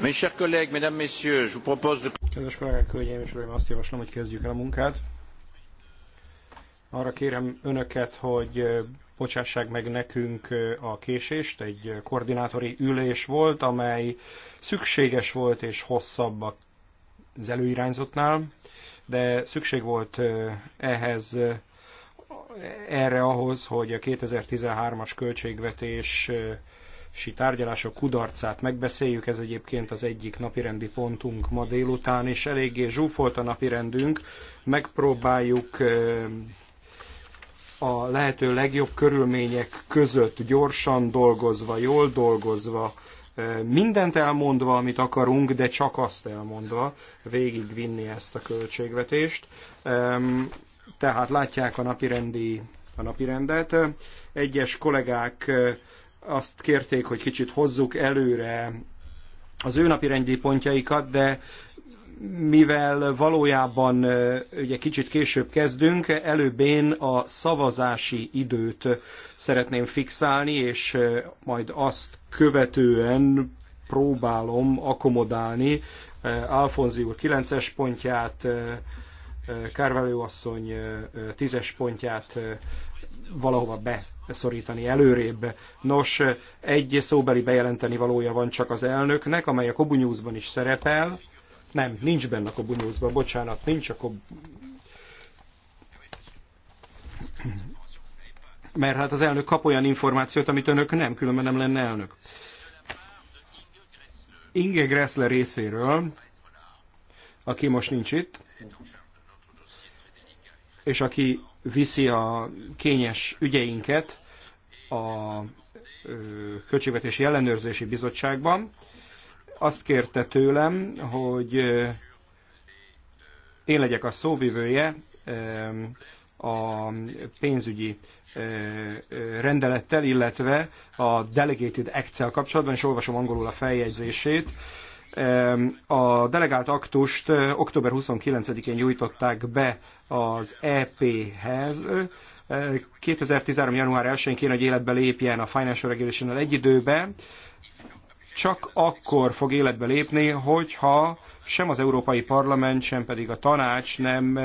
Mes chers collègues, mesdames, messieurs, je vous propose de... Kedves kollégák, hölgyeim és uraim, azt javaslom, hogy kezdjük el a munkát. Arra kérem önöket, hogy bocsássák meg nekünk a késést. Egy koordinátori ülés volt, amely szükséges volt és hosszabb az előirányzottnál, de szükség volt ehhez erre ahhoz, hogy a 2013-as költségvetés si tárgyalások kudarcát megbeszéljük. Ez egyébként az egyik napirendi pontunk ma délután, és eléggé zsúfolt a napirendünk. Megpróbáljuk a lehető legjobb körülmények között gyorsan dolgozva, jól dolgozva, mindent elmondva, amit akarunk, de csak azt elmondva végigvinni ezt a költségvetést. Tehát látják a napirendi a napirendet. Egyes kollégák azt kérték, hogy kicsit hozzuk előre az ő napi rendi pontjaikat, de mivel valójában ugye kicsit később kezdünk, előbb én a szavazási időt szeretném fixálni, és majd azt követően próbálom akomodálni Alfonzi úr 9-es pontját, Kárvelő asszony 10-es pontját valahova be szorítani előrébb. Nos, egy szóbeli bejelenteni valója van csak az elnöknek, amely a Kobu News-ban is szerepel. Nem, nincs benne a Kobu News-ban, bocsánat, nincs a Kobu... Mert hát az elnök kap olyan információt, amit önök nem, különben nem lenne elnök. Inge Gressle részéről, aki most nincs itt, és aki viszi a kényes ügyeinket a Költségvetési Ellenőrzési Bizottságban. Azt kérte tőlem, hogy én legyek a szóvivője a pénzügyi rendelettel, illetve a Delegated Act-szel kapcsolatban, és olvasom angolul a feljegyzését. A delegált aktust október 29-én nyújtották be az EP-hez. 2013. január 1-én kéne, hogy életbe lépjen a Financial regulation egy időben, csak akkor fog életbe lépni, hogyha sem az Európai Parlament, sem pedig a tanács nem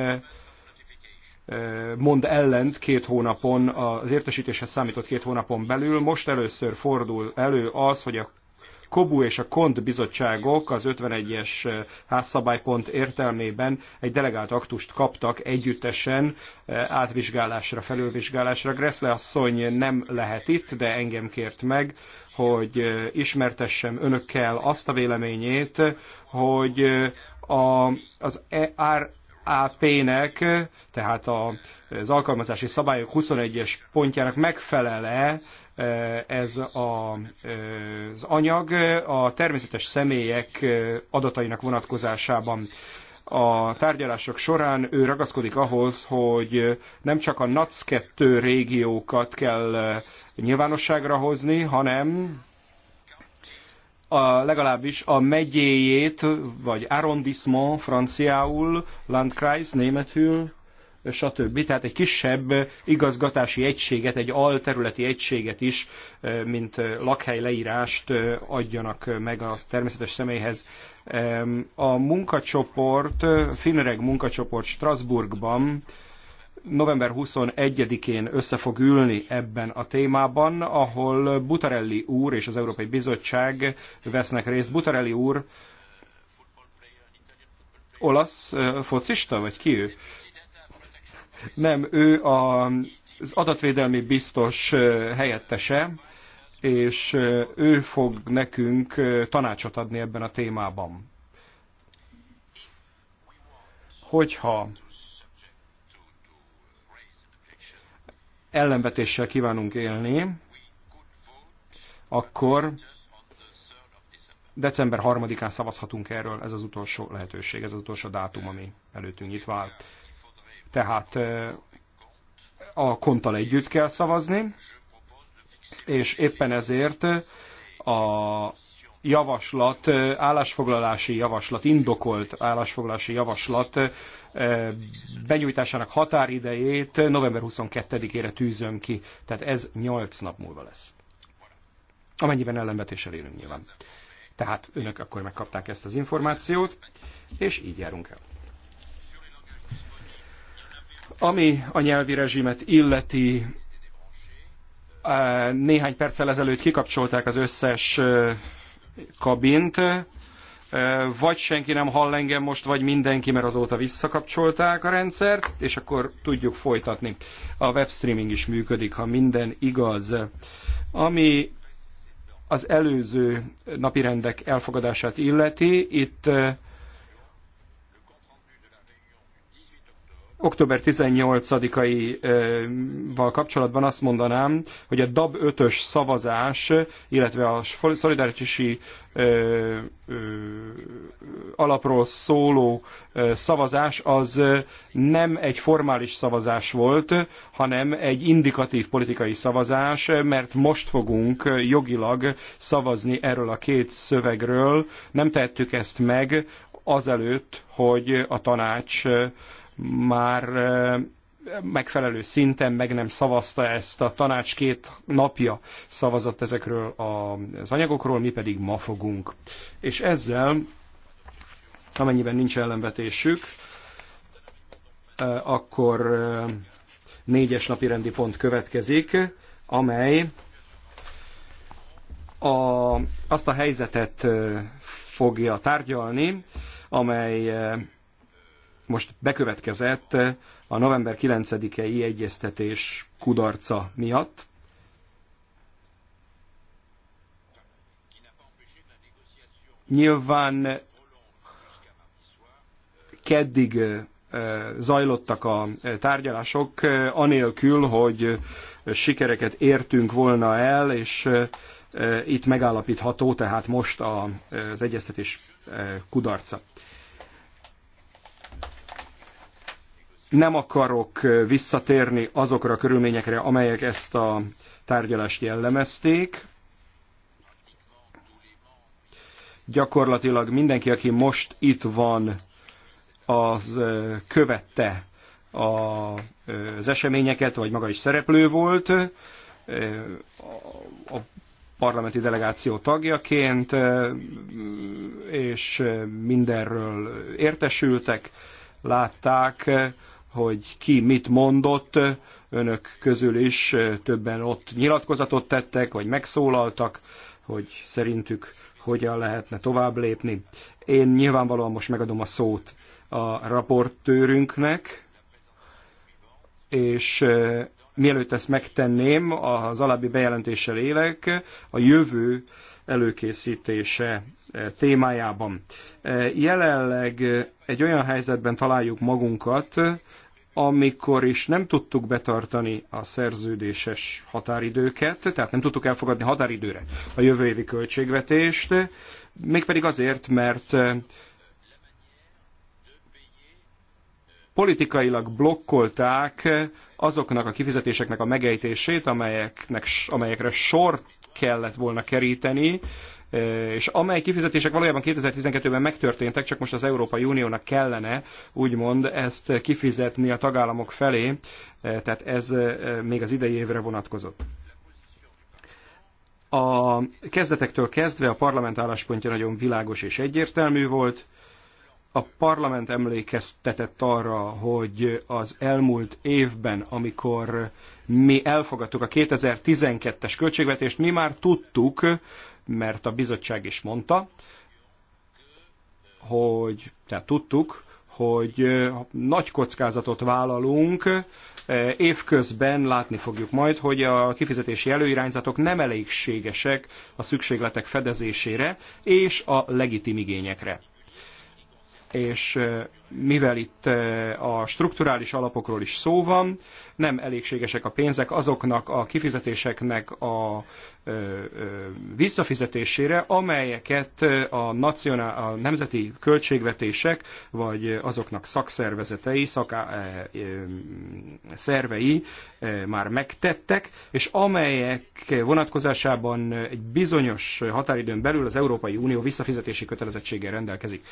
mond ellent két hónapon, az értesítéshez számított két hónapon belül. Most először fordul elő az, hogy a KOBU és a KONT bizottságok az 51-es eh, házszabálypont értelmében egy delegált aktust kaptak együttesen eh, átvizsgálásra, felülvizsgálásra. Gressle asszony nem lehet itt, de engem kért meg, hogy eh, ismertessem önökkel azt a véleményét, hogy a, az ER AP-nek, tehát az alkalmazási szabályok 21-es pontjának megfelele Eh, ez a, eh, az anyag eh, a természetes személyek adatainak vonatkozásában a tárgyalások során ő ragaszkodik ahhoz, hogy nem csak a NAC 2 régiókat kell nyilvánosságra hozni, hanem a, legalábbis a megyéjét, vagy arrondissement franciául, Landkreis németül, stb. Tehát egy kisebb igazgatási egységet, egy alterületi egységet is, mint lakhely leírást adjanak meg az természetes személyhez. A munkacsoport, Finreg munkacsoport Strasbourgban november 21-én össze fog ülni ebben a témában, ahol Butarelli úr és az Európai Bizottság vesznek részt. Butarelli úr olasz focista, vagy ki ő? Nem, ő a, az adatvédelmi biztos helyettese, és ő fog nekünk tanácsot adni ebben a témában. Hogyha ellenvetéssel kívánunk élni, akkor december 3-án szavazhatunk erről, ez az utolsó lehetőség, ez az utolsó dátum, ami előttünk nyitva áll. Tehát a konttal együtt kell szavazni, és éppen ezért a javaslat, állásfoglalási javaslat, indokolt állásfoglalási javaslat benyújtásának határidejét november 22-ére tűzöm ki. Tehát ez 8 nap múlva lesz. Amennyiben ellenvetéssel élünk nyilván. Tehát önök akkor megkapták ezt az információt, és így járunk el. Ami a nyelvi rezsimet illeti, eh, néhány perccel ezelőtt kikapcsolták az összes eh, kabint, eh, vagy senki nem hall engem most, vagy mindenki, mert azóta visszakapcsolták a rendszert, és akkor tudjuk folytatni. A webstreaming is működik, ha minden igaz. Ami az előző napirendek elfogadását illeti, itt október 18-aival kapcsolatban azt mondanám, hogy a DAB 5-ös szavazás, illetve a szolidaritási alapról szóló szavazás az nem egy formális szavazás volt, hanem egy indikatív politikai szavazás, mert most fogunk jogilag szavazni erről a két szövegről. Nem tehettük ezt meg azelőtt, hogy a tanács már megfelelő szinten meg nem szavazta ezt a tanács két napja szavazott ezekről az anyagokról, mi pedig ma fogunk. És ezzel, amennyiben nincs ellenvetésük, akkor négyes napi rendi pont következik, amely a, azt a helyzetet fogja tárgyalni, amely most bekövetkezett a november 9-i egyeztetés kudarca miatt. Nyilván keddig zajlottak a tárgyalások, anélkül, hogy sikereket értünk volna el, és itt megállapítható, tehát most az egyeztetés kudarca. nem akarok visszatérni azokra a körülményekre, amelyek ezt a tárgyalást jellemezték. Gyakorlatilag mindenki, aki most itt van, az követte az eseményeket, vagy maga is szereplő volt a parlamenti delegáció tagjaként, és mindenről értesültek, látták, hogy ki mit mondott, önök közül is többen ott nyilatkozatot tettek, vagy megszólaltak, hogy szerintük hogyan lehetne tovább lépni. Én nyilvánvalóan most megadom a szót a raportőrünknek, és mielőtt ezt megtenném, az alábbi bejelentéssel élek, a jövő előkészítése témájában. Jelenleg egy olyan helyzetben találjuk magunkat, amikor is nem tudtuk betartani a szerződéses határidőket, tehát nem tudtuk elfogadni határidőre a jövő évi költségvetést, mégpedig azért, mert eh, politikailag blokkolták eh, azoknak a kifizetéseknek a megejtését, amelyeknek, amelyekre sort kellett volna keríteni, és amely kifizetések valójában 2012-ben megtörténtek, csak most az Európai Uniónak kellene úgymond ezt kifizetni a tagállamok felé, e, tehát ez e, még az idei évre vonatkozott. A kezdetektől kezdve a parlament álláspontja nagyon világos és egyértelmű volt, a parlament emlékeztetett arra, hogy az elmúlt évben, amikor mi elfogadtuk a 2012-es költségvetést, mi már tudtuk, mert a bizottság is mondta, hogy, tehát tudtuk, hogy nagy kockázatot vállalunk, évközben látni fogjuk majd, hogy a kifizetési előirányzatok nem elégségesek a szükségletek fedezésére és a legitim igényekre és mivel itt a strukturális alapokról is szó van, nem elégségesek a pénzek azoknak a kifizetéseknek a visszafizetésére, amelyeket a, nacionál, a nemzeti költségvetések, vagy azoknak szakszervezetei, szaká, szervei már megtettek, és amelyek vonatkozásában egy bizonyos határidőn belül az Európai Unió visszafizetési kötelezettséggel rendelkezik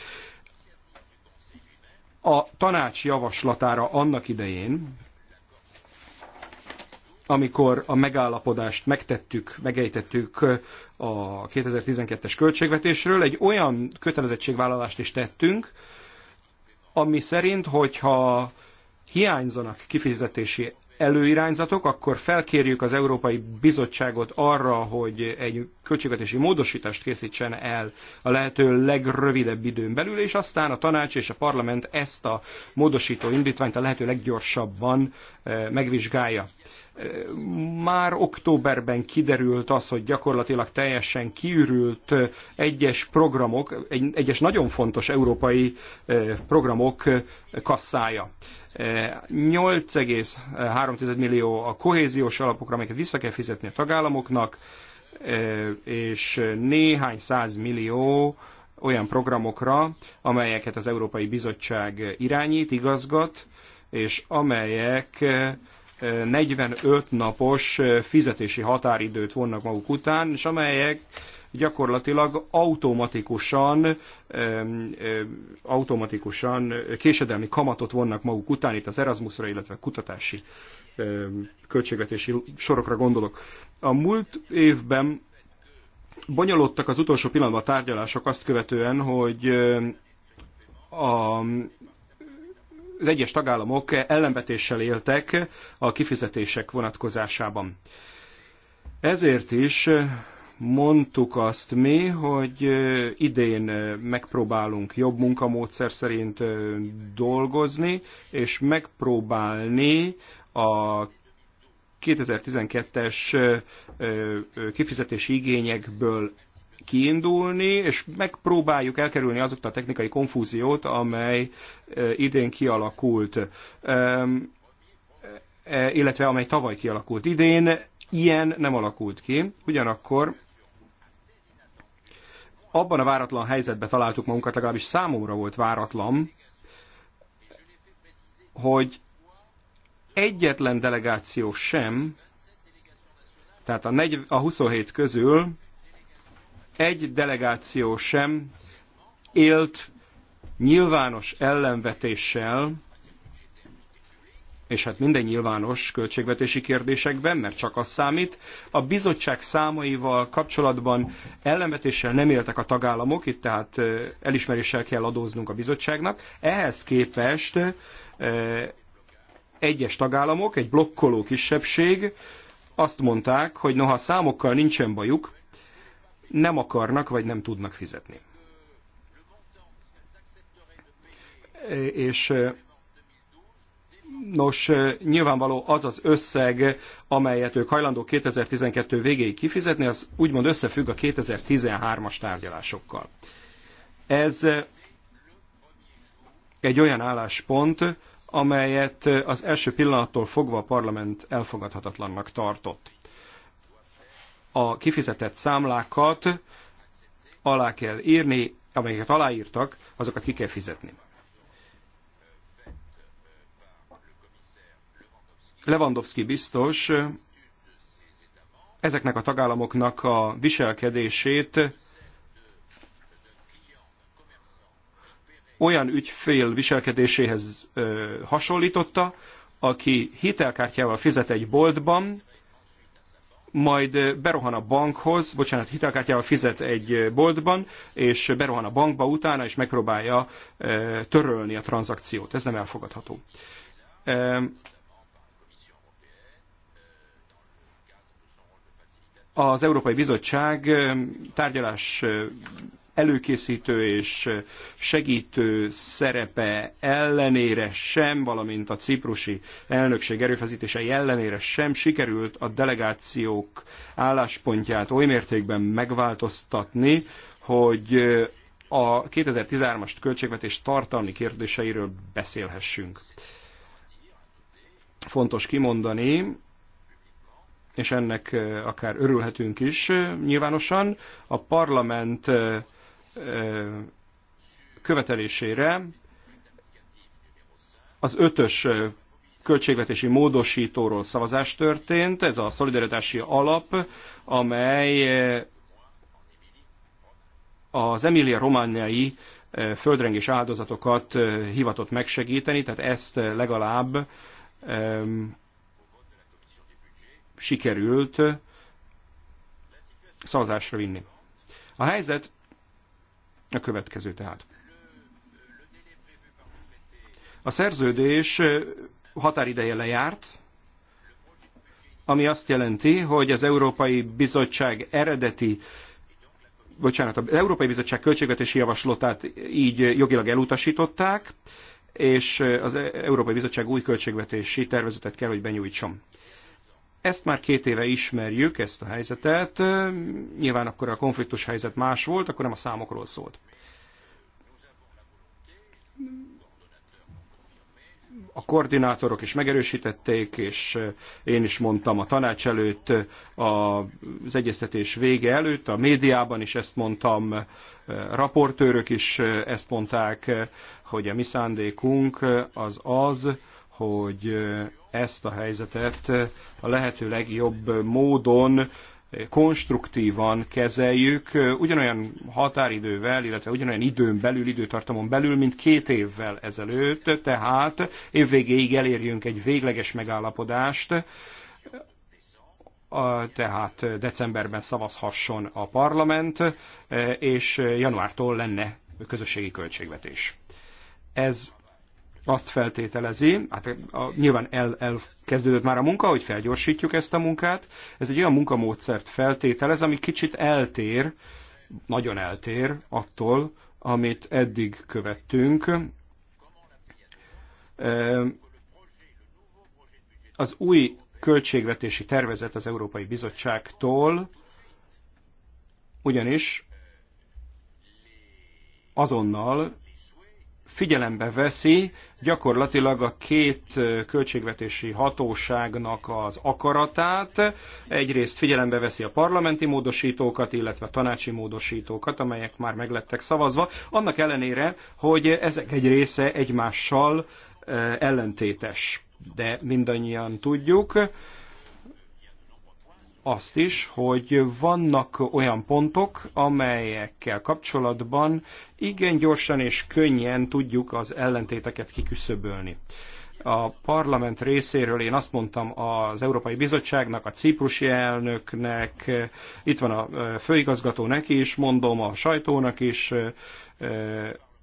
a tanács javaslatára annak idején, amikor a megállapodást megtettük, megejtettük a 2012-es költségvetésről, egy olyan kötelezettségvállalást is tettünk, ami szerint, hogyha hiányzanak kifizetési előirányzatok, akkor felkérjük az Európai Bizottságot arra, hogy egy költségvetési módosítást készítsen el a lehető legrövidebb időn belül, és aztán a tanács és a parlament ezt a módosító indítványt a lehető leggyorsabban eh, megvizsgálja. Már októberben kiderült az, hogy gyakorlatilag teljesen kiürült egyes programok, egyes nagyon fontos európai eh, programok eh, kasszája. 8,3 eh, millió a kohéziós alapokra, amelyeket vissza kell fizetni a tagállamoknak, és néhány száz millió olyan programokra, amelyeket az Európai Bizottság irányít, igazgat, és amelyek 45 napos fizetési határidőt vonnak maguk után, és amelyek gyakorlatilag automatikusan, automatikusan késedelmi kamatot vonnak maguk után, itt az Erasmusra, illetve kutatási költségvetési sorokra gondolok. A múlt évben bonyolódtak az utolsó pillanatban a tárgyalások azt követően, hogy a az egyes tagállamok ellenvetéssel éltek a kifizetések vonatkozásában. Ezért is mondtuk azt mi, hogy idén megpróbálunk jobb munkamódszer szerint dolgozni, és megpróbálni a 2012-es kifizetési igényekből kiindulni, és megpróbáljuk elkerülni azokat a technikai konfúziót, amely idén kialakult, e, illetve amely tavaly kialakult. Idén ilyen nem alakult ki, ugyanakkor abban a váratlan helyzetben találtuk magunkat, legalábbis számomra volt váratlan, hogy egyetlen delegáció sem, tehát a, negy, a 27 közül egy delegáció sem élt nyilvános ellenvetéssel, és hát minden nyilvános költségvetési kérdésekben, mert csak az számít. A bizottság számaival kapcsolatban ellenvetéssel nem éltek a tagállamok, itt tehát elismeréssel kell adóznunk a bizottságnak. Ehhez képest egyes tagállamok, egy blokkoló kisebbség azt mondták, hogy noha számokkal nincsen bajuk, nem akarnak vagy nem tudnak fizetni. És Nos, nyilvánvaló az az összeg, amelyet ők hajlandó 2012 végéig kifizetni, az úgymond összefügg a 2013-as tárgyalásokkal. Ez egy olyan álláspont, amelyet az első pillanattól fogva a parlament elfogadhatatlannak tartott a kifizetett számlákat alá kell írni, amelyeket aláírtak, azokat ki kell fizetni. Lewandowski biztos ezeknek a tagállamoknak a viselkedését olyan ügyfél viselkedéséhez hasonlította, aki hitelkártyával fizet egy boltban, majd berohan a bankhoz, bocsánat, hitelkártyával fizet egy boltban, és berohan a bankba utána, és megpróbálja törölni a tranzakciót. Ez nem elfogadható. Az Európai Bizottság tárgyalás előkészítő és segítő szerepe ellenére sem, valamint a ciprusi elnökség erőfeszítései ellenére sem sikerült a delegációk álláspontját oly mértékben megváltoztatni, hogy a 2013-as költségvetés tartalmi kérdéseiről beszélhessünk. Fontos kimondani, és ennek akár örülhetünk is nyilvánosan, a parlament követelésére az ötös költségvetési módosítóról szavazás történt, ez a szolidaritási alap, amely az Emilia romániai földrengés áldozatokat hivatott megsegíteni, tehát ezt legalább um, sikerült szavazásra vinni. A helyzet a következő tehát. A szerződés határideje lejárt, ami azt jelenti, hogy az Európai Bizottság eredeti bocsánat, az Európai Bizottság költségvetési javaslatát így jogilag elutasították, és az Európai Bizottság új költségvetési tervezetet kell, hogy benyújtson. Ezt már két éve ismerjük, ezt a helyzetet. Nyilván akkor a konfliktus helyzet más volt, akkor nem a számokról szólt. a koordinátorok is megerősítették, és én is mondtam a tanács előtt, az egyeztetés vége előtt, a médiában is ezt mondtam, raportőrök is ezt mondták, hogy a mi szándékunk az az, hogy ezt a helyzetet a lehető legjobb módon konstruktívan kezeljük, ugyanolyan határidővel, illetve ugyanolyan időn belül, időtartamon belül, mint két évvel ezelőtt, tehát évvégéig elérjünk egy végleges megállapodást, tehát decemberben szavazhasson a parlament, és januártól lenne közösségi költségvetés. Ez azt feltételezi, hát a, nyilván el, elkezdődött már a munka, hogy felgyorsítjuk ezt a munkát. Ez egy olyan munkamódszert feltételez, ami kicsit eltér, nagyon eltér attól, amit eddig követtünk. Az új költségvetési tervezet az Európai Bizottságtól ugyanis azonnal figyelembe veszi gyakorlatilag a két költségvetési hatóságnak az akaratát. Egyrészt figyelembe veszi a parlamenti módosítókat, illetve a tanácsi módosítókat, amelyek már meglettek szavazva, annak ellenére, hogy ezek egy része egymással ellentétes. De mindannyian tudjuk, azt is, hogy vannak olyan pontok, amelyekkel kapcsolatban igen gyorsan és könnyen tudjuk az ellentéteket kiküszöbölni. A parlament részéről én azt mondtam az Európai Bizottságnak, a ciprusi elnöknek, itt van a főigazgató neki is, mondom a sajtónak is,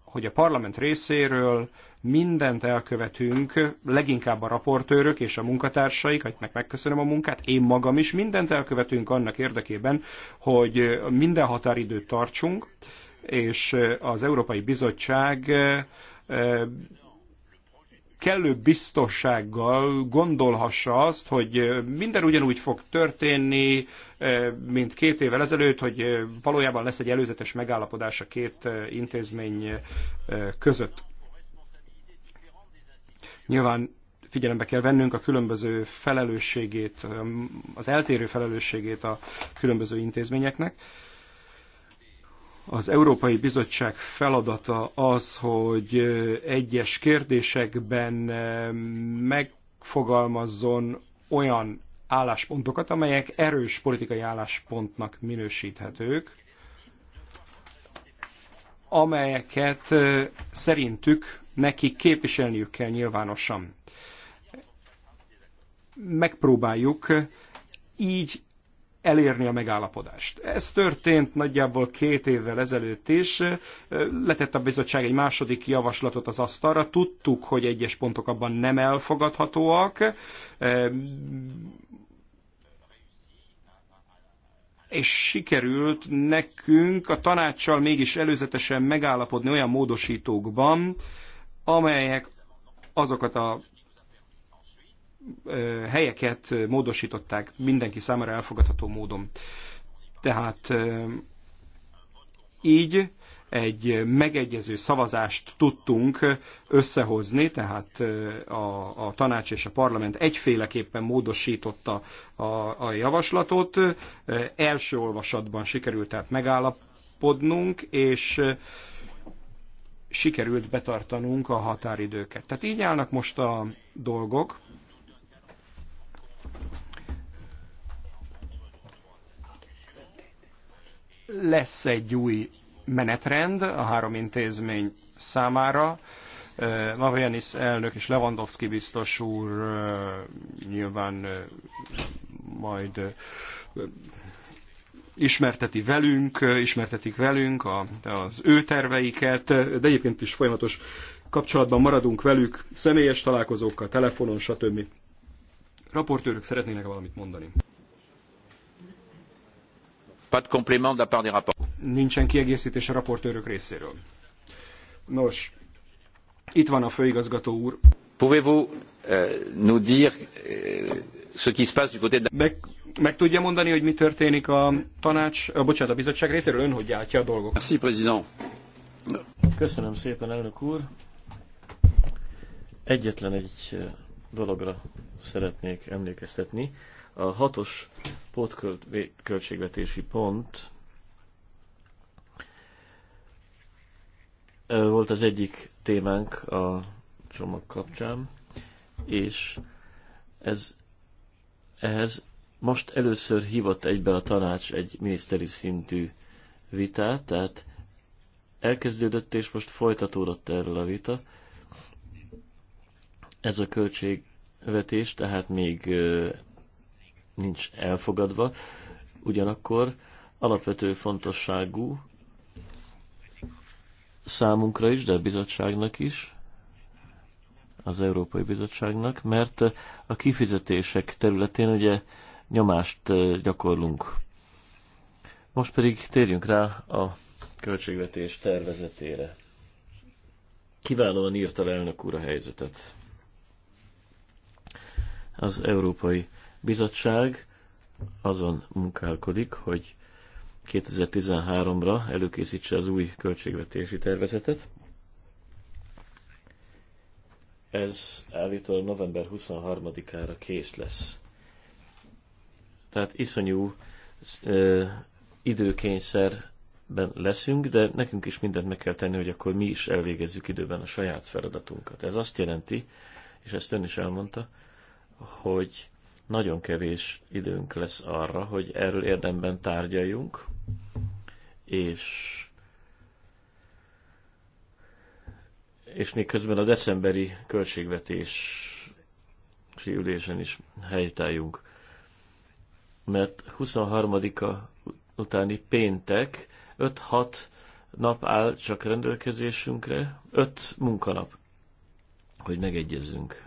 hogy a parlament részéről mindent elkövetünk, leginkább a raportőrök és a munkatársaik, akiknek megköszönöm a munkát, én magam is, mindent elkövetünk annak érdekében, hogy minden határidőt tartsunk, és az Európai Bizottság eh, kellő biztossággal gondolhassa azt, hogy minden ugyanúgy fog történni, eh, mint két évvel ezelőtt, hogy eh, valójában lesz egy előzetes megállapodás a két intézmény között. Nyilván figyelembe kell vennünk a különböző felelősségét, az eltérő felelősségét a különböző intézményeknek. Az Európai Bizottság feladata az, hogy egyes kérdésekben megfogalmazzon olyan álláspontokat, amelyek erős politikai álláspontnak minősíthetők, amelyeket szerintük neki képviselniük kell nyilvánosan. Megpróbáljuk így elérni a megállapodást. Ez történt nagyjából két évvel ezelőtt is. Letett a bizottság egy második javaslatot az asztalra. Tudtuk, hogy egyes pontok abban nem elfogadhatóak. és sikerült nekünk a tanácssal mégis előzetesen megállapodni olyan módosítókban, amelyek azokat a helyeket módosították mindenki számára elfogadható módon. Tehát így egy megegyező szavazást tudtunk összehozni, tehát a, a tanács és a parlament egyféleképpen módosította a, a javaslatot. Első olvasatban sikerült tehát megállapodnunk, és sikerült betartanunk a határidőket. Tehát így állnak most a dolgok. Lesz egy új menetrend a három intézmény számára. Mavianis elnök és Lewandowski biztos úr nyilván majd ismerteti velünk, ismertetik velünk a, az ő terveiket, de egyébként is folyamatos kapcsolatban maradunk velük, személyes találkozókkal, telefonon, stb. Raportőrök szeretnének valamit mondani. Pas de complément de part des Nincsen kiegészítés a raportőrök részéről. Nos, itt van a főigazgató úr. Pouvez vous euh, nous dire euh, ce qui se passe du côté de meg, meg tudja mondani, hogy mi történik a tanács, a, bocsánat, a bizottság részéről ön hogy látja a dolgokat? Merci, président. Köszönöm szépen, elnök úr. Egyetlen egy dologra szeretnék emlékeztetni. A hatos pótköltségvetési pont volt az egyik témánk a csomag kapcsán, és ez ehhez most először hívott egybe a tanács egy miniszteri szintű vitát, tehát elkezdődött és most folytatódott erről a vita. Ez a költségvetés tehát még nincs elfogadva, ugyanakkor alapvető fontosságú számunkra is, de a bizottságnak is, az Európai Bizottságnak, mert a kifizetések területén ugye nyomást gyakorlunk. Most pedig térjünk rá a költségvetés tervezetére. Kiválóan írta le elnök úr a helyzetet. Az Európai Bizottság azon munkálkodik, hogy 2013-ra előkészítse az új költségvetési tervezetet, ez állítólag november 23-ára kész lesz. Tehát iszonyú ö, időkényszerben leszünk, de nekünk is mindent meg kell tenni, hogy akkor mi is elvégezzük időben a saját feladatunkat. Ez azt jelenti, és ezt ön is elmondta, hogy nagyon kevés időnk lesz arra, hogy erről érdemben tárgyaljunk, és és még közben a decemberi költségvetési ülésen is helytájunk. Mert 23-a utáni péntek 5-6 nap áll csak rendelkezésünkre, 5 munkanap, hogy megegyezzünk.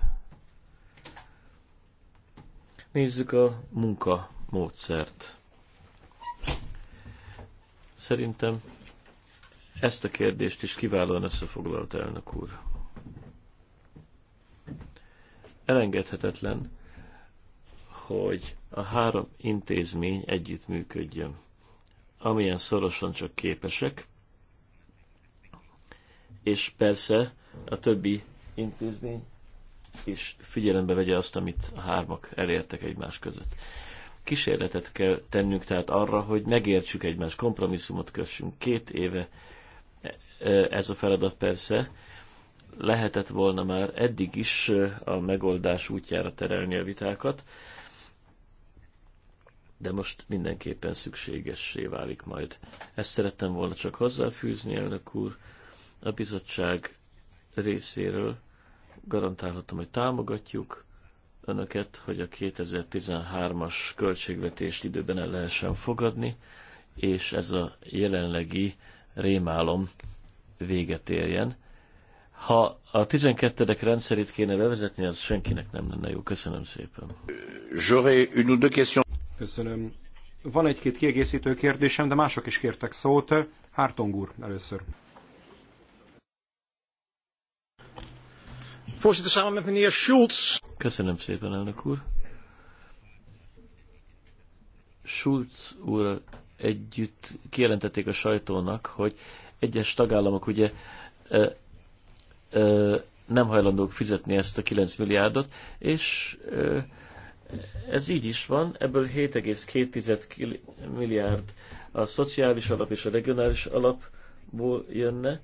Nézzük a munkamódszert. Szerintem ezt a kérdést is kiválóan összefoglalt elnök úr. Elengedhetetlen, hogy a három intézmény együtt működjön, amilyen szorosan csak képesek, és persze a többi intézmény is figyelembe vegye azt, amit a hármak elértek egymás között. Kísérletet kell tennünk tehát arra, hogy megértsük egymást, kompromisszumot kössünk. Két éve ez a feladat persze. Lehetett volna már eddig is a megoldás útjára terelni a vitákat, de most mindenképpen szükségessé válik majd. Ezt szerettem volna csak hozzáfűzni, elnök úr. A bizottság részéről garantálhatom, hogy támogatjuk önöket, hogy a 2013-as költségvetést időben el lehessen fogadni, és ez a jelenlegi rémálom véget érjen. Ha a 12 rendszerét kéne bevezetni, az senkinek nem lenne jó. Köszönöm szépen. Köszönöm. Van egy-két kiegészítő kérdésem, de mások is kértek szót. Hártong úr először. Schulz. Köszönöm szépen, elnök úr. Schulz úr együtt kijelentették a sajtónak, hogy egyes tagállamok ugye ö, ö, nem hajlandók fizetni ezt a 9 milliárdot, és ö, ez így is van, ebből 7,2 milliárd a szociális alap és a regionális alapból jönne,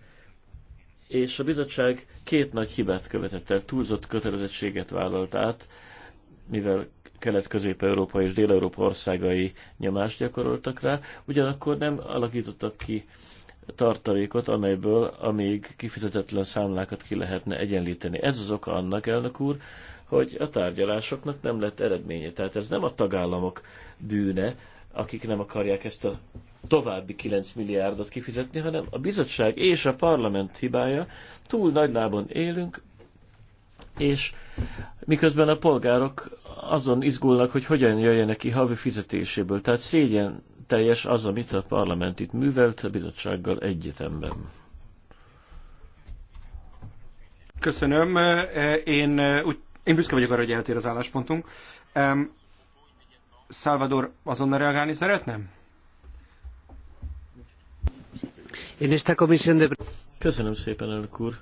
és a bizottság két nagy hibát követett el, túlzott kötelezettséget vállalt át, mivel Kelet-Közép-Európa és Dél-Európa országai nyomást gyakoroltak rá, ugyanakkor nem alakítottak ki tartalékot, amelyből a még kifizetetlen számlákat ki lehetne egyenlíteni. Ez az oka annak, elnök úr, hogy a tárgyalásoknak nem lett eredménye. Tehát ez nem a tagállamok bűne, akik nem akarják ezt a további 9 milliárdot kifizetni, hanem a bizottság és a parlament hibája. Túl nagy lábon élünk, és miközben a polgárok azon izgulnak, hogy hogyan jöjjenek ki havi fizetéséből. Tehát szégyen teljes az, amit a parlament itt művelt a bizottsággal egyetemben. Köszönöm. E, én, e, úgy, én büszke vagyok arra, hogy eltér az álláspontunk. Um, Salvador, azonnal reagálni szeretném? esta comisión de... Köszönöm szépen, elnök úr.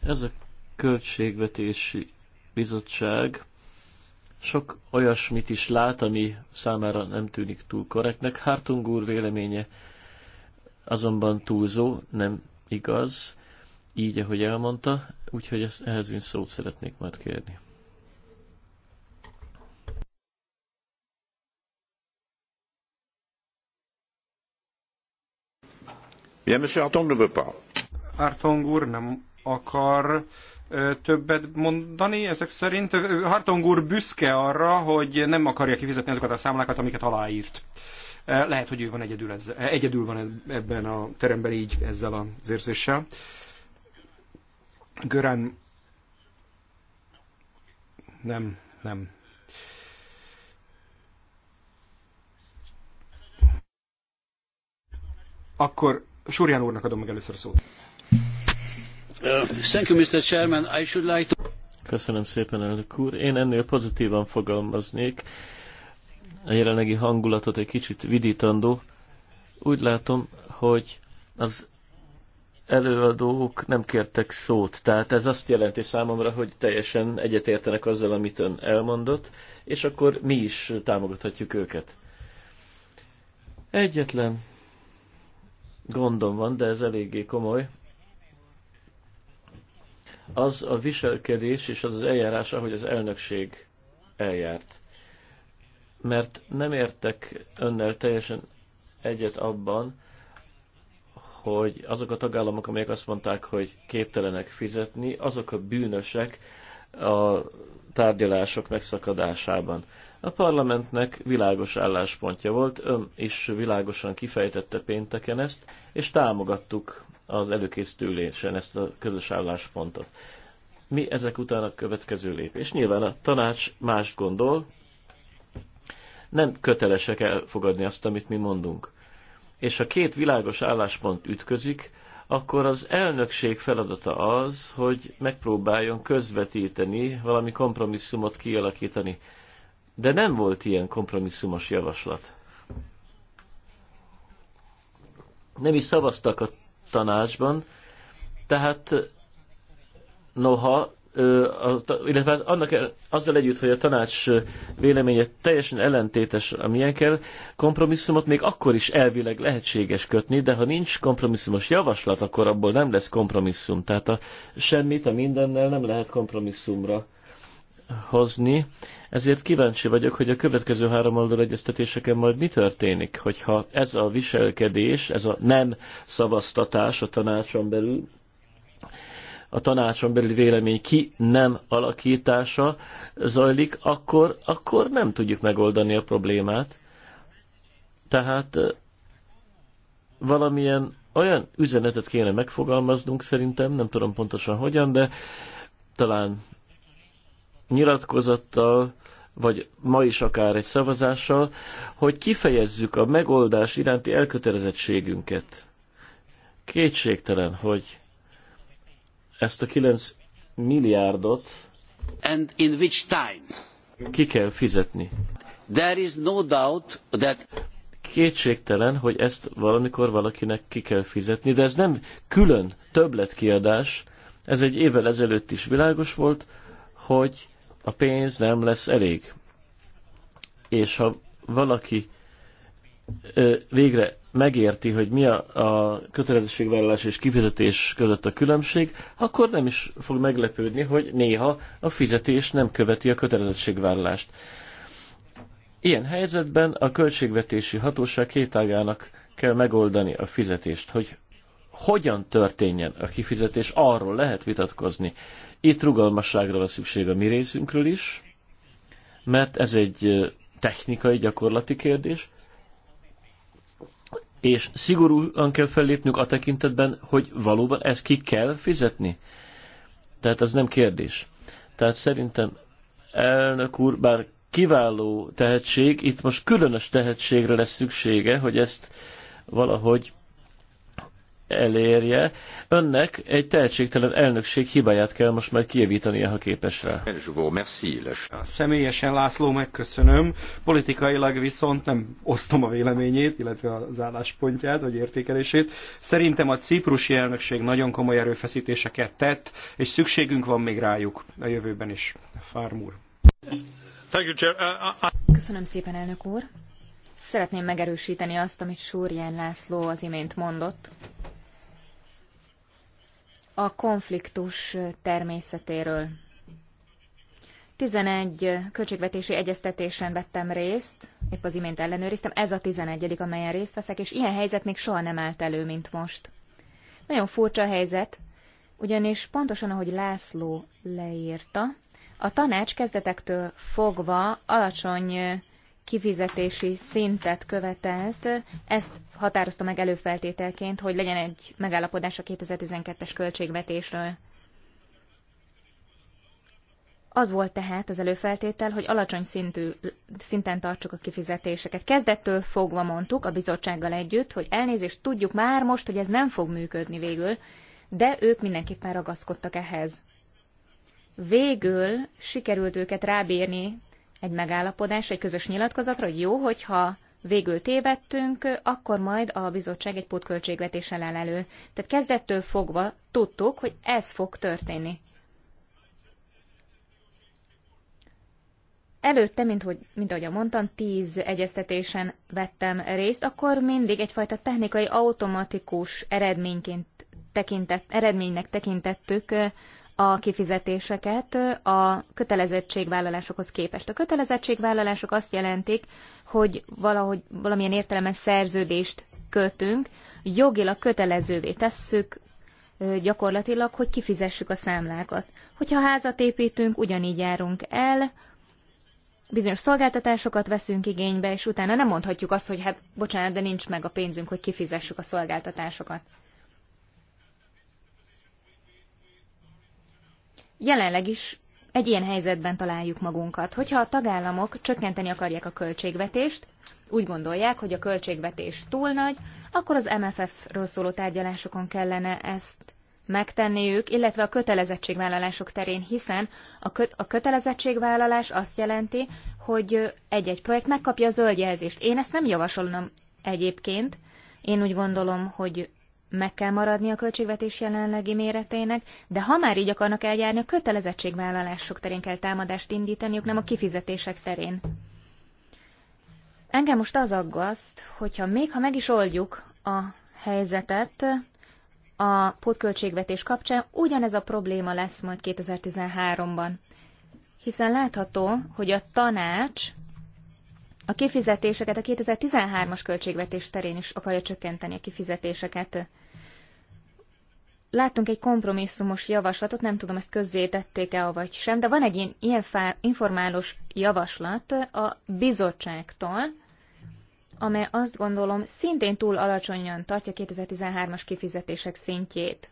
Ez a költségvetési bizottság sok olyasmit is lát, ami számára nem tűnik túl korrektnek. Hartung úr véleménye azonban túlzó, nem igaz, így, ahogy elmondta, úgyhogy ehhez én szót szeretnék majd kérni. Ja, monsieur Hartung ne veut pas. úr nem akar többet mondani ezek szerint. Hartong úr büszke arra, hogy nem akarja kifizetni azokat a számlákat, amiket aláírt. Lehet, hogy ő van egyedül, ezzel, egyedül van ebben a teremben így ezzel az érzéssel. Görán nem, nem. Akkor Súrján úrnak adom meg először a szót. Uh, Köszönöm szépen, elnök úr. Én ennél pozitívan fogalmaznék. A jelenlegi hangulatot egy kicsit vidítandó. Úgy látom, hogy az előadók nem kértek szót. Tehát ez azt jelenti számomra, hogy teljesen egyetértenek azzal, amit ön elmondott, és akkor mi is támogathatjuk őket. Egyetlen gondom van, de ez eléggé komoly az a viselkedés és az az eljárás, ahogy az elnökség eljárt. Mert nem értek önnel teljesen egyet abban, hogy azok a tagállamok, amelyek azt mondták, hogy képtelenek fizetni, azok a bűnösek a tárgyalások megszakadásában. A parlamentnek világos álláspontja volt, ön is világosan kifejtette pénteken ezt, és támogattuk az előkészülésen ezt a közös álláspontot. Mi ezek után a következő lépés? Nyilván a tanács más gondol, nem kötelesek elfogadni azt, amit mi mondunk. És ha két világos álláspont ütközik, akkor az elnökség feladata az, hogy megpróbáljon közvetíteni, valami kompromisszumot kialakítani. De nem volt ilyen kompromisszumos javaslat. Nem is szavaztak a tanácsban. Tehát noha, illetve annak, azzal együtt, hogy a tanács véleménye teljesen ellentétes a kell kompromisszumot még akkor is elvileg lehetséges kötni, de ha nincs kompromisszumos javaslat, akkor abból nem lesz kompromisszum. Tehát a semmit a mindennel nem lehet kompromisszumra hozni, ezért kíváncsi vagyok, hogy a következő három oldal egyeztetéseken majd mi történik, hogyha ez a viselkedés, ez a nem szavaztatás a tanácson belül, a tanácson belül vélemény ki nem alakítása zajlik, akkor, akkor nem tudjuk megoldani a problémát. Tehát valamilyen olyan üzenetet kéne megfogalmaznunk szerintem, nem tudom pontosan hogyan, de talán nyilatkozattal, vagy ma is akár egy szavazással, hogy kifejezzük a megoldás iránti elkötelezettségünket. Kétségtelen, hogy ezt a 9 milliárdot And in which time? ki kell fizetni. There is no doubt that Kétségtelen, hogy ezt valamikor valakinek ki kell fizetni, de ez nem külön többletkiadás, ez egy évvel ezelőtt is világos volt, hogy a pénz nem lesz elég. És ha valaki végre megérti, hogy mi a, a kötelezettségvállalás és kifizetés között a különbség, akkor nem is fog meglepődni, hogy néha a fizetés nem követi a kötelezettségvállalást. Ilyen helyzetben a költségvetési hatóság két ágának kell megoldani a fizetést, hogy hogyan történjen a kifizetés, arról lehet vitatkozni. Itt rugalmasságra van szükség a mi részünkről is, mert ez egy technikai, gyakorlati kérdés, és szigorúan kell fellépnünk a tekintetben, hogy valóban ezt ki kell fizetni. Tehát ez nem kérdés. Tehát szerintem elnök úr, bár kiváló tehetség, itt most különös tehetségre lesz szüksége, hogy ezt valahogy elérje. Önnek egy tehetségtelen elnökség hibáját kell most már kijavítania, ha képes rá. Személyesen László megköszönöm. Politikailag viszont nem osztom a véleményét, illetve az álláspontját, vagy értékelését. Szerintem a ciprusi elnökség nagyon komoly erőfeszítéseket tett, és szükségünk van még rájuk a jövőben is. Fármúr. Uh, uh, Köszönöm szépen, elnök úr. Szeretném megerősíteni azt, amit Súrján László az imént mondott a konfliktus természetéről. 11 költségvetési egyeztetésen vettem részt, épp az imént ellenőriztem, ez a 11 amelyen részt veszek, és ilyen helyzet még soha nem állt elő, mint most. Nagyon furcsa helyzet, ugyanis pontosan ahogy László leírta, a tanács kezdetektől fogva alacsony kifizetési szintet követelt, ezt határozta meg előfeltételként, hogy legyen egy megállapodás a 2012-es költségvetésről. Az volt tehát az előfeltétel, hogy alacsony szintű, szinten tartsuk a kifizetéseket. Kezdettől fogva mondtuk a bizottsággal együtt, hogy elnézést tudjuk már most, hogy ez nem fog működni végül, de ők mindenképpen ragaszkodtak ehhez. Végül sikerült őket rábírni egy megállapodás, egy közös nyilatkozatra, hogy jó, hogyha végül tévedtünk, akkor majd a bizottság egy pótköltségvetéssel áll elő. Tehát kezdettől fogva tudtuk, hogy ez fog történni. Előtte, mint, hogy, mint ahogy mondtam, tíz egyeztetésen vettem részt, akkor mindig egyfajta technikai automatikus eredményként tekintett, eredménynek tekintettük a kifizetéseket a kötelezettségvállalásokhoz képest. A kötelezettségvállalások azt jelentik, hogy valahogy valamilyen értelemben szerződést kötünk, jogilag kötelezővé tesszük gyakorlatilag, hogy kifizessük a számlákat. Hogyha házat építünk, ugyanígy járunk el, bizonyos szolgáltatásokat veszünk igénybe, és utána nem mondhatjuk azt, hogy hát bocsánat, de nincs meg a pénzünk, hogy kifizessük a szolgáltatásokat. jelenleg is egy ilyen helyzetben találjuk magunkat. Hogyha a tagállamok csökkenteni akarják a költségvetést, úgy gondolják, hogy a költségvetés túl nagy, akkor az MFF-ről szóló tárgyalásokon kellene ezt megtenniük, illetve a kötelezettségvállalások terén, hiszen a, kö- a kötelezettségvállalás azt jelenti, hogy egy-egy projekt megkapja a zöld jelzést. Én ezt nem javasolom egyébként. Én úgy gondolom, hogy meg kell maradni a költségvetés jelenlegi méretének, de ha már így akarnak eljárni, a kötelezettségvállalások terén kell támadást indítaniuk, nem a kifizetések terén. Engem most az aggaszt, hogyha még ha meg is oldjuk a helyzetet a pótköltségvetés kapcsán, ugyanez a probléma lesz majd 2013-ban. Hiszen látható, hogy a tanács a kifizetéseket, a 2013-as költségvetés terén is akarja csökkenteni a kifizetéseket. Láttunk egy kompromisszumos javaslatot, nem tudom, ezt közzétették-e, vagy sem, de van egy ilyen informálós javaslat a bizottságtól, amely azt gondolom szintén túl alacsonyan tartja 2013-as kifizetések szintjét.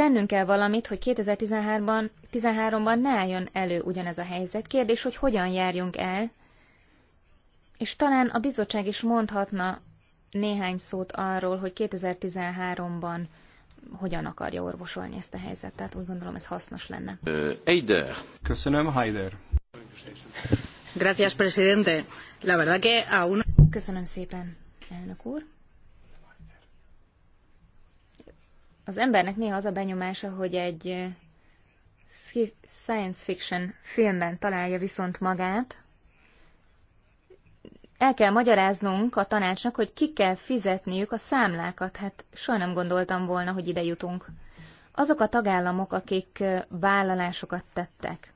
Tennünk kell valamit, hogy 2013-ban 13-ban ne álljon elő ugyanez a helyzet. Kérdés, hogy hogyan járjunk el, és talán a bizottság is mondhatna néhány szót arról, hogy 2013-ban hogyan akarja orvosolni ezt a helyzetet. Úgy gondolom, ez hasznos lenne. Eider. Köszönöm, Heider. Gracias, presidente. La verdad que aún... Köszönöm szépen, elnök úr. Az embernek néha az a benyomása, hogy egy science fiction filmben találja viszont magát. El kell magyaráznunk a tanácsnak, hogy ki kell fizetniük a számlákat. Hát soha nem gondoltam volna, hogy ide jutunk. Azok a tagállamok, akik vállalásokat tettek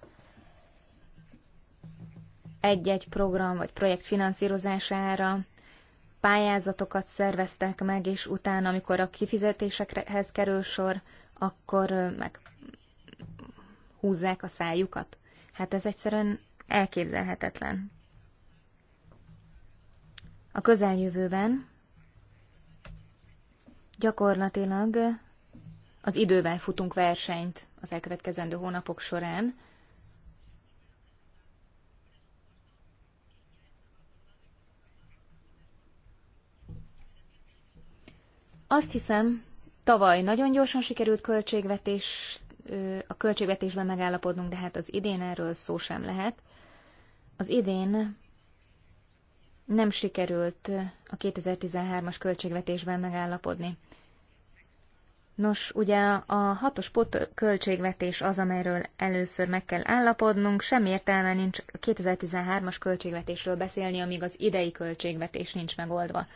egy-egy program vagy projekt finanszírozására, pályázatokat szerveztek meg, és utána, amikor a kifizetésekhez kerül sor, akkor meg húzzák a szájukat. Hát ez egyszerűen elképzelhetetlen. A közeljövőben gyakorlatilag az idővel futunk versenyt az elkövetkezendő hónapok során, Azt hiszem, tavaly nagyon gyorsan sikerült költségvetés, a költségvetésben megállapodnunk, de hát az idén erről szó sem lehet. Az idén nem sikerült a 2013-as költségvetésben megállapodni. Nos, ugye a hatos pot költségvetés az, amelyről először meg kell állapodnunk, sem értelme nincs a 2013-as költségvetésről beszélni, amíg az idei költségvetés nincs megoldva.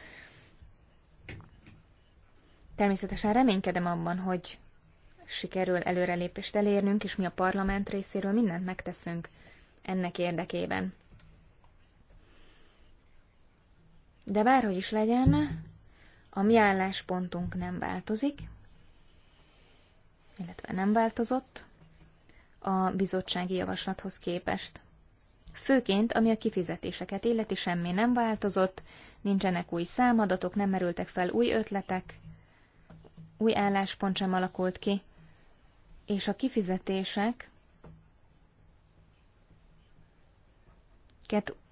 Természetesen reménykedem abban, hogy sikerül előrelépést elérnünk, és mi a parlament részéről mindent megteszünk ennek érdekében. De bárhogy is legyen, a mi álláspontunk nem változik, illetve nem változott a bizottsági javaslathoz képest. Főként, ami a kifizetéseket illeti, semmi nem változott, nincsenek új számadatok, nem merültek fel új ötletek, új álláspont sem alakult ki, és a kifizetések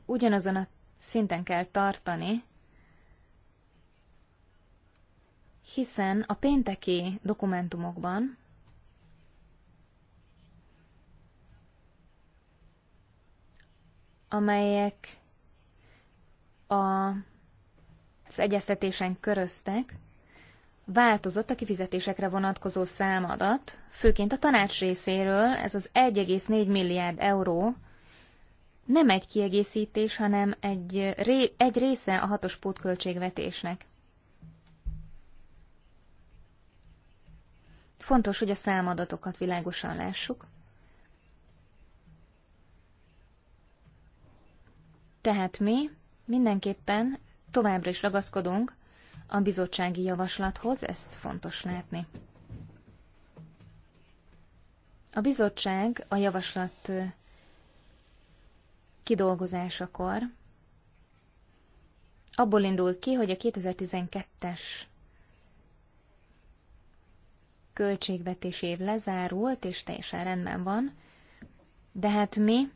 ugyanazon a szinten kell tartani, hiszen a pénteki dokumentumokban amelyek a, az egyeztetésen köröztek, változott a kifizetésekre vonatkozó számadat, főként a tanács részéről ez az 1,4 milliárd euró nem egy kiegészítés, hanem egy, ré, egy része a hatos pótköltségvetésnek. Fontos, hogy a számadatokat világosan lássuk. Tehát mi mindenképpen továbbra is ragaszkodunk a bizottsági javaslathoz, ezt fontos látni. A bizottság a javaslat kidolgozásakor abból indult ki, hogy a 2012-es költségvetés év lezárult, és teljesen rendben van, de hát mi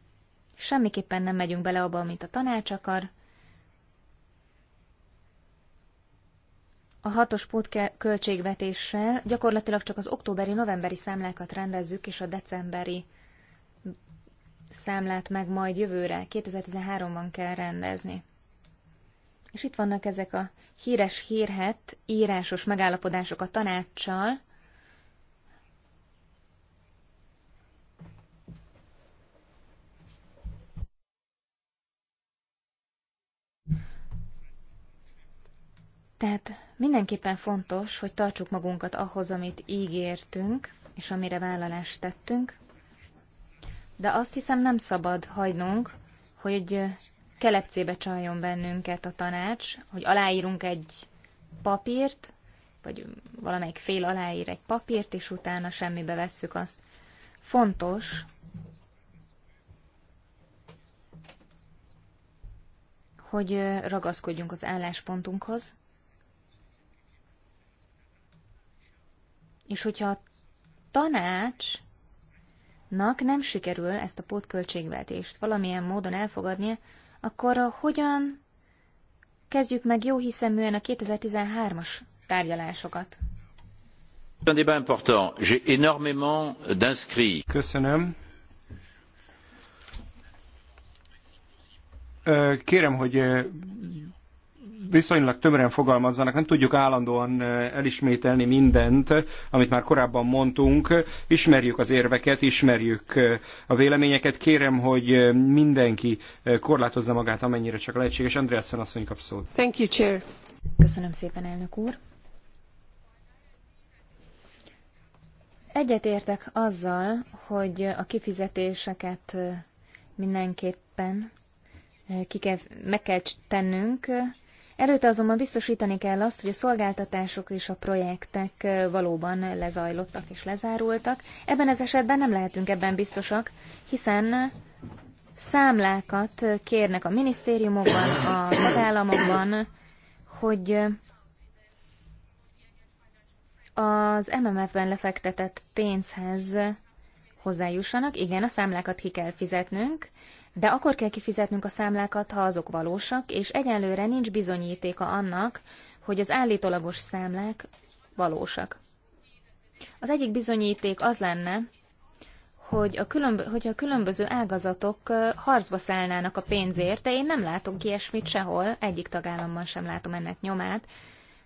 semmiképpen nem megyünk bele abba, amit a tanács akar, a hatos pót költségvetéssel gyakorlatilag csak az októberi-novemberi számlákat rendezzük, és a decemberi számlát meg majd jövőre, 2013-ban kell rendezni. És itt vannak ezek a híres hírhet írásos megállapodások a tanácssal. Tehát Mindenképpen fontos, hogy tartsuk magunkat ahhoz, amit ígértünk, és amire vállalást tettünk, de azt hiszem nem szabad hagynunk, hogy kelepcébe csaljon bennünket a tanács, hogy aláírunk egy papírt, vagy valamelyik fél aláír egy papírt, és utána semmibe vesszük azt. Fontos, hogy ragaszkodjunk az álláspontunkhoz, És hogyha a tanácsnak nem sikerül ezt a pótköltségvetést valamilyen módon elfogadnia, akkor hogyan kezdjük meg jó hiszeműen a 2013-as tárgyalásokat? Köszönöm. Kérem, hogy viszonylag tömören fogalmazzanak, nem tudjuk állandóan elismételni mindent, amit már korábban mondtunk. Ismerjük az érveket, ismerjük a véleményeket. Kérem, hogy mindenki korlátozza magát, amennyire csak lehetséges. Andreasen asszony kap szót. Thank you, Chair. Köszönöm szépen, elnök úr. Egyetértek azzal, hogy a kifizetéseket mindenképpen ki kell, meg kell tennünk, Előtte azonban biztosítani kell azt, hogy a szolgáltatások és a projektek valóban lezajlottak és lezárultak. Ebben az esetben nem lehetünk ebben biztosak, hiszen számlákat kérnek a minisztériumokban, a tagállamokban, hogy az MMF-ben lefektetett pénzhez hozzájussanak. Igen, a számlákat ki kell fizetnünk, de akkor kell kifizetnünk a számlákat, ha azok valósak, és egyelőre nincs bizonyítéka annak, hogy az állítólagos számlák valósak. Az egyik bizonyíték az lenne, hogy a különb- hogyha a különböző ágazatok harcba szállnának a pénzért, de én nem látok ilyesmit sehol, egyik tagállamban sem látom ennek nyomát,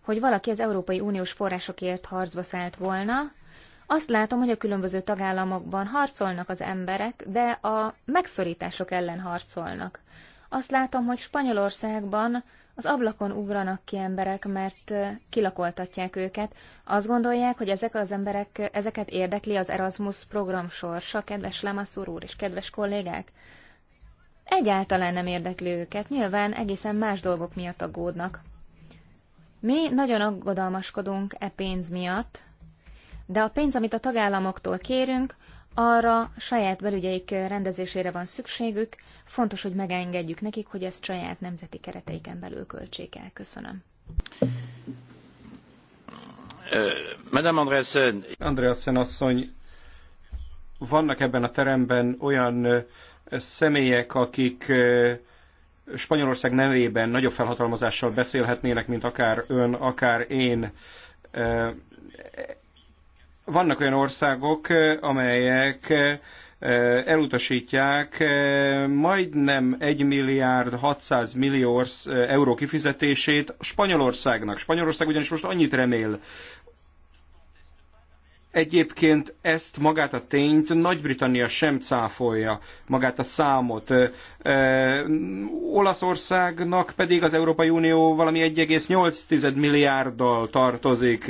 hogy valaki az Európai Uniós forrásokért harcba szállt volna, azt látom, hogy a különböző tagállamokban harcolnak az emberek, de a megszorítások ellen harcolnak. Azt látom, hogy Spanyolországban az ablakon ugranak ki emberek, mert kilakoltatják őket. Azt gondolják, hogy ezek az emberek, ezeket érdekli az Erasmus program sorsa, kedves Lamassur úr és kedves kollégák. Egyáltalán nem érdekli őket, nyilván egészen más dolgok miatt aggódnak. Mi nagyon aggodalmaskodunk e pénz miatt, de a pénz, amit a tagállamoktól kérünk, arra saját belügyeik rendezésére van szükségük, fontos, hogy megengedjük nekik, hogy ezt saját nemzeti kereteiken belül költsék el. Köszönöm. Madame Andreasen. Andreasen asszony, vannak ebben a teremben olyan személyek, akik Spanyolország nevében nagyobb felhatalmazással beszélhetnének, mint akár ön, akár én vannak olyan országok, amelyek elutasítják majdnem 1 milliárd 600 millió euró kifizetését Spanyolországnak. Spanyolország ugyanis most annyit remél Egyébként ezt magát a tényt Nagy-Britannia sem cáfolja, magát a számot. Ö, ö, Olaszországnak pedig az Európai Unió valami 1,8 milliárddal tartozik,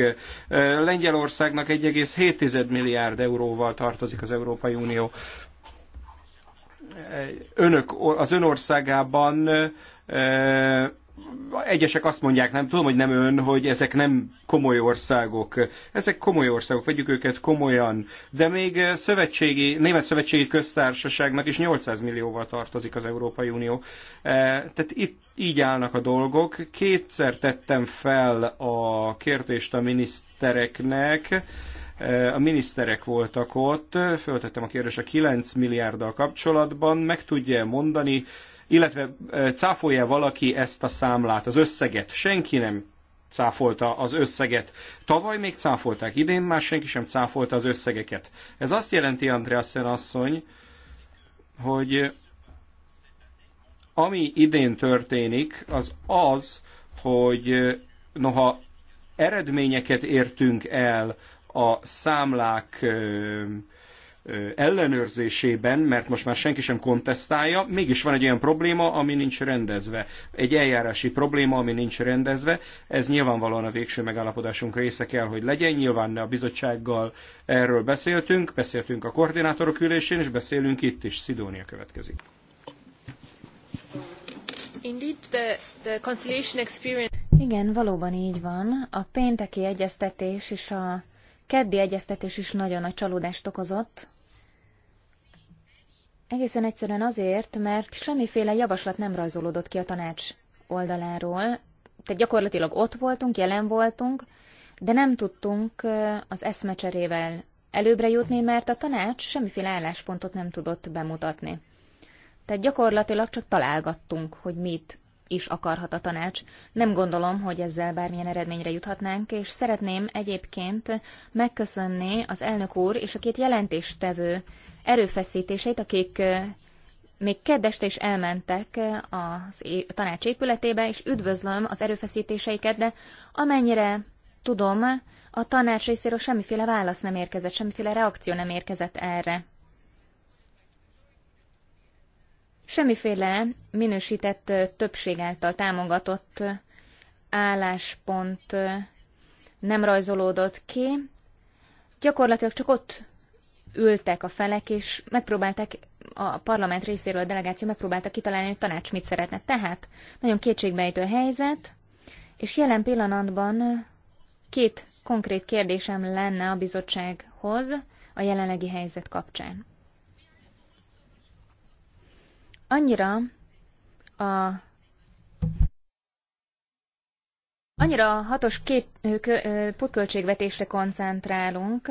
ö, Lengyelországnak 1,7 milliárd euróval tartozik az Európai Unió. Önök az önországában egyesek azt mondják, nem tudom, hogy nem ön, hogy ezek nem komoly országok. Ezek komoly országok, vegyük őket komolyan. De még eh, szövetségi, német szövetségi köztársaságnak is 800 millióval tartozik az Európai Unió. Eh, tehát itt így állnak a dolgok. Kétszer tettem fel a kérdést a minisztereknek, eh, a miniszterek voltak ott, föltettem a kérdést a 9 milliárddal kapcsolatban, meg tudja mondani, illetve cáfolja valaki ezt a számlát, az összeget. Senki nem cáfolta az összeget. Tavaly még cáfolták, idén már senki sem cáfolta az összegeket. Ez azt jelenti, Andreasen asszony, hogy ami idén történik, az az, hogy noha eredményeket értünk el a számlák ellenőrzésében, mert most már senki sem kontesztálja, mégis van egy olyan probléma, ami nincs rendezve. Egy eljárási probléma, ami nincs rendezve. Ez nyilvánvalóan a végső megállapodásunk része kell, hogy legyen. Nyilván a bizottsággal erről beszéltünk, beszéltünk a koordinátorok ülésén, és beszélünk itt is. Szidónia következik. Indeed, the, the conciliation experience... Igen, valóban így van. A pénteki egyeztetés és a keddi egyeztetés is nagyon nagy csalódást okozott Egészen egyszerűen azért, mert semmiféle javaslat nem rajzolódott ki a tanács oldaláról. Tehát gyakorlatilag ott voltunk, jelen voltunk, de nem tudtunk az eszmecserével előbbre jutni, mert a tanács semmiféle álláspontot nem tudott bemutatni. Tehát gyakorlatilag csak találgattunk, hogy mit is akarhat a tanács. Nem gondolom, hogy ezzel bármilyen eredményre juthatnánk, és szeretném egyébként megköszönni az elnök úr és a két jelentéstevő erőfeszítéseit, akik még kedveste is elmentek az tanács épületébe, és üdvözlöm az erőfeszítéseiket, de amennyire tudom, a tanács részéről semmiféle válasz nem érkezett, semmiféle reakció nem érkezett erre. Semmiféle minősített többség által támogatott álláspont nem rajzolódott ki. Gyakorlatilag csak ott ültek a felek, és megpróbálták a parlament részéről a delegáció megpróbálta kitalálni, hogy tanács mit szeretne. Tehát nagyon kétségbejtő a helyzet, és jelen pillanatban két konkrét kérdésem lenne a bizottsághoz a jelenlegi helyzet kapcsán. Annyira a Annyira hatos két kö, pótköltségvetésre koncentrálunk,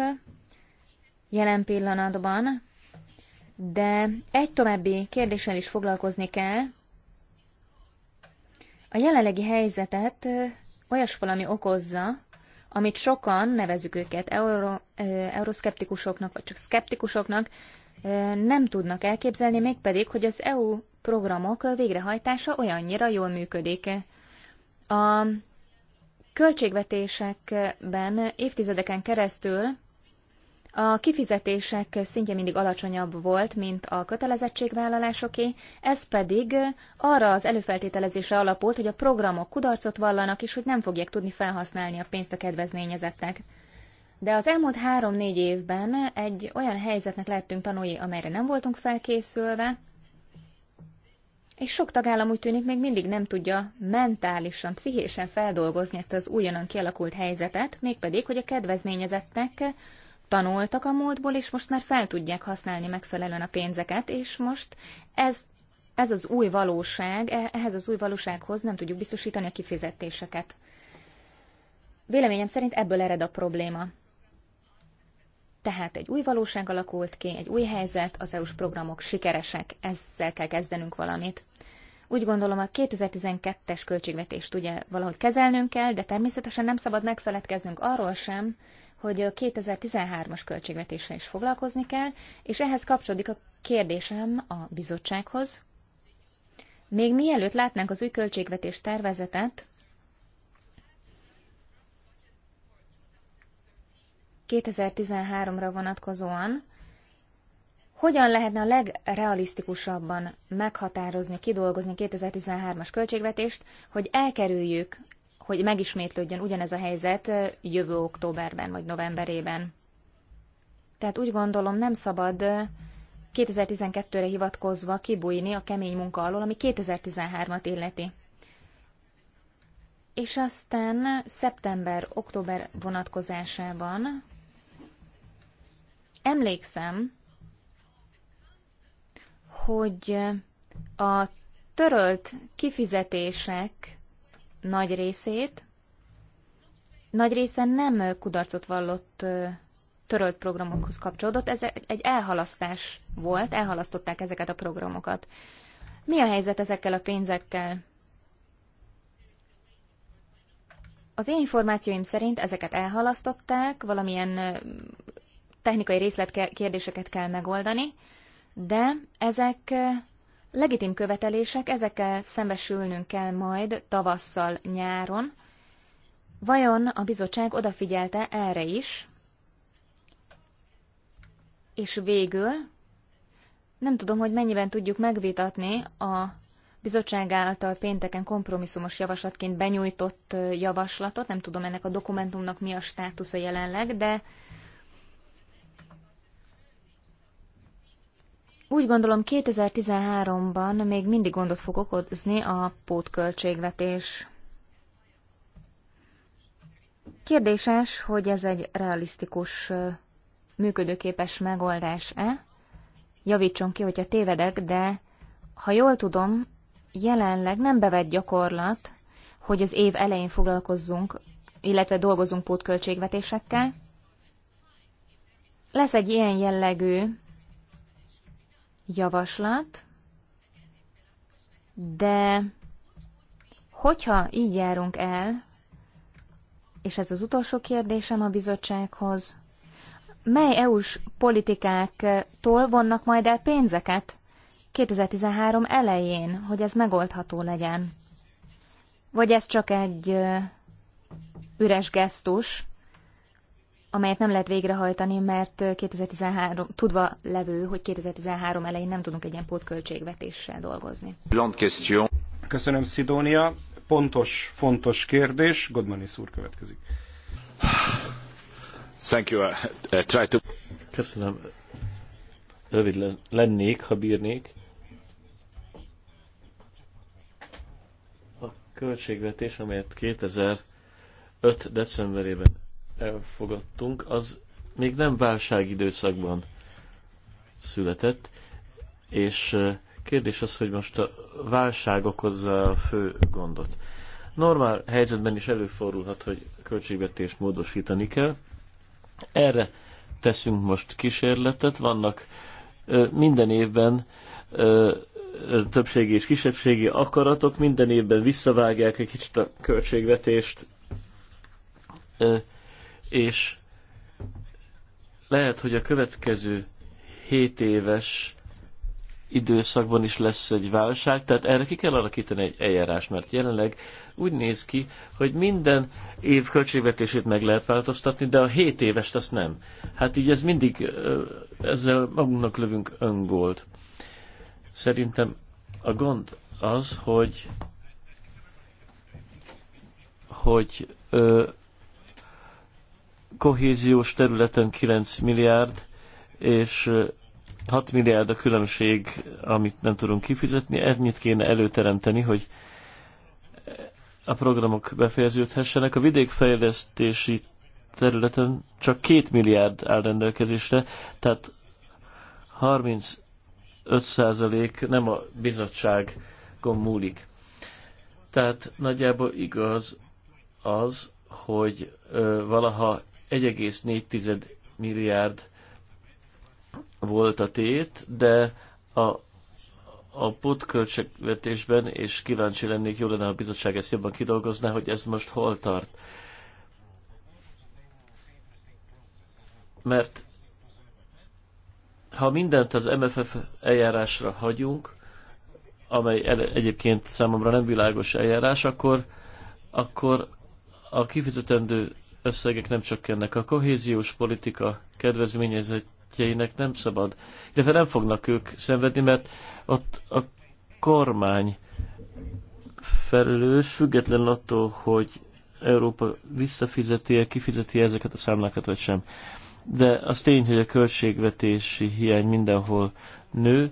jelen pillanatban, de egy további kérdéssel is foglalkozni kell. A jelenlegi helyzetet olyas valami okozza, amit sokan, nevezük őket euro, euroszkeptikusoknak, vagy csak szkeptikusoknak, nem tudnak elképzelni, mégpedig, hogy az EU programok végrehajtása olyannyira jól működik. A költségvetésekben évtizedeken keresztül a kifizetések szintje mindig alacsonyabb volt, mint a kötelezettségvállalásoké, ez pedig arra az előfeltételezésre alapolt, hogy a programok kudarcot vallanak, és hogy nem fogják tudni felhasználni a pénzt a kedvezményezettek. De az elmúlt három-négy évben egy olyan helyzetnek lettünk tanulni, amelyre nem voltunk felkészülve, és sok tagállam úgy tűnik még mindig nem tudja mentálisan, pszichésen feldolgozni ezt az újonnan kialakult helyzetet, mégpedig, hogy a kedvezményezettek tanultak a múltból, és most már fel tudják használni megfelelően a pénzeket, és most ez, ez az új valóság, e, ehhez az új valósághoz nem tudjuk biztosítani a kifizetéseket. Véleményem szerint ebből ered a probléma. Tehát egy új valóság alakult ki, egy új helyzet, az EU-s programok sikeresek, ezzel kell kezdenünk valamit. Úgy gondolom, a 2012-es költségvetést ugye valahogy kezelnünk kell, de természetesen nem szabad megfeledkeznünk arról sem, hogy a 2013-as költségvetéssel is foglalkozni kell, és ehhez kapcsolódik a kérdésem a bizottsághoz. Még mielőtt látnánk az új költségvetés tervezetet, 2013-ra vonatkozóan, hogyan lehetne a legrealisztikusabban meghatározni, kidolgozni 2013-as költségvetést, hogy elkerüljük hogy megismétlődjön ugyanez a helyzet jövő októberben vagy novemberében. Tehát úgy gondolom nem szabad 2012-re hivatkozva kibújni a kemény munka alól, ami 2013-at illeti. És aztán szeptember-október vonatkozásában emlékszem, hogy a törölt kifizetések nagy részét, nagy része nem kudarcot vallott törölt programokhoz kapcsolódott, ez egy elhalasztás volt, elhalasztották ezeket a programokat. Mi a helyzet ezekkel a pénzekkel? Az én információim szerint ezeket elhalasztották, valamilyen technikai részletkérdéseket kell megoldani, de ezek legitim követelések, ezekkel szembesülnünk kell majd tavasszal, nyáron. Vajon a bizottság odafigyelte erre is? És végül, nem tudom, hogy mennyiben tudjuk megvitatni a bizottság által pénteken kompromisszumos javaslatként benyújtott javaslatot, nem tudom ennek a dokumentumnak mi a státusza jelenleg, de Úgy gondolom 2013-ban még mindig gondot fog okozni a pótköltségvetés. Kérdéses, hogy ez egy realisztikus, működőképes megoldás-e? Javítson ki, hogyha tévedek, de ha jól tudom, jelenleg nem bevett gyakorlat, hogy az év elején foglalkozzunk, illetve dolgozunk pótköltségvetésekkel. Lesz egy ilyen jellegű javaslat, de hogyha így járunk el, és ez az utolsó kérdésem a bizottsághoz, mely EU-s politikáktól vonnak majd el pénzeket 2013 elején, hogy ez megoldható legyen? Vagy ez csak egy üres gesztus, amelyet nem lehet végrehajtani, mert 2013, tudva levő, hogy 2013 elején nem tudunk egy ilyen pótköltségvetéssel dolgozni. Köszönöm, Szidónia. Pontos, fontos kérdés. Godmanis úr következik. Thank you. I try to... Köszönöm. Rövid lennék, ha bírnék. A költségvetés, amelyet 2005. decemberében elfogadtunk, az még nem válságidőszakban született, és kérdés az, hogy most a válság okozza a fő gondot. Normál helyzetben is előfordulhat, hogy költségvetést módosítani kell. Erre teszünk most kísérletet, vannak minden évben többségi és kisebbségi akaratok, minden évben visszavágják egy kicsit a költségvetést, és lehet, hogy a következő 7 éves időszakban is lesz egy válság, tehát erre ki kell alakítani egy eljárás, mert jelenleg úgy néz ki, hogy minden év költségvetését meg lehet változtatni, de a 7 éves azt nem. Hát így ez mindig, ezzel magunknak lövünk öngolt. Szerintem a gond az, hogy hogy ö, kohéziós területen 9 milliárd, és 6 milliárd a különbség, amit nem tudunk kifizetni. Ennyit kéne előteremteni, hogy a programok befejeződhessenek. A vidékfejlesztési területen csak 2 milliárd áll rendelkezésre, tehát 35% nem a bizottságon múlik. Tehát nagyjából igaz az, hogy ö, valaha 1,4 milliárd volt a tét, de a, a pótköltségvetésben, és kíváncsi lennék, jó lenne, ha a bizottság ezt jobban kidolgozná, hogy ez most hol tart. Mert ha mindent az MFF eljárásra hagyunk, amely egyébként számomra nem világos eljárás, akkor, akkor a kifizetendő összegek nem csökkennek. A kohéziós politika kedvezményezetjeinek nem szabad, illetve nem fognak ők szenvedni, mert ott a kormány felelős, független attól, hogy Európa visszafizeti-e, kifizeti -e ezeket a számlákat, vagy sem. De az tény, hogy a költségvetési hiány mindenhol nő,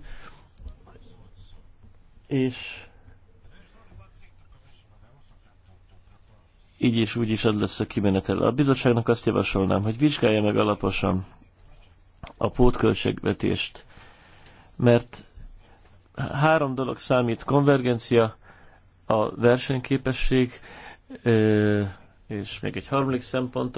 és így is úgy is ad lesz a kimenetel. A bizottságnak azt javasolnám, hogy vizsgálja meg alaposan a pótköltségvetést, mert három dolog számít, konvergencia, a versenyképesség, és még egy harmadik szempont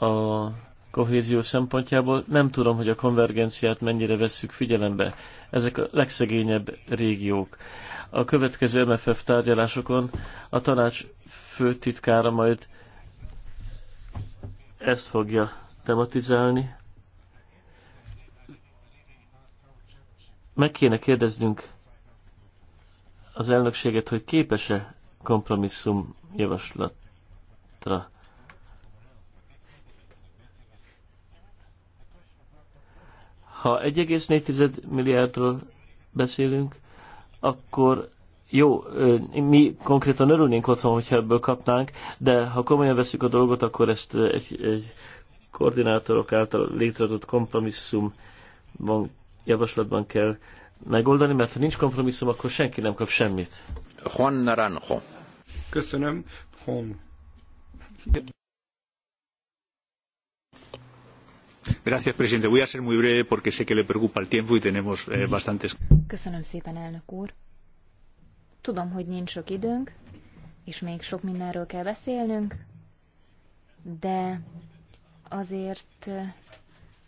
a kohézió szempontjából. Nem tudom, hogy a konvergenciát mennyire vesszük figyelembe. Ezek a legszegényebb régiók a következő MFF tárgyalásokon a tanács főtitkára majd ezt fogja tematizálni. Meg kéne kérdeznünk az elnökséget, hogy képes-e kompromisszum javaslatra. Ha 1,4 milliárdról beszélünk, akkor jó, mi konkrétan örülnénk otthon, hogyha ebből kapnánk, de ha komolyan veszük a dolgot, akkor ezt egy, egy koordinátorok által létrehozott kompromisszum javaslatban kell megoldani, mert ha nincs kompromisszum, akkor senki nem kap semmit. Juan Naranjo. Köszönöm. Hon. Gracias, presidente. Voy a ser muy breve porque sé que le preocupa el tiempo y tenemos eh, bastantes. Köszönöm szépen, elnök úr. Tudom, hogy nincs sok időnk, és még sok mindenről kell beszélnünk, de azért eh,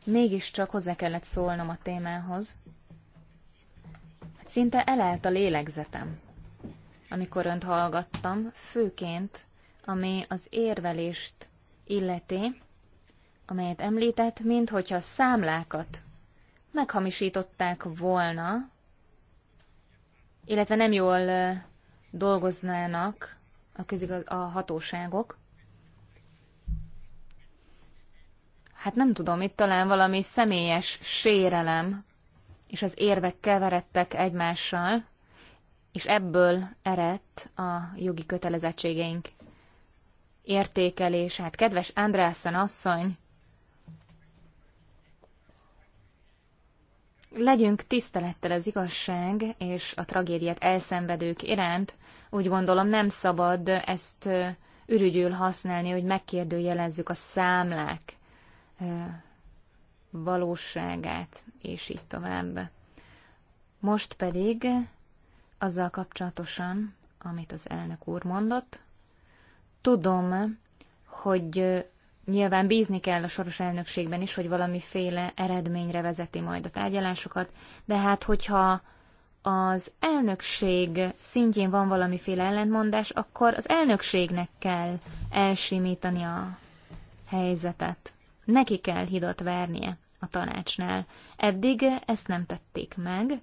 mégiscsak hozzá kellett szólnom a témához. Hát szinte elállt a lélegzetem, amikor önt hallgattam, főként, ami az érvelést illeti, amelyet említett, mint hogyha számlákat meghamisították volna, illetve nem jól dolgoznának a, közigaz- a hatóságok. Hát nem tudom, itt talán valami személyes sérelem, és az érvek keveredtek egymással, és ebből erett a jogi kötelezettségeink értékelés. Hát kedves Andrásson asszony, legyünk tisztelettel az igazság és a tragédiát elszenvedők iránt, úgy gondolom nem szabad ezt ürügyül használni, hogy megkérdőjelezzük a számlák valóságát, és így tovább. Most pedig azzal kapcsolatosan, amit az elnök úr mondott, tudom, hogy Nyilván bízni kell a soros elnökségben is, hogy valamiféle eredményre vezeti majd a tárgyalásokat, de hát hogyha az elnökség szintjén van valamiféle ellentmondás, akkor az elnökségnek kell elsimítani a helyzetet. Neki kell hidat vernie a tanácsnál. Eddig ezt nem tették meg,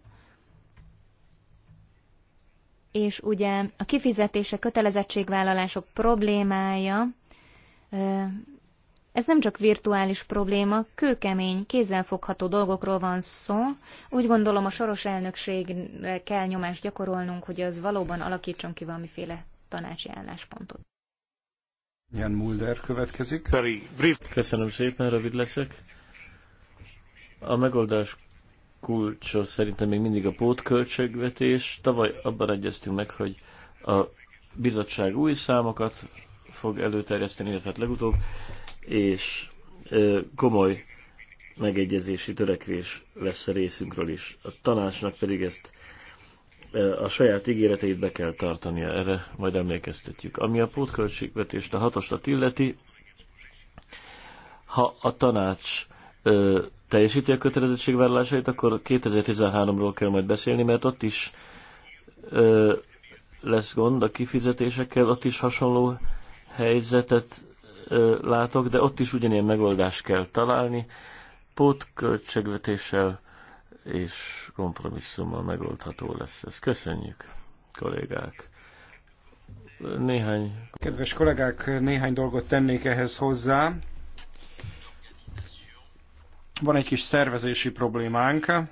és ugye a kifizetése, kötelezettségvállalások problémája ez nem csak virtuális probléma, kőkemény, kézzelfogható dolgokról van szó. Úgy gondolom a soros elnökségre kell nyomást gyakorolnunk, hogy az valóban alakítson ki valamiféle tanácsi álláspontot. Jan Mulder következik. Köszönöm szépen, rövid leszek. A megoldás kulcsa szerintem még mindig a pótköltségvetés. Tavaly abban egyeztünk meg, hogy a bizottság új számokat fog előterjeszteni, illetve hát legutóbb és komoly megegyezési törekvés lesz a részünkről is. A tanácsnak pedig ezt a saját ígéreteit be kell tartania, erre majd emlékeztetjük. Ami a pótköltségvetést, a hatostat illeti, ha a tanács ö, teljesíti a kötelezettségvállalásait, akkor 2013-ról kell majd beszélni, mert ott is ö, lesz gond a kifizetésekkel, ott is hasonló helyzetet látok, de ott is ugyanilyen megoldást kell találni, pótköltségvetéssel és kompromisszummal megoldható lesz ez. Köszönjük, kollégák! Néhány... Kedves kollégák, néhány dolgot tennék ehhez hozzá. Van egy kis szervezési problémánk a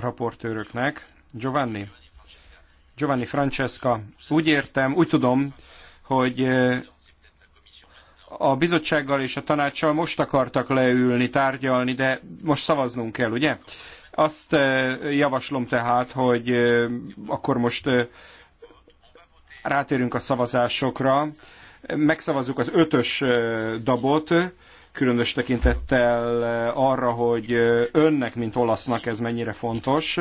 raportőröknek. Giovanni? Giovanni Francesca, úgy értem, úgy tudom, hogy a bizottsággal és a tanácssal most akartak leülni, tárgyalni, de most szavaznunk kell, ugye? Azt javaslom tehát, hogy akkor most rátérünk a szavazásokra. Megszavazzuk az ötös dabot, különös tekintettel arra, hogy önnek, mint olasznak ez mennyire fontos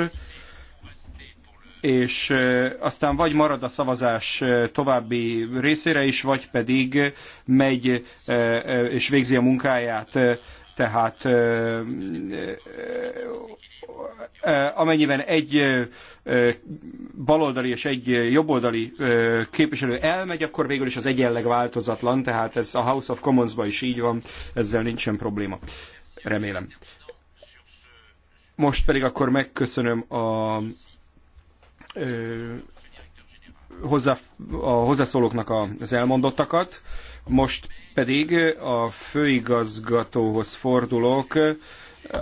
és aztán vagy marad a szavazás további részére is, vagy pedig megy és végzi a munkáját. Tehát amennyiben egy baloldali és egy jobboldali képviselő elmegy, akkor végül is az egyenleg változatlan, tehát ez a House of Commons-ban is így van, ezzel nincsen probléma. Remélem. Most pedig akkor megköszönöm a hozzá, a hozzászólóknak az elmondottakat. Most pedig a főigazgatóhoz fordulok.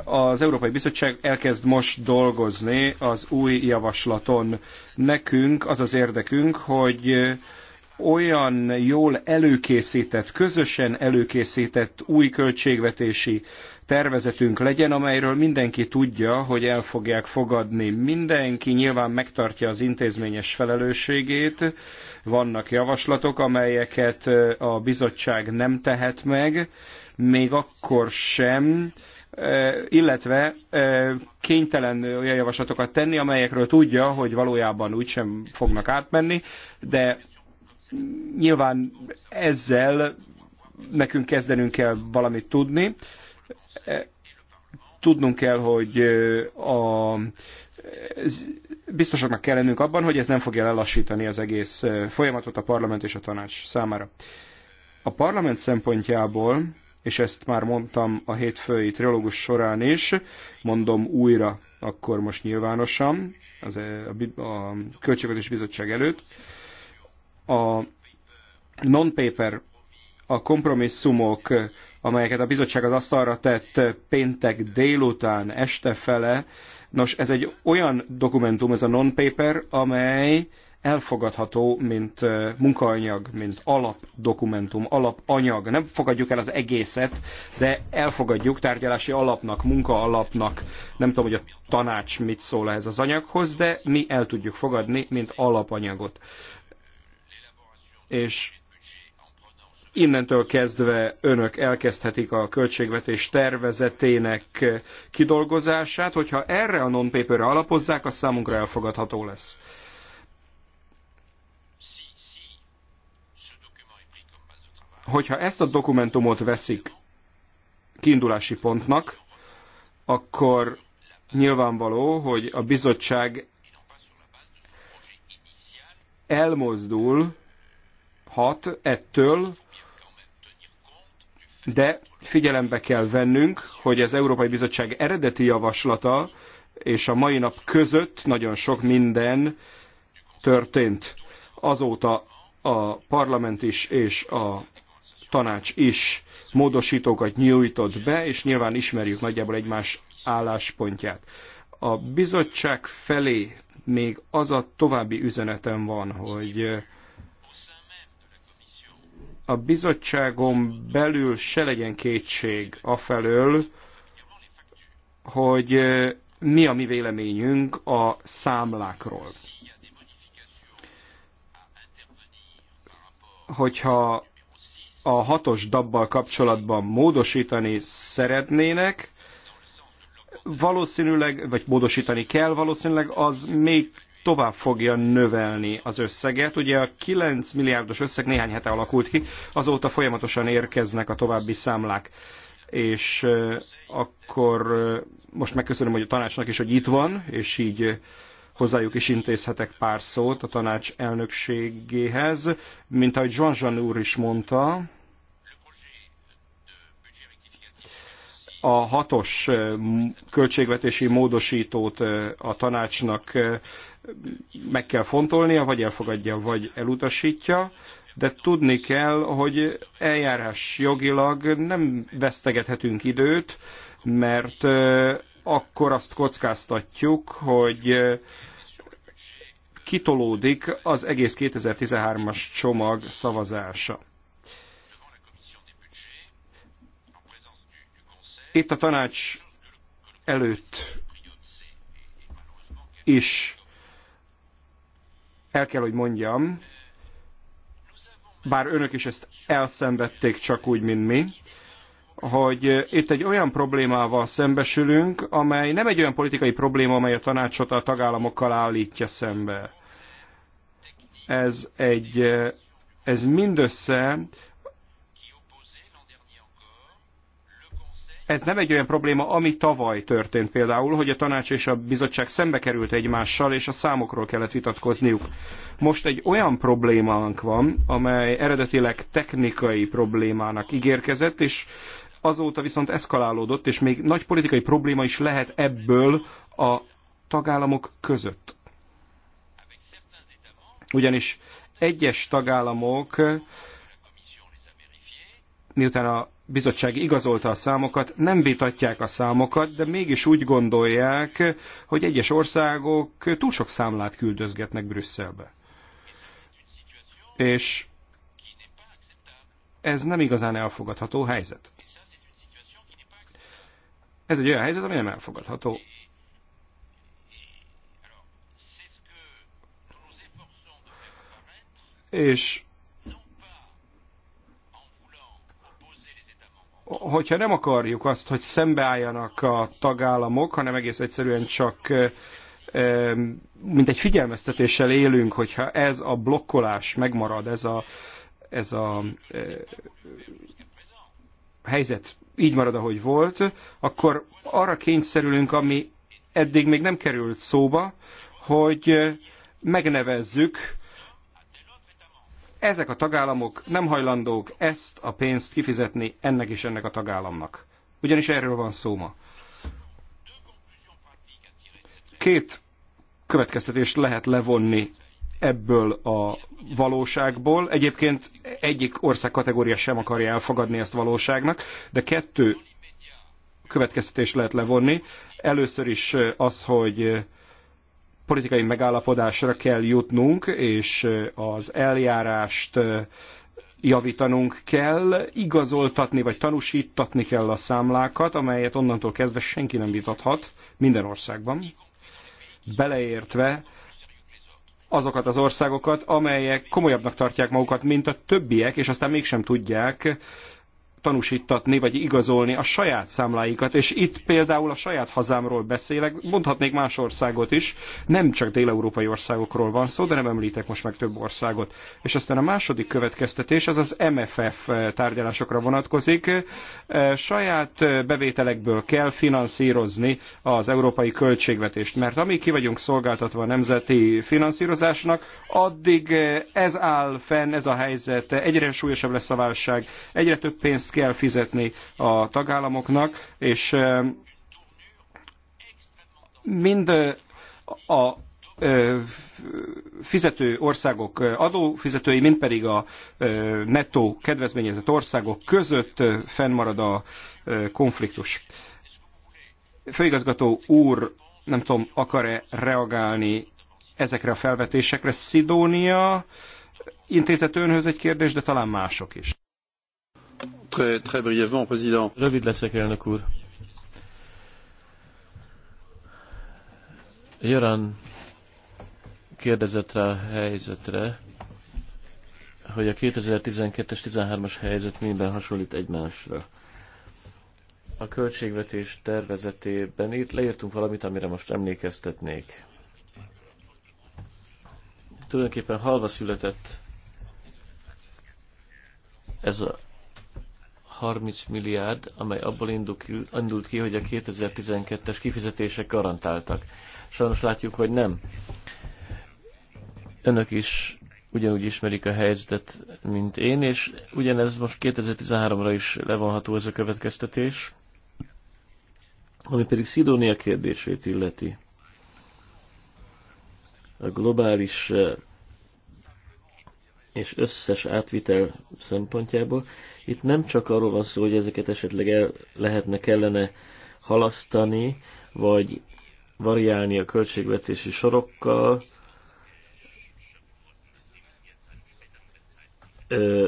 Az Európai Bizottság elkezd most dolgozni az új javaslaton. Nekünk az az érdekünk, hogy olyan jól előkészített, közösen előkészített új költségvetési tervezetünk legyen, amelyről mindenki tudja, hogy el fogják fogadni. Mindenki nyilván megtartja az intézményes felelősségét, vannak javaslatok, amelyeket a bizottság nem tehet meg, még akkor sem, illetve kénytelen olyan javaslatokat tenni, amelyekről tudja, hogy valójában úgysem fognak átmenni, de Nyilván ezzel nekünk kezdenünk kell valamit tudni. E, tudnunk kell, hogy e, a, e, biztosoknak kell lennünk abban, hogy ez nem fogja lelassítani az egész folyamatot a parlament és a tanács számára. A parlament szempontjából, és ezt már mondtam a hétfői trilógus során is, mondom újra, akkor most nyilvánosan, az a, a Költségvetés Bizottság előtt, a non-paper, a kompromisszumok, amelyeket a bizottság az asztalra tett péntek délután, este fele, nos, ez egy olyan dokumentum, ez a non-paper, amely elfogadható, mint munkaanyag, mint alapdokumentum, alapanyag. Nem fogadjuk el az egészet, de elfogadjuk tárgyalási alapnak, munka alapnak. Nem tudom, hogy a tanács mit szól ehhez az anyaghoz, de mi el tudjuk fogadni, mint alapanyagot és innentől kezdve önök elkezdhetik a költségvetés tervezetének kidolgozását, hogyha erre a non paper alapozzák, az számunkra elfogadható lesz. Hogyha ezt a dokumentumot veszik kiindulási pontnak, akkor nyilvánvaló, hogy a bizottság elmozdul hat ettől, de figyelembe kell vennünk, hogy az Európai Bizottság eredeti javaslata és a mai nap között nagyon sok minden történt. Azóta a parlament is és a tanács is módosítókat nyújtott be, és nyilván ismerjük nagyjából egymás álláspontját. A bizottság felé még az a további üzenetem van, hogy a bizottságon belül se legyen kétség afelől, hogy mi a mi véleményünk a számlákról. Hogyha a hatos dabbal kapcsolatban módosítani szeretnének, valószínűleg, vagy módosítani kell, valószínűleg az még tovább fogja növelni az összeget. Ugye a 9 milliárdos összeg néhány hete alakult ki, azóta folyamatosan érkeznek a további számlák. És akkor most megköszönöm hogy a tanácsnak is, hogy itt van, és így hozzájuk is intézhetek pár szót a tanács elnökségéhez. Mint ahogy Zsanzsan úr is mondta, a hatos költségvetési módosítót a tanácsnak meg kell fontolnia, vagy elfogadja, vagy elutasítja, de tudni kell, hogy eljárás jogilag nem vesztegethetünk időt, mert akkor azt kockáztatjuk, hogy kitolódik az egész 2013-as csomag szavazása. Itt a tanács előtt is el kell, hogy mondjam, bár önök is ezt elszenvedték csak úgy, mint mi, hogy itt egy olyan problémával szembesülünk, amely nem egy olyan politikai probléma, amely a tanácsot a tagállamokkal állítja szembe. Ez egy, ez mindössze ez nem egy olyan probléma, ami tavaly történt például, hogy a tanács és a bizottság szembe került egymással, és a számokról kellett vitatkozniuk. Most egy olyan problémánk van, amely eredetileg technikai problémának ígérkezett, és azóta viszont eszkalálódott, és még nagy politikai probléma is lehet ebből a tagállamok között. Ugyanis egyes tagállamok, miután a bizottság igazolta a számokat, nem vitatják a számokat, de mégis úgy gondolják, hogy egyes országok túl sok számlát küldözgetnek Brüsszelbe. És ez nem igazán elfogadható helyzet. Ez egy olyan helyzet, ami nem elfogadható. És hogyha nem akarjuk azt, hogy szembeálljanak a tagállamok, hanem egész egyszerűen csak mint egy figyelmeztetéssel élünk, hogyha ez a blokkolás megmarad, ez a, ez a helyzet így marad, ahogy volt, akkor arra kényszerülünk, ami eddig még nem került szóba, hogy megnevezzük ezek a tagállamok nem hajlandók ezt a pénzt kifizetni ennek és ennek a tagállamnak. Ugyanis erről van szó ma. Két következtetést lehet levonni ebből a valóságból. Egyébként egyik ország kategória sem akarja elfogadni ezt valóságnak, de kettő következtetést lehet levonni. Először is az, hogy politikai megállapodásra kell jutnunk, és az eljárást javítanunk kell, igazoltatni vagy tanúsítatni kell a számlákat, amelyet onnantól kezdve senki nem vitathat minden országban, beleértve azokat az országokat, amelyek komolyabbnak tartják magukat, mint a többiek, és aztán mégsem tudják tanúsítatni vagy igazolni a saját számláikat, és itt például a saját hazámról beszélek, mondhatnék más országot is, nem csak dél-európai országokról van szó, de nem említek most meg több országot. És aztán a második következtetés az az MFF tárgyalásokra vonatkozik. E, saját bevételekből kell finanszírozni az európai költségvetést, mert amíg ki vagyunk szolgáltatva a nemzeti finanszírozásnak, addig ez áll fenn, ez a helyzet, egyre súlyosabb lesz a válság, egyre több pénzt pénzt kell fizetni a tagállamoknak, és mind a fizető országok adófizetői, mint pedig a nettó kedvezményezett országok között fennmarad a konfliktus. Főigazgató úr, nem tudom, akar-e reagálni ezekre a felvetésekre? Szidónia intézett önhöz egy kérdés, de talán mások is. Très, très brièvement, président. Rövid leszek, elnök úr. Jörán kérdezett rá a helyzetre, hogy a 2012-es 13-as helyzet miben hasonlít egymásra. A költségvetés tervezetében itt leírtunk valamit, amire most emlékeztetnék. Tulajdonképpen halva született ez a 30 milliárd, amely abból indult ki, hogy a 2012-es kifizetések garantáltak. Sajnos látjuk, hogy nem. Önök is ugyanúgy ismerik a helyzetet, mint én, és ugyanez most 2013-ra is levonható ez a következtetés, ami pedig Szidónia kérdését illeti. A globális és összes átvitel szempontjából. Itt nem csak arról van szó, hogy ezeket esetleg el lehetne, kellene halasztani, vagy variálni a költségvetési sorokkal,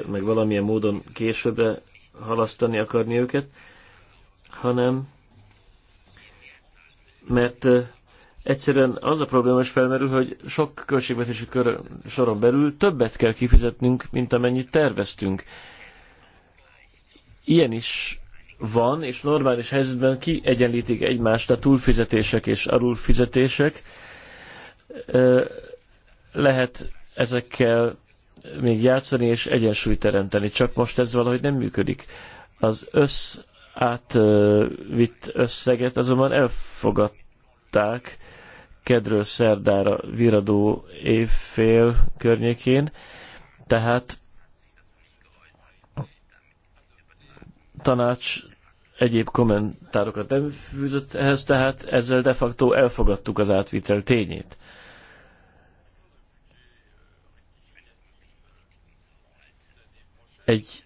meg valamilyen módon későbbre halasztani akarni őket, hanem mert Egyszerűen az a probléma is felmerül, hogy sok költségvetési kör, soron belül többet kell kifizetnünk, mint amennyit terveztünk. Ilyen is van, és normális helyzetben kiegyenlítik egymást a túlfizetések és alulfizetések. Lehet ezekkel még játszani és egyensúlyt teremteni, csak most ez valahogy nem működik. Az össz átvitt összeget azonban elfogadt megnyitották kedről szerdára viradó évfél környékén, tehát tanács egyéb kommentárokat nem fűzött ehhez, tehát ezzel de facto elfogadtuk az átvitel tényét. Egy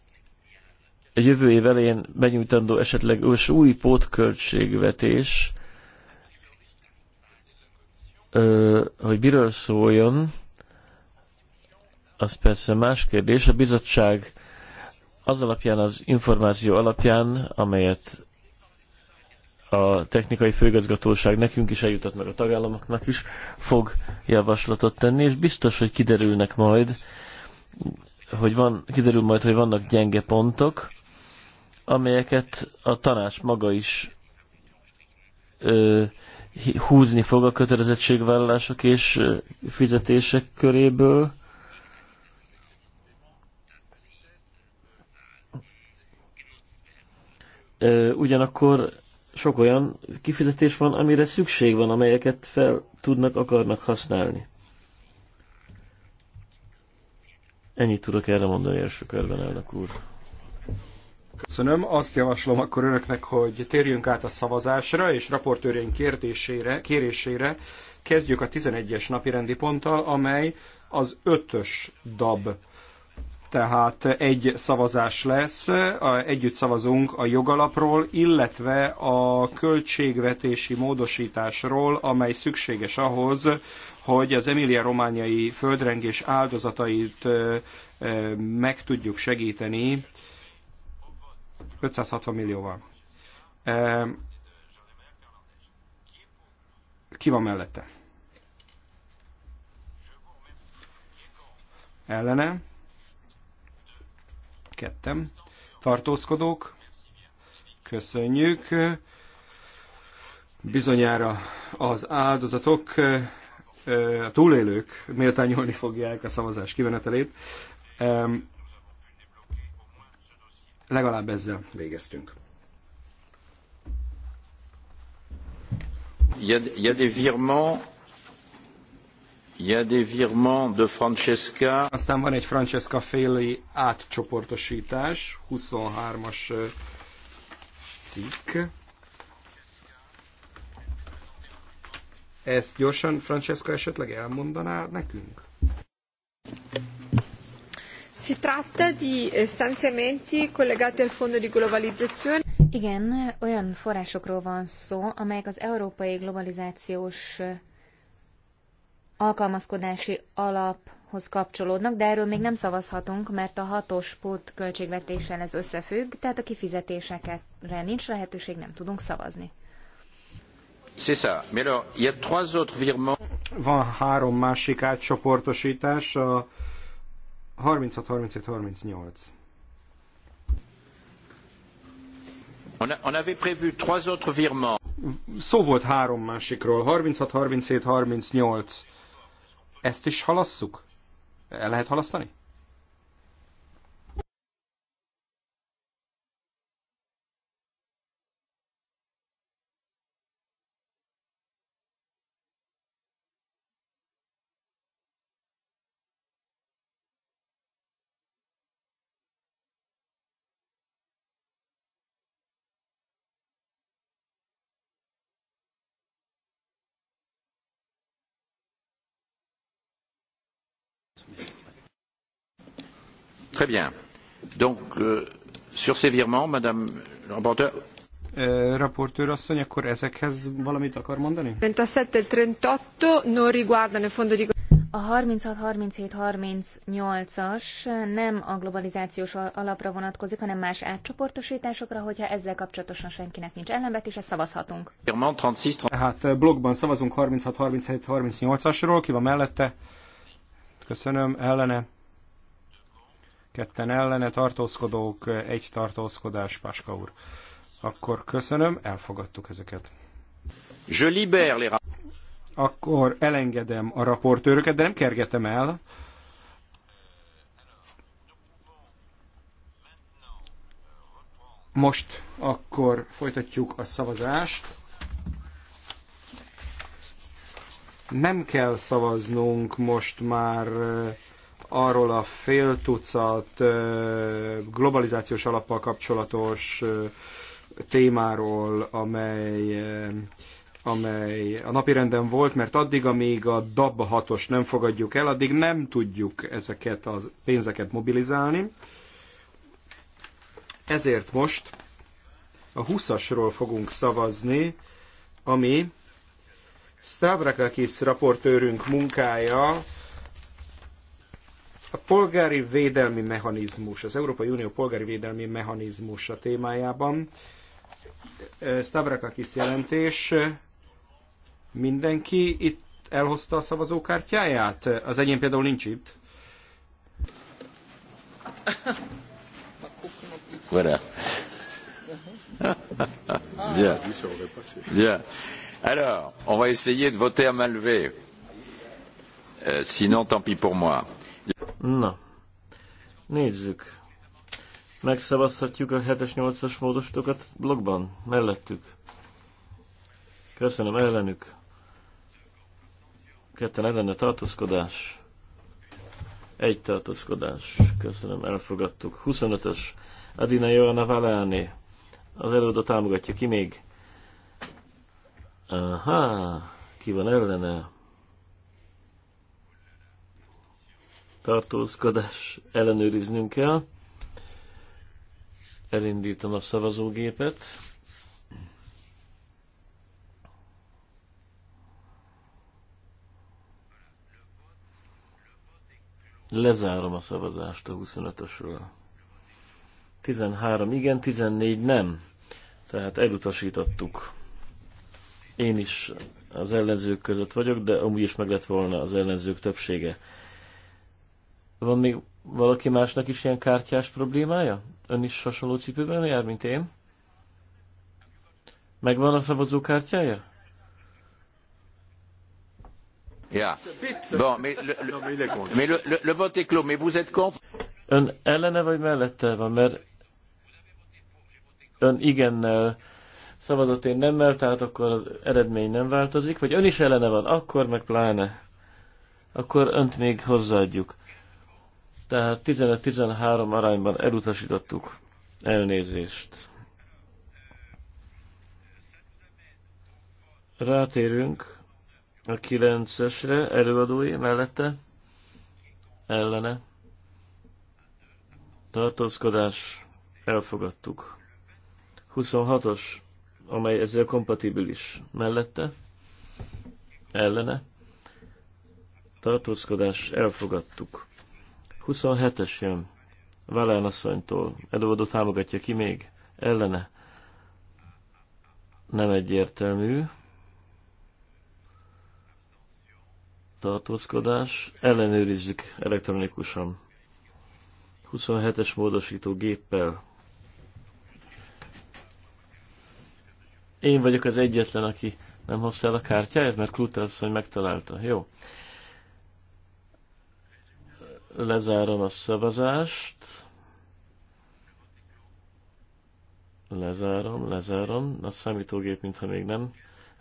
jövő év elején benyújtandó esetleg új pótköltségvetés hogy miről szóljon, az persze más kérdés. A bizottság az alapján, az információ alapján, amelyet a technikai főgazgatóság nekünk is eljutott, meg a tagállamoknak is fog javaslatot tenni, és biztos, hogy kiderülnek majd, hogy van, kiderül majd, hogy vannak gyenge pontok, amelyeket a tanács maga is ö, húzni fog a kötelezettségvállalások és fizetések köréből. Ugyanakkor sok olyan kifizetés van, amire szükség van, amelyeket fel tudnak, akarnak használni. Ennyit tudok erre mondani első körben, elnök úr. Köszönöm. Azt javaslom akkor önöknek, hogy térjünk át a szavazásra és raportőrén kérésére, kérésére kezdjük a 11-es napirendi ponttal, amely az ötös dab. Tehát egy szavazás lesz, együtt szavazunk a jogalapról, illetve a költségvetési módosításról, amely szükséges ahhoz, hogy az Emilia-romániai földrengés áldozatait meg tudjuk segíteni 560 millióval. E, ki van mellette? Ellene. Kettem. Tartózkodók. Köszönjük. Bizonyára az áldozatok, e, e, a túlélők méltányolni fogják a szavazás kivenetelét. Legalább ezzel végeztünk. Il y a, il y a des virements aztán van egy Francesca Féli átcsoportosítás, 23-as cikk. Ezt gyorsan Francesca esetleg elmondaná nekünk? Si tratta di eh, stanziamenti collegati al fondo di globalizzazione. Igen, olyan forrásokról van szó, amelyek az európai globalizációs eh, alkalmazkodási alaphoz kapcsolódnak, de erről még nem szavazhatunk, mert a hatos pót költségvetéssel ez összefügg, tehát a kifizetésekre nincs lehetőség, nem tudunk szavazni. C'est ça. Mais alors, il y a trois autres virements. Van három másik átcsoportosítás a 36, 37, 38. On, a, on avait prévu trois autres virements. Szó volt három másikról, 36, 37, 38. Ezt is halasszuk? El lehet halasztani? Très bien. Donc, euh, sur ces virements, Madame la rapporteure. Euh, rapporteur asszony, akkor ezekhez valamit akar mondani? A 36-37-38-as nem a globalizációs alapra vonatkozik, hanem más átcsoportosításokra, hogyha ezzel kapcsolatosan senkinek nincs ellenvetése, szavazhatunk. Tehát blogban szavazunk 36-37-38-asról, ki van mellette? Köszönöm, ellene ketten ellene tartózkodók, egy tartózkodás, Páska úr. Akkor köszönöm, elfogadtuk ezeket. Je libère les Akkor elengedem a raportőröket, de nem kergetem el. Most akkor folytatjuk a szavazást. Nem kell szavaznunk most már arról a fél tucat globalizációs alappal kapcsolatos témáról, amely amely a napirenden volt, mert addig, amíg a DAB 6-os nem fogadjuk el, addig nem tudjuk ezeket a pénzeket mobilizálni. Ezért most a 20-asról fogunk szavazni, ami Stavrakakis raportőrünk munkája, a polgári védelmi mechanizmus, az Európai Unió polgári védelmi mechanizmusa témájában Stavrakakis jelentés, mindenki itt elhozta a szavazókártyáját? Az enyém például nincs itt. Voilà. Ah, Bien. Bien. Alors, on va essayer de voter à main levée. Euh, sinon, tant pis pour moi. Na, nézzük. Megszavazhatjuk a 7-es, 8-as módosítókat blogban, mellettük. Köszönöm, ellenük. Ketten ellene tartózkodás. Egy tartózkodás. Köszönöm, elfogadtuk. 25-ös. Adina Joana Valáni. Az előadó támogatja ki még. Aha, ki van ellene? tartózkodás ellenőriznünk kell. Elindítom a szavazógépet. Lezárom a szavazást a 25-ösről. 13 igen, 14 nem. Tehát elutasítottuk. Én is az ellenzők között vagyok, de amúgy is meg lett volna az ellenzők többsége. Van még valaki másnak is ilyen kártyás problémája? Ön is hasonló cipőben jár, mint én? Megvan a szavazókártyája? Yeah. Uh, bon, mais le, le, le, le, vous êtes contre Ön ellene vagy mellette van, mert ön igennel szavazott én nemmel, tehát akkor az eredmény nem változik, vagy ön is ellene van, akkor meg pláne. Akkor önt még hozzáadjuk. Tehát 15-13 arányban elutasítottuk. Elnézést. Rátérünk a 9-esre, előadói mellette, ellene. Tartózkodás, elfogadtuk. 26-os, amely ezzel kompatibilis, mellette, ellene. Tartózkodás, elfogadtuk. 27-es jön. Velán asszonytól. Előadó támogatja ki még? Ellene? Nem egyértelmű. Tartózkodás. Ellenőrizzük elektronikusan. 27-es módosító géppel. Én vagyok az egyetlen, aki nem használ el a kártyáját, mert Kluta asszony megtalálta. Jó. Lezárom a szavazást. Lezárom, lezárom. A számítógép mintha még nem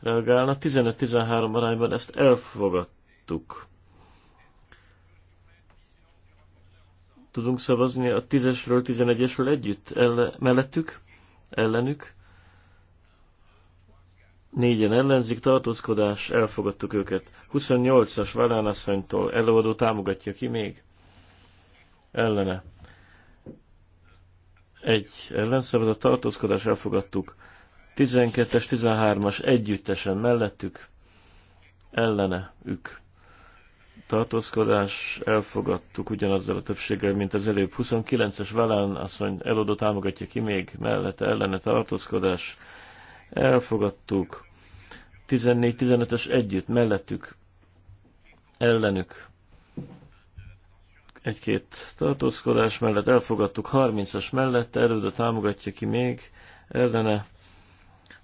reagálna. 15-13 arányban ezt elfogadtuk. Tudunk szavazni a 10-esről, 11-esről együtt? Elle, mellettük? Ellenük? Négyen ellenzik, tartózkodás, elfogadtuk őket. 28-as Valánasszonytól előadó támogatja ki még? ellene. Egy a tartózkodás elfogadtuk. 12-es, 13-as együttesen mellettük, ellene ők tartózkodás elfogadtuk ugyanazzal a többséggel, mint az előbb. 29-es Velán mondja, elodó támogatja ki még mellette ellene tartózkodás elfogadtuk. 14 15 es együtt mellettük ellenük egy-két tartózkodás mellett elfogadtuk, 30-as mellett erőd a támogatja ki még, ellene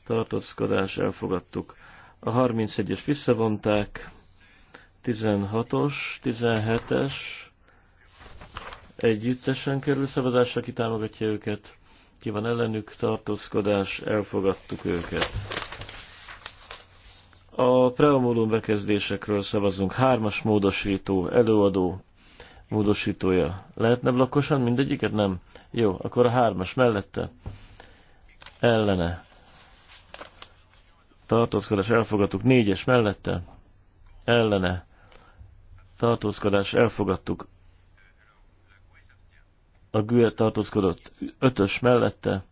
tartózkodás elfogadtuk. A 31-es visszavonták, 16-os, 17-es együttesen kerül szavazásra, ki támogatja őket, ki van ellenük, tartózkodás, elfogadtuk őket. A preamulum bekezdésekről szavazunk. Hármas módosító, előadó, módosítója. Lehetne blokkosan mindegyiket? Nem. Jó, akkor a hármas mellette. Ellene. Tartózkodás elfogadtuk. Négyes mellette. Ellene. Tartózkodás elfogadtuk. A GUE tartózkodott. Ötös mellette.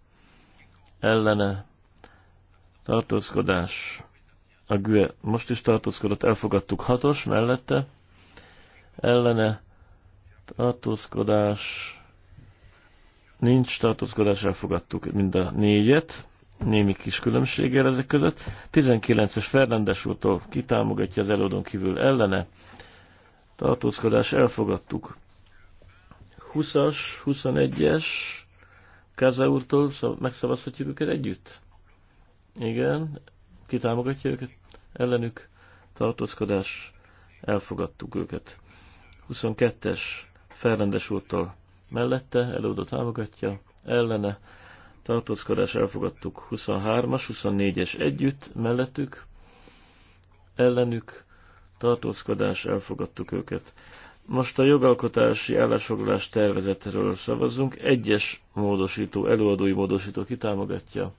Ellene. Tartózkodás. A GUE most is tartózkodott. Elfogadtuk. Hatos mellette. Ellene Tartózkodás. Nincs tartózkodás, elfogadtuk mind a négyet. Némi kis különbséggel ezek között. 19-es Ferlendes úrtól kitámogatja az előadón kívül ellene. Tartózkodás, elfogadtuk. 20-as, 21-es Kaza úrtól megszavazhatjuk őket együtt? Igen. kitámogatja őket? Ellenük tartózkodás. Elfogadtuk őket. 22-es felrendes úrtól mellette, előadó támogatja, ellene, tartózkodás elfogadtuk 23-as, 24-es együtt, mellettük, ellenük, tartózkodás elfogadtuk őket. Most a jogalkotási állásfoglalás tervezetről szavazzunk. Egyes módosító, előadói módosító kitámogatja,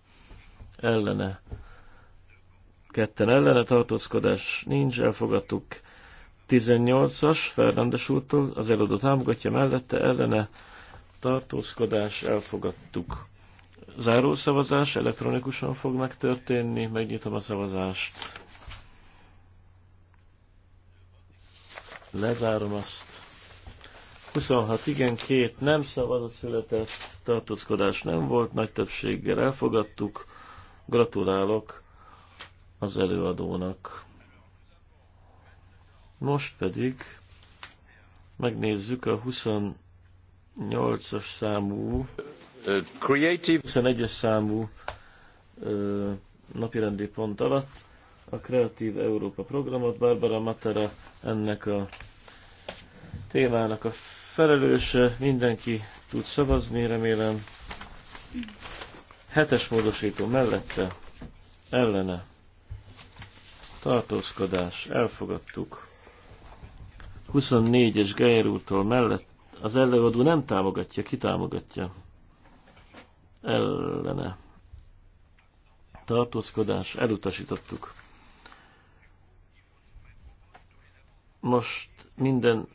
ellene, ketten ellene tartózkodás nincs, elfogadtuk 18-as Fernandes úrtól, az előadó támogatja mellette, ellene tartózkodás elfogadtuk. Záró szavazás elektronikusan fog megtörténni, megnyitom a szavazást. Lezárom azt. 26 igen, két nem a született, tartózkodás nem volt, nagy többséggel elfogadtuk. Gratulálok az előadónak. Most pedig megnézzük a 28-as számú, 21-es számú napirendi pont alatt a Kreatív Európa programot. Barbara Matera ennek a témának a felelőse. Mindenki tud szavazni, remélem. Hetes módosító mellette, ellene, tartózkodás, elfogadtuk. 24-es Geyer úrtól mellett az előadó nem támogatja, ki támogatja? Ellene. Tartózkodás, elutasítottuk. Most minden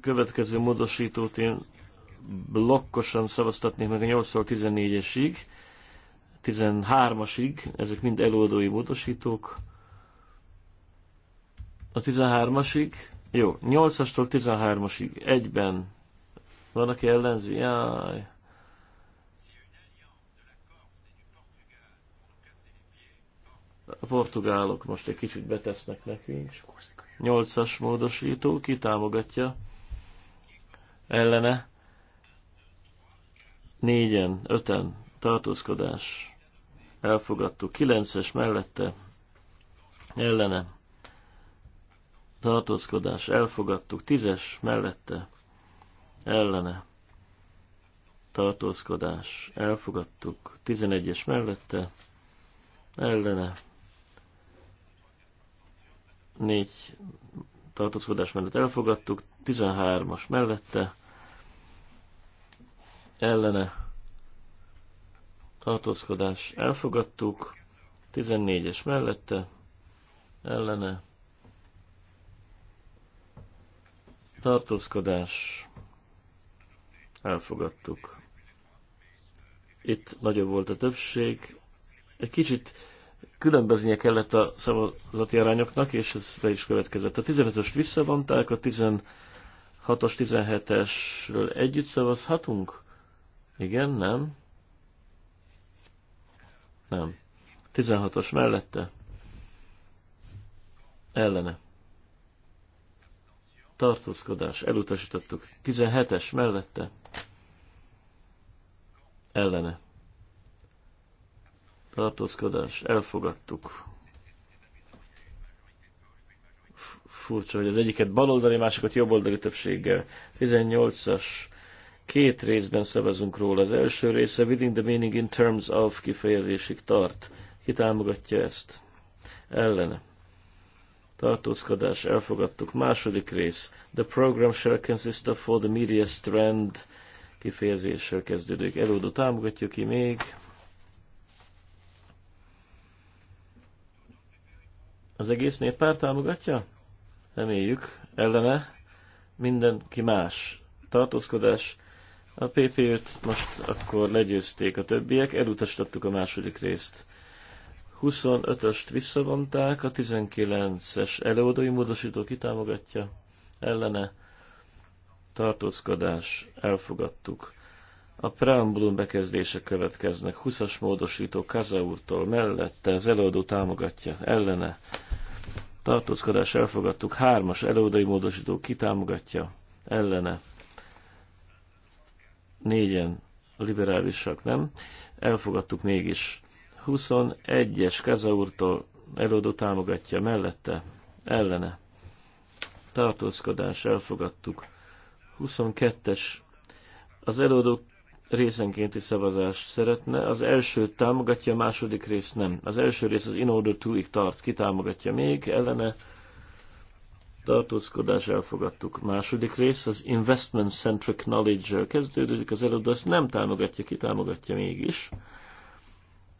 következő módosítót én blokkosan szavaztatnék meg a 8-tól 14-esig, 13-asig, ezek mind előadói módosítók a 13-asig. Jó, 8-astól 13-asig egyben. Van, aki ellenzi? Jaj. A portugálok most egy kicsit betesznek nekünk. 8-as módosító, ki támogatja? Ellene? Négyen, öten, tartózkodás. Elfogadtuk. 9-es mellette, ellene tartózkodás, elfogadtuk. Tízes mellette, ellene, tartózkodás, elfogadtuk. Tizenegyes mellette, ellene, négy tartózkodás mellett elfogadtuk. Tizenhármas mellette, ellene, tartózkodás, elfogadtuk. tizennégyes mellette, ellene, Tartózkodás. Elfogadtuk. Itt nagyobb volt a többség. Egy kicsit különböznie kellett a szavazati arányoknak, és ez be is következett. A 15-öst visszavonták, a 16-os, 17-esről együtt szavazhatunk? Igen, nem? Nem. 16-os mellette? Ellene tartózkodás, elutasítottuk. 17-es mellette, ellene, tartózkodás, elfogadtuk. Furcsa, hogy az egyiket baloldali, másikat jobboldali többséggel. 18-as két részben szavazunk róla. Az első része within the meaning in terms of kifejezésig tart. Ki támogatja ezt? Ellene tartózkodás, elfogadtuk. Második rész, the program shall consist of for the media strand kifejezéssel kezdődik. Előadó támogatja ki még. Az egész néppár támogatja? Reméljük. Ellene mindenki más. Tartózkodás. A PP-t most akkor legyőzték a többiek, elutasítottuk a második részt. 25-öst visszavonták, a 19-es előadói módosító kitámogatja, ellene tartózkodás, elfogadtuk. A preambulum bekezdése következnek, 20-as módosító Kaza úrtól mellette, az előadó támogatja, ellene tartózkodás, elfogadtuk. 3-as előadói módosító kitámogatja, ellene négyen liberálisak, nem? Elfogadtuk mégis 21-es Keza úrtól előadó támogatja mellette, ellene. Tartózkodás elfogadtuk. 22-es az előadó részenkénti szavazást szeretne, az első támogatja, a második rész nem. Az első rész az in order to-ig tart, ki támogatja még, ellene tartózkodás elfogadtuk. Második rész az investment centric knowledge kezdődődik, az előadó azt nem támogatja, ki támogatja mégis.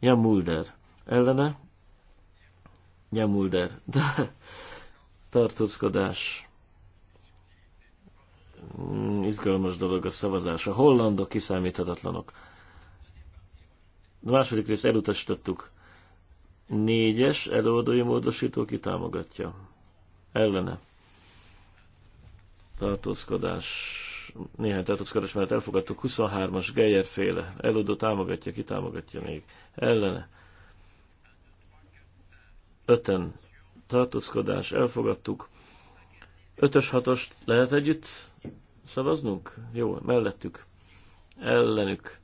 Jan Mulder ellene, Jan Mulder tartózkodás mm, izgalmas dolog a szavazás. A hollandok kiszámíthatatlanok. A második rész elutasítottuk. Négyes előadói módosító kitámogatja. Ellene. Tartózkodás néhány tartózkodás mellett elfogadtuk, 23-as Geyer féle, eludó támogatja, ki támogatja még, ellene, öten tartózkodás, elfogadtuk, Ötös, ös lehet együtt szavaznunk? Jó, mellettük, ellenük,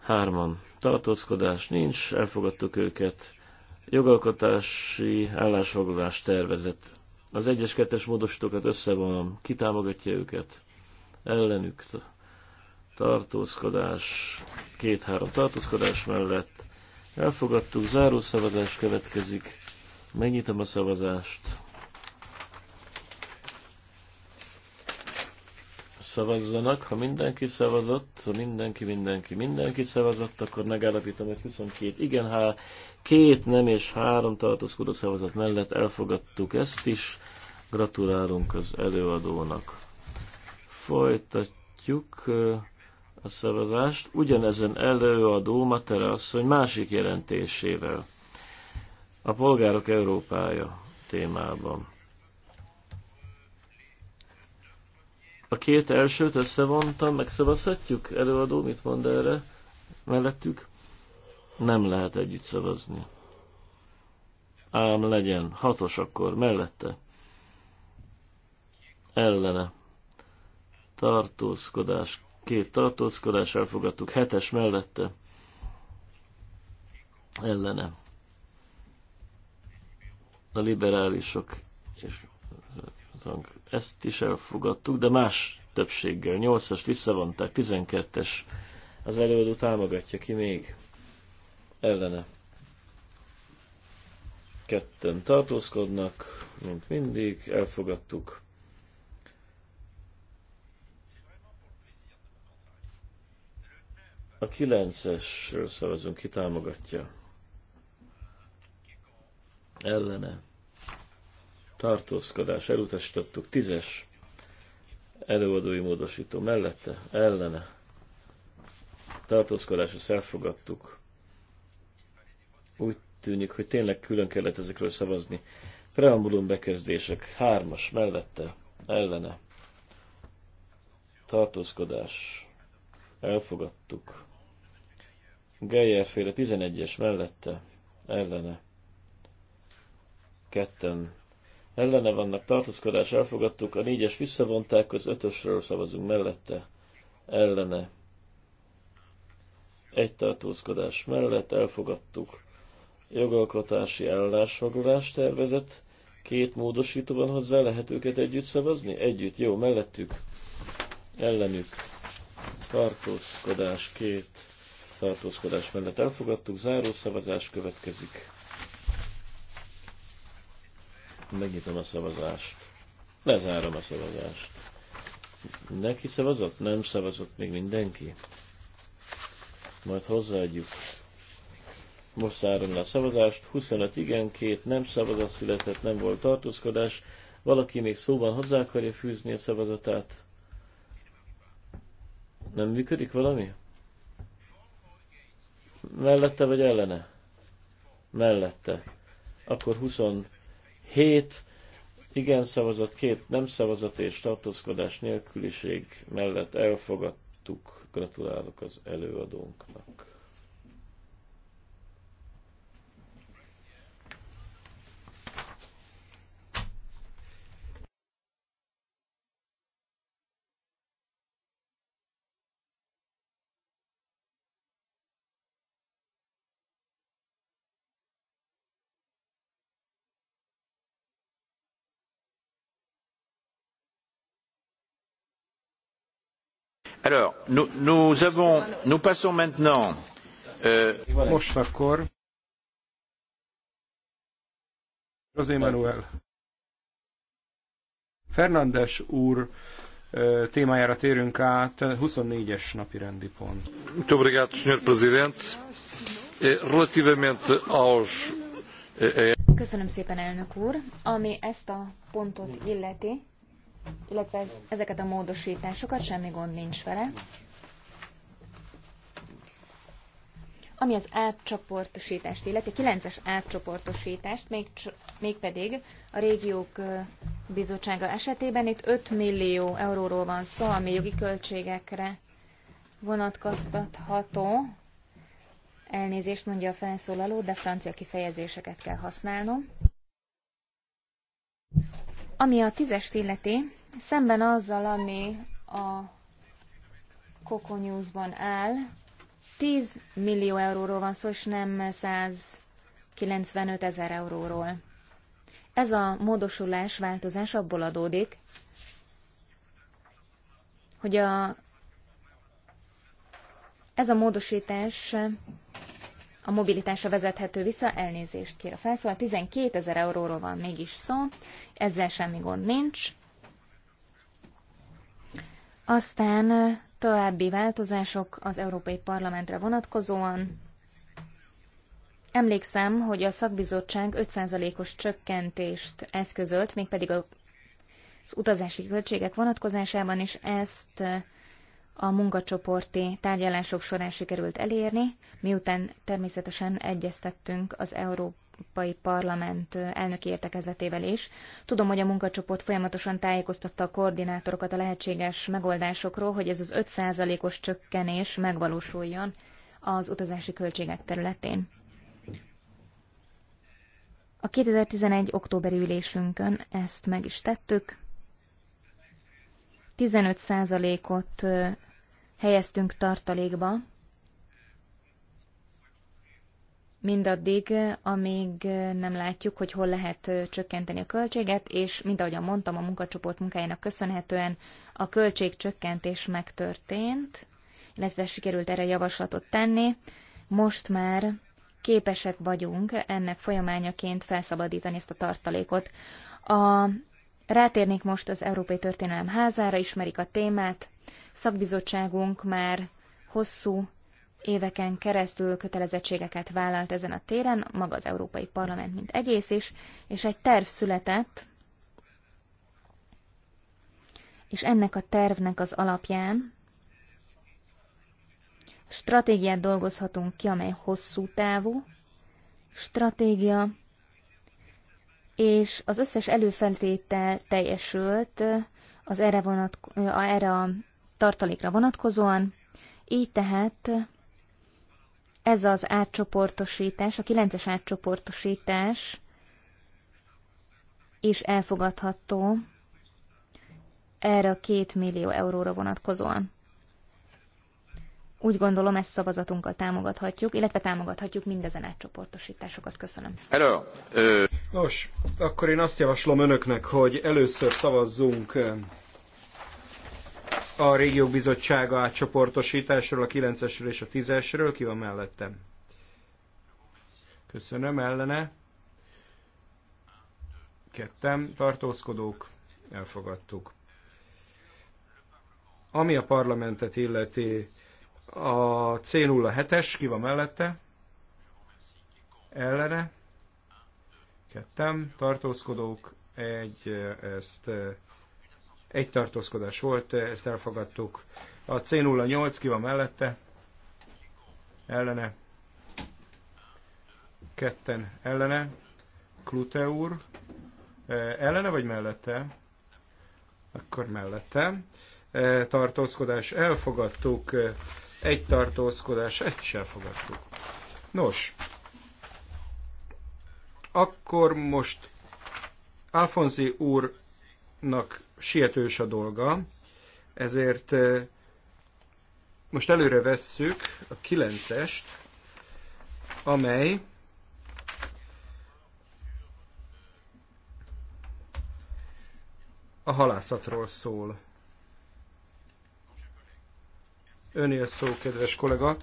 hárman, tartózkodás nincs, elfogadtuk őket, jogalkotási állásfoglalás tervezett az egyes kettes módosítókat összevonom, kitámogatja őket, ellenük tartózkodás, két-három tartózkodás mellett elfogadtuk, zárószavazás következik, megnyitom a szavazást. szavazzanak. Ha mindenki szavazott, ha mindenki, mindenki, mindenki szavazott, akkor megállapítom, hogy 22 igen, ha két nem és három tartózkodó szavazat mellett elfogadtuk ezt is. Gratulálunk az előadónak. Folytatjuk uh, a szavazást ugyanezen előadó Matera asszony másik jelentésével. A polgárok Európája témában. A két elsőt összevontam, megszavazhatjuk? Előadó mit mond erre mellettük? Nem lehet együtt szavazni. Ám legyen, hatos akkor, mellette. Ellene. Tartózkodás, két tartózkodás, elfogadtuk, hetes mellette. Ellene. A liberálisok és ezt is elfogadtuk, de más többséggel. 8-as visszavonták, 12-es az előadó támogatja ki még ellene. Ketten tartózkodnak, mint mindig, elfogadtuk. A 9-esről szavazunk, ki támogatja. Ellene tartózkodás elutasítottuk, tízes előadói módosító mellette, ellene tartózkodásra ezt elfogadtuk. Úgy tűnik, hogy tényleg külön kellett ezekről szavazni. Preambulum bekezdések, hármas mellette, ellene tartózkodás, elfogadtuk. Geyer féle 11-es mellette, ellene ketten ellene vannak tartózkodás, elfogadtuk, a négyes visszavonták, az ötösről szavazunk mellette, ellene, egy tartózkodás mellett elfogadtuk. Jogalkotási állásfoglalás tervezet, két módosító van hozzá, lehet őket együtt szavazni? Együtt, jó, mellettük, ellenük, tartózkodás, két tartózkodás mellett elfogadtuk, záró szavazás következik. Megnyitom a szavazást. Lezárom a szavazást. Neki szavazott? Nem szavazott még mindenki? Majd hozzáadjuk. Most zárom le a szavazást. 25 igen, két nem szavazat született, nem volt tartózkodás. Valaki még szóban hozzá akarja fűzni a szavazatát? Nem működik valami? Mellette vagy ellene? Mellette. Akkor 20 7 igen szavazat, két nem szavazat és tartózkodás nélküliség mellett elfogadtuk. Gratulálok az előadónknak. Alors, nous, nous, avons, nous passons maintenant. Euh... Most akkor José Manuel. Fernandes úr témájára térünk át, 24-es napi rendi pont. Muito obrigado, Sr. Presidente. Relativamente aos... Köszönöm szépen, elnök úr. Ami ezt a pontot illeti, illetve ez, ezeket a módosításokat, semmi gond nincs vele. Ami az átcsoportosítást illeti, 9-es átcsoportosítást, még, mégpedig a régiók bizottsága esetében itt 5 millió euróról van szó, ami jogi költségekre vonatkoztatható. Elnézést mondja a felszólaló, de francia kifejezéseket kell használnom. Ami a tízest illeti, Szemben azzal, ami a Coco News-ban áll, 10 millió euróról van szó, és nem 195 ezer euróról. Ez a módosulás, változás abból adódik, hogy a, ez a módosítás a mobilitásra vezethető vissza, elnézést kér a felszólal, 12 ezer euróról van mégis szó, ezzel semmi gond nincs. Aztán további változások az Európai Parlamentre vonatkozóan. Emlékszem, hogy a szakbizottság 5%-os csökkentést eszközölt, mégpedig az utazási költségek vonatkozásában, és ezt a munkacsoporti tárgyalások során sikerült elérni, miután természetesen egyeztettünk az Európai Európai Parlament elnöki értekezletével is. Tudom, hogy a munkacsoport folyamatosan tájékoztatta a koordinátorokat a lehetséges megoldásokról, hogy ez az 5%-os csökkenés megvalósuljon az utazási költségek területén. A 2011. októberi ülésünkön ezt meg is tettük. 15%-ot helyeztünk tartalékba mindaddig, amíg nem látjuk, hogy hol lehet csökkenteni a költséget, és mint ahogyan mondtam, a munkacsoport munkájának köszönhetően a költségcsökkentés megtörtént, illetve sikerült erre javaslatot tenni. Most már képesek vagyunk ennek folyamányaként felszabadítani ezt a tartalékot. A, rátérnék most az Európai Történelem házára, ismerik a témát. Szakbizottságunk már hosszú éveken keresztül kötelezettségeket vállalt ezen a téren, maga az Európai Parlament, mint egész is, és egy terv született, és ennek a tervnek az alapján stratégiát dolgozhatunk ki, amely hosszú távú stratégia, és az összes előfeltétel teljesült az erre, vonatko- erre a tartalékra vonatkozóan, így tehát ez az átcsoportosítás, a kilences átcsoportosítás is elfogadható erre a két millió euróra vonatkozóan. Úgy gondolom, ezt szavazatunkkal támogathatjuk, illetve támogathatjuk mindezen átcsoportosításokat. Köszönöm. Hello. Nos, akkor én azt javaslom önöknek, hogy először szavazzunk a régiók bizottsága átcsoportosításról, a 9-esről és a 10-esről. Ki van mellettem? Köszönöm, ellene. Kettem, tartózkodók, elfogadtuk. Ami a parlamentet illeti, a C07-es, ki van mellette? Ellene. Kettem, tartózkodók, egy, ezt egy tartózkodás volt, ezt elfogadtuk. A C08 ki van mellette, ellene, ketten ellene, Klute úr, e, ellene vagy mellette? Akkor mellette. E, tartózkodás elfogadtuk, e, egy tartózkodás, ezt is elfogadtuk. Nos, akkor most Alfonzi úr nak sietős a dolga, ezért most előre vesszük a 9-est, amely a halászatról szól. Önél szó, kedves kollega.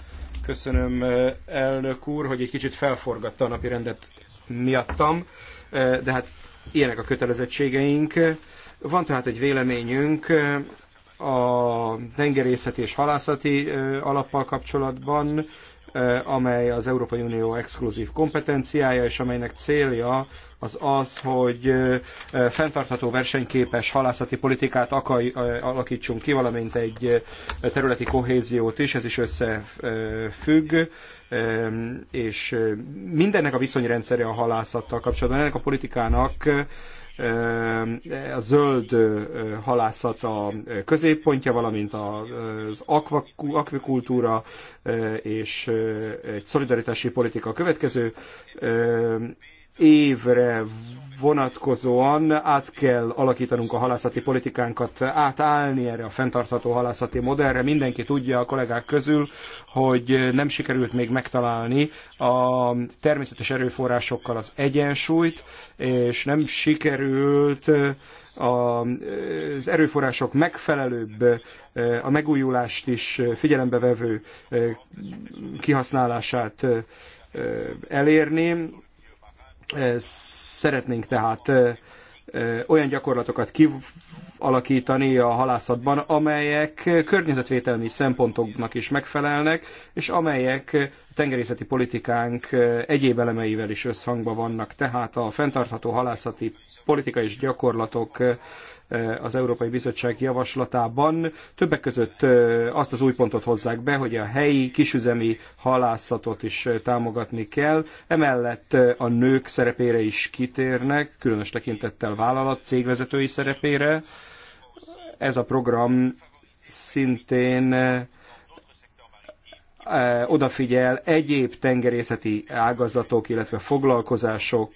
Köszönöm, elnök úr, hogy egy kicsit felforgatta a napi rendet miattam, de hát ilyenek a kötelezettségeink van tehát egy véleményünk a tengerészeti és halászati alappal kapcsolatban, amely az Európai Unió exkluzív kompetenciája, és amelynek célja az az, hogy fenntartható versenyképes halászati politikát alakítsunk ki, valamint egy területi kohéziót is, ez is összefügg, és mindennek a viszonyrendszere a halászattal kapcsolatban. Ennek a politikának a zöld halászat a középpontja, valamint az akvakultúra és egy szolidaritási politika a következő évre vonatkozóan át kell alakítanunk a halászati politikánkat, átállni erre a fenntartható halászati modellre. Mindenki tudja a kollégák közül, hogy nem sikerült még megtalálni a természetes erőforrásokkal az egyensúlyt, és nem sikerült az erőforrások megfelelőbb, a megújulást is figyelembe vevő kihasználását elérni Szeretnénk tehát olyan gyakorlatokat kialakítani a halászatban, amelyek környezetvédelmi szempontoknak is megfelelnek, és amelyek tengerészeti politikánk egyéb elemeivel is összhangban vannak. Tehát a fenntartható halászati politika és gyakorlatok az Európai Bizottság javaslatában. Többek között azt az új pontot hozzák be, hogy a helyi kisüzemi halászatot is támogatni kell. Emellett a nők szerepére is kitérnek, különös tekintettel vállalat cégvezetői szerepére. Ez a program szintén odafigyel egyéb tengerészeti ágazatok, illetve foglalkozások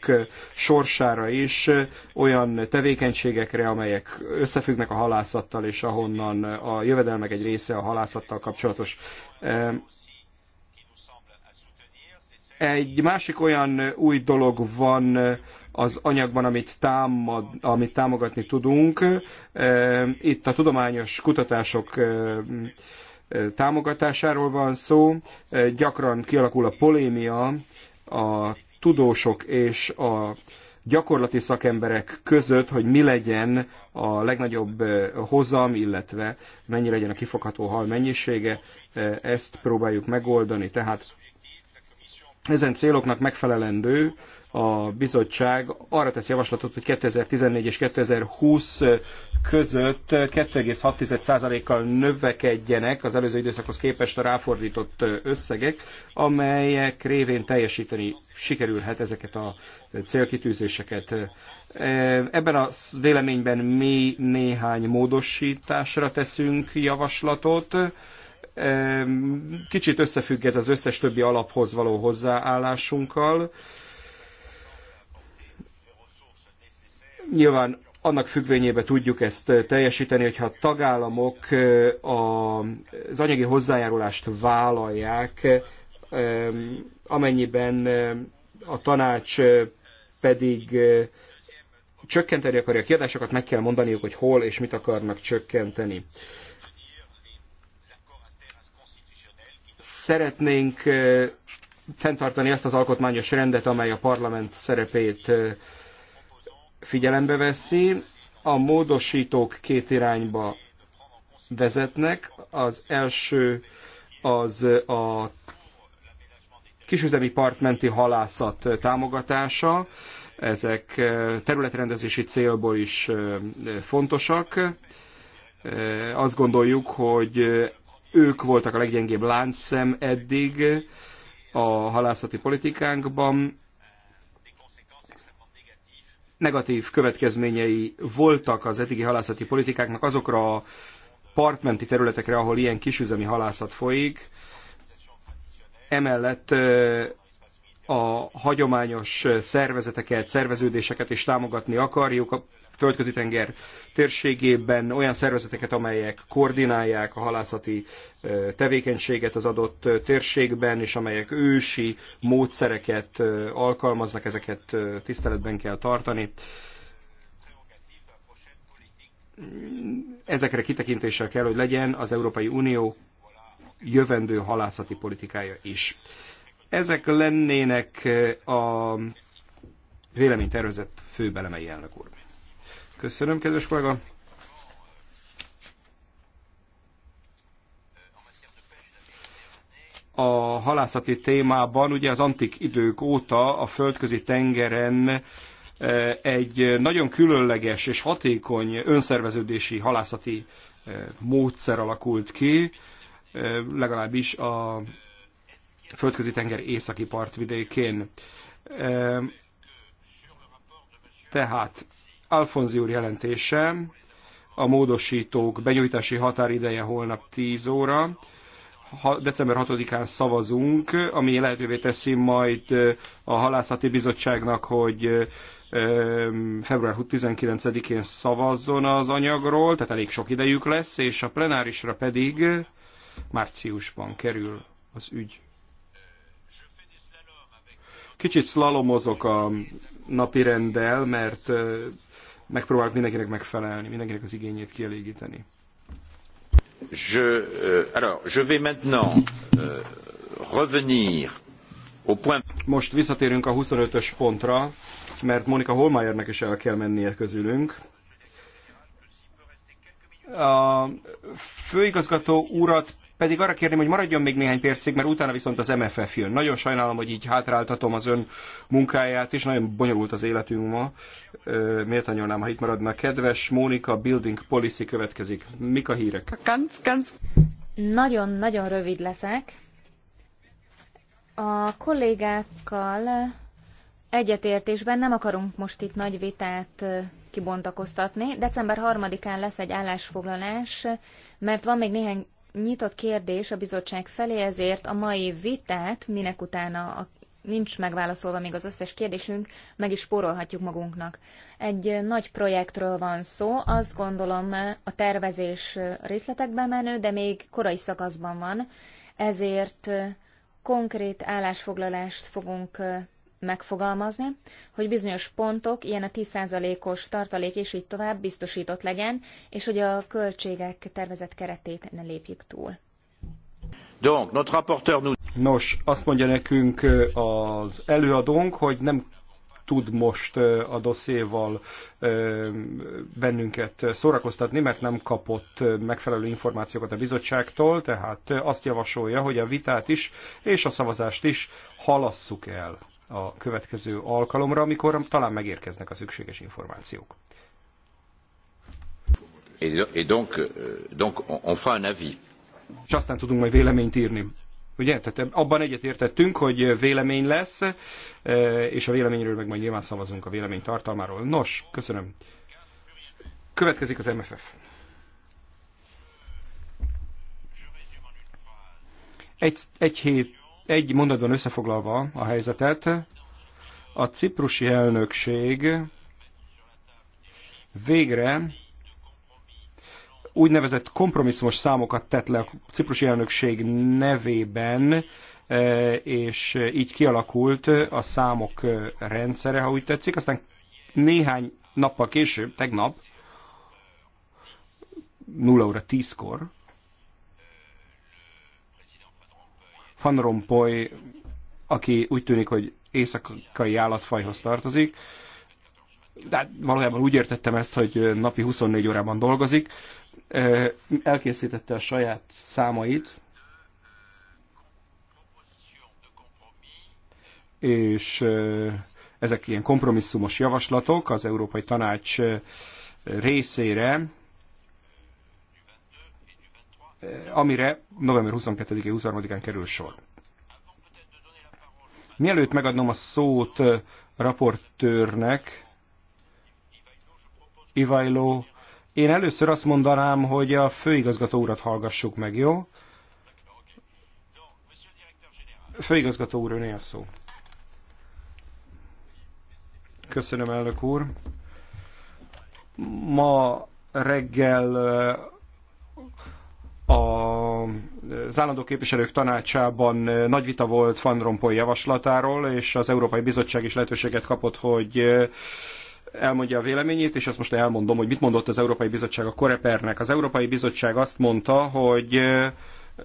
sorsára is, olyan tevékenységekre, amelyek összefüggnek a halászattal, és ahonnan a jövedelmek egy része a halászattal kapcsolatos. Egy másik olyan új dolog van az anyagban, amit, támad, amit támogatni tudunk. Itt a tudományos kutatások támogatásáról van szó. Gyakran kialakul a polémia a tudósok és a gyakorlati szakemberek között, hogy mi legyen a legnagyobb hozam, illetve mennyi legyen a kifogható hal mennyisége, ezt próbáljuk megoldani. Tehát ezen céloknak megfelelendő a bizottság arra tesz javaslatot, hogy 2014 és 2020 között 2,6%-kal növekedjenek az előző időszakhoz képest a ráfordított összegek, amelyek révén teljesíteni sikerülhet ezeket a célkitűzéseket. Ebben a véleményben mi néhány módosításra teszünk javaslatot Kicsit összefügg ez az összes többi alaphoz való hozzáállásunkkal. Nyilván annak függvényében tudjuk ezt teljesíteni, hogyha a tagállamok az anyagi hozzájárulást vállalják, amennyiben a tanács pedig csökkenteni akarja a kiadásokat, meg kell mondaniuk, hogy hol és mit akarnak csökkenteni. Szeretnénk fenntartani azt az alkotmányos rendet, amely a parlament szerepét figyelembe veszi. A módosítók két irányba vezetnek. Az első az a kisüzemi partmenti halászat támogatása. Ezek területrendezési célból is fontosak. Azt gondoljuk, hogy ők voltak a leggyengébb láncszem eddig a halászati politikánkban. Negatív következményei voltak az eddigi halászati politikáknak azokra a partmenti területekre, ahol ilyen kisüzemi halászat folyik. Emellett a hagyományos szervezeteket, szerveződéseket is támogatni akarjuk, földközi tenger térségében olyan szervezeteket, amelyek koordinálják a halászati tevékenységet az adott térségben, és amelyek ősi módszereket alkalmaznak, ezeket tiszteletben kell tartani ezekre kitekintéssel kell, hogy legyen az Európai Unió jövendő halászati politikája is. Ezek lennének a véleménytervezet főbelemei elnök úr. Köszönöm, kedves kollega. A halászati témában ugye az antik idők óta a földközi tengeren e, egy nagyon különleges és hatékony önszerveződési halászati e, módszer alakult ki, e, legalábbis a földközi tenger északi partvidékén. Tehát Alfonzi úr jelentése, a módosítók benyújtási határideje holnap 10 óra, december 6-án szavazunk, ami lehetővé teszi majd a halászati bizottságnak, hogy február 19-én szavazzon az anyagról, tehát elég sok idejük lesz, és a plenárisra pedig márciusban kerül az ügy. Kicsit szlalomozok a napi rendel, mert megpróbálok mindenkinek megfelelni, mindenkinek az igényét kielégíteni. Je, euh, alors, je vais maintenant euh, revenir au point... Most visszatérünk a 25-ös pontra, mert Monika Holmeyernek is el kell mennie közülünk. A főigazgató urat pedig arra kérném, hogy maradjon még néhány percig, mert utána viszont az MFF jön. Nagyon sajnálom, hogy így hátráltatom az ön munkáját, és nagyon bonyolult az életünk ma. Méltányolnám, ha itt maradna. Kedves Mónika, Building Policy következik. Mik a hírek? Nagyon-nagyon rövid leszek. A kollégákkal egyetértésben nem akarunk most itt nagy vitát kibontakoztatni. December 3-án lesz egy állásfoglalás, mert van még néhány nyitott kérdés a bizottság felé, ezért a mai vitát, minek utána a, nincs megválaszolva még az összes kérdésünk, meg is spórolhatjuk magunknak. Egy nagy projektről van szó, azt gondolom a tervezés részletekben menő, de még korai szakaszban van, ezért konkrét állásfoglalást fogunk megfogalmazni, hogy bizonyos pontok, ilyen a 10%-os tartalék és így tovább biztosított legyen, és hogy a költségek tervezett keretét ne lépjük túl. Donc, notre rapporteur nous... Nos, azt mondja nekünk az előadónk, hogy nem tud most a dosszéval bennünket szórakoztatni, mert nem kapott megfelelő információkat a bizottságtól, tehát azt javasolja, hogy a vitát is és a szavazást is halasszuk el a következő alkalomra, amikor talán megérkeznek a szükséges információk. Et donc, euh, donc on fera un avis. És aztán tudunk majd véleményt írni. Ugye? Tehát abban egyetértettünk, hogy vélemény lesz, e, és a véleményről meg majd nyilván szavazunk a vélemény tartalmáról. Nos, köszönöm. Következik az MFF. Egy, egy hét egy mondatban összefoglalva a helyzetet, a ciprusi elnökség végre úgynevezett kompromisszumos számokat tett le a ciprusi elnökség nevében, e, és így kialakult a számok rendszere, ha úgy tetszik. Aztán néhány nappal később, tegnap, 0 óra 10-kor, Van Rompuy, aki úgy tűnik, hogy éjszakai állatfajhoz tartozik, de hát valójában úgy értettem ezt, hogy napi 24 órában dolgozik, elkészítette a saját számait, és ezek ilyen kompromisszumos javaslatok az Európai Tanács részére, amire november 22-23-án kerül sor. Mielőtt megadnom a szót raportőrnek, Ivajló, én először azt mondanám, hogy a főigazgató urat hallgassuk meg, jó? Főigazgató úr, öné a szó. Köszönöm, elnök úr. Ma reggel az állandó képviselők tanácsában nagy vita volt Van Rompuy javaslatáról, és az Európai Bizottság is lehetőséget kapott, hogy elmondja a véleményét, és azt most elmondom, hogy mit mondott az Európai Bizottság a Korepernek. Az Európai Bizottság azt mondta, hogy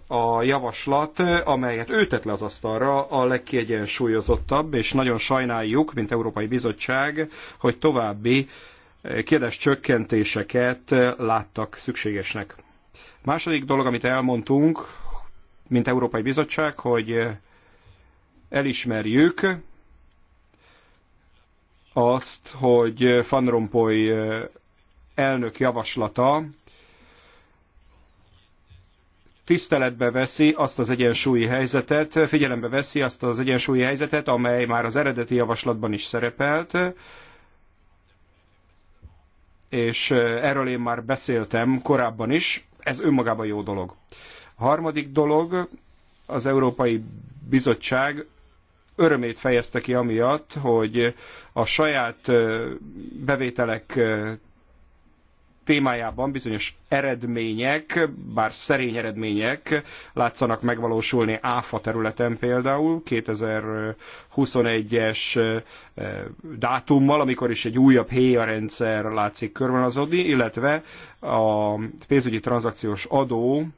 a javaslat, amelyet ő tett le az asztalra, a legkiegyensúlyozottabb, és nagyon sajnáljuk, mint Európai Bizottság, hogy további kérdés csökkentéseket láttak szükségesnek. Második dolog, amit elmondtunk, mint Európai Bizottság, hogy elismerjük azt, hogy Van Rompuy elnök javaslata tiszteletbe veszi azt az egyensúlyi helyzetet, figyelembe veszi azt az egyensúlyi helyzetet, amely már az eredeti javaslatban is szerepelt, és erről én már beszéltem korábban is. Ez önmagában jó dolog. A harmadik dolog, az Európai Bizottság örömét fejezte ki amiatt, hogy a saját bevételek témájában bizonyos eredmények, bár szerény eredmények látszanak megvalósulni ÁFA területen például 2021-es eh, dátummal, amikor is egy újabb héja rendszer látszik körvonalazódni, illetve a pénzügyi tranzakciós adó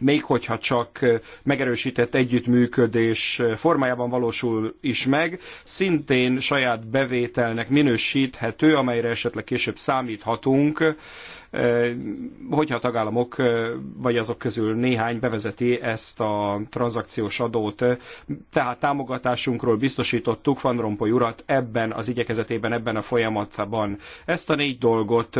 még hogyha csak megerősített együttműködés formájában valósul is meg, szintén saját bevételnek minősíthető, amelyre esetleg később számíthatunk, Hogyha a tagállamok, vagy azok közül néhány bevezeti ezt a tranzakciós adót, tehát támogatásunkról biztosítottuk Van Rompuy urat ebben az igyekezetében, ebben a folyamatban. Ezt a négy dolgot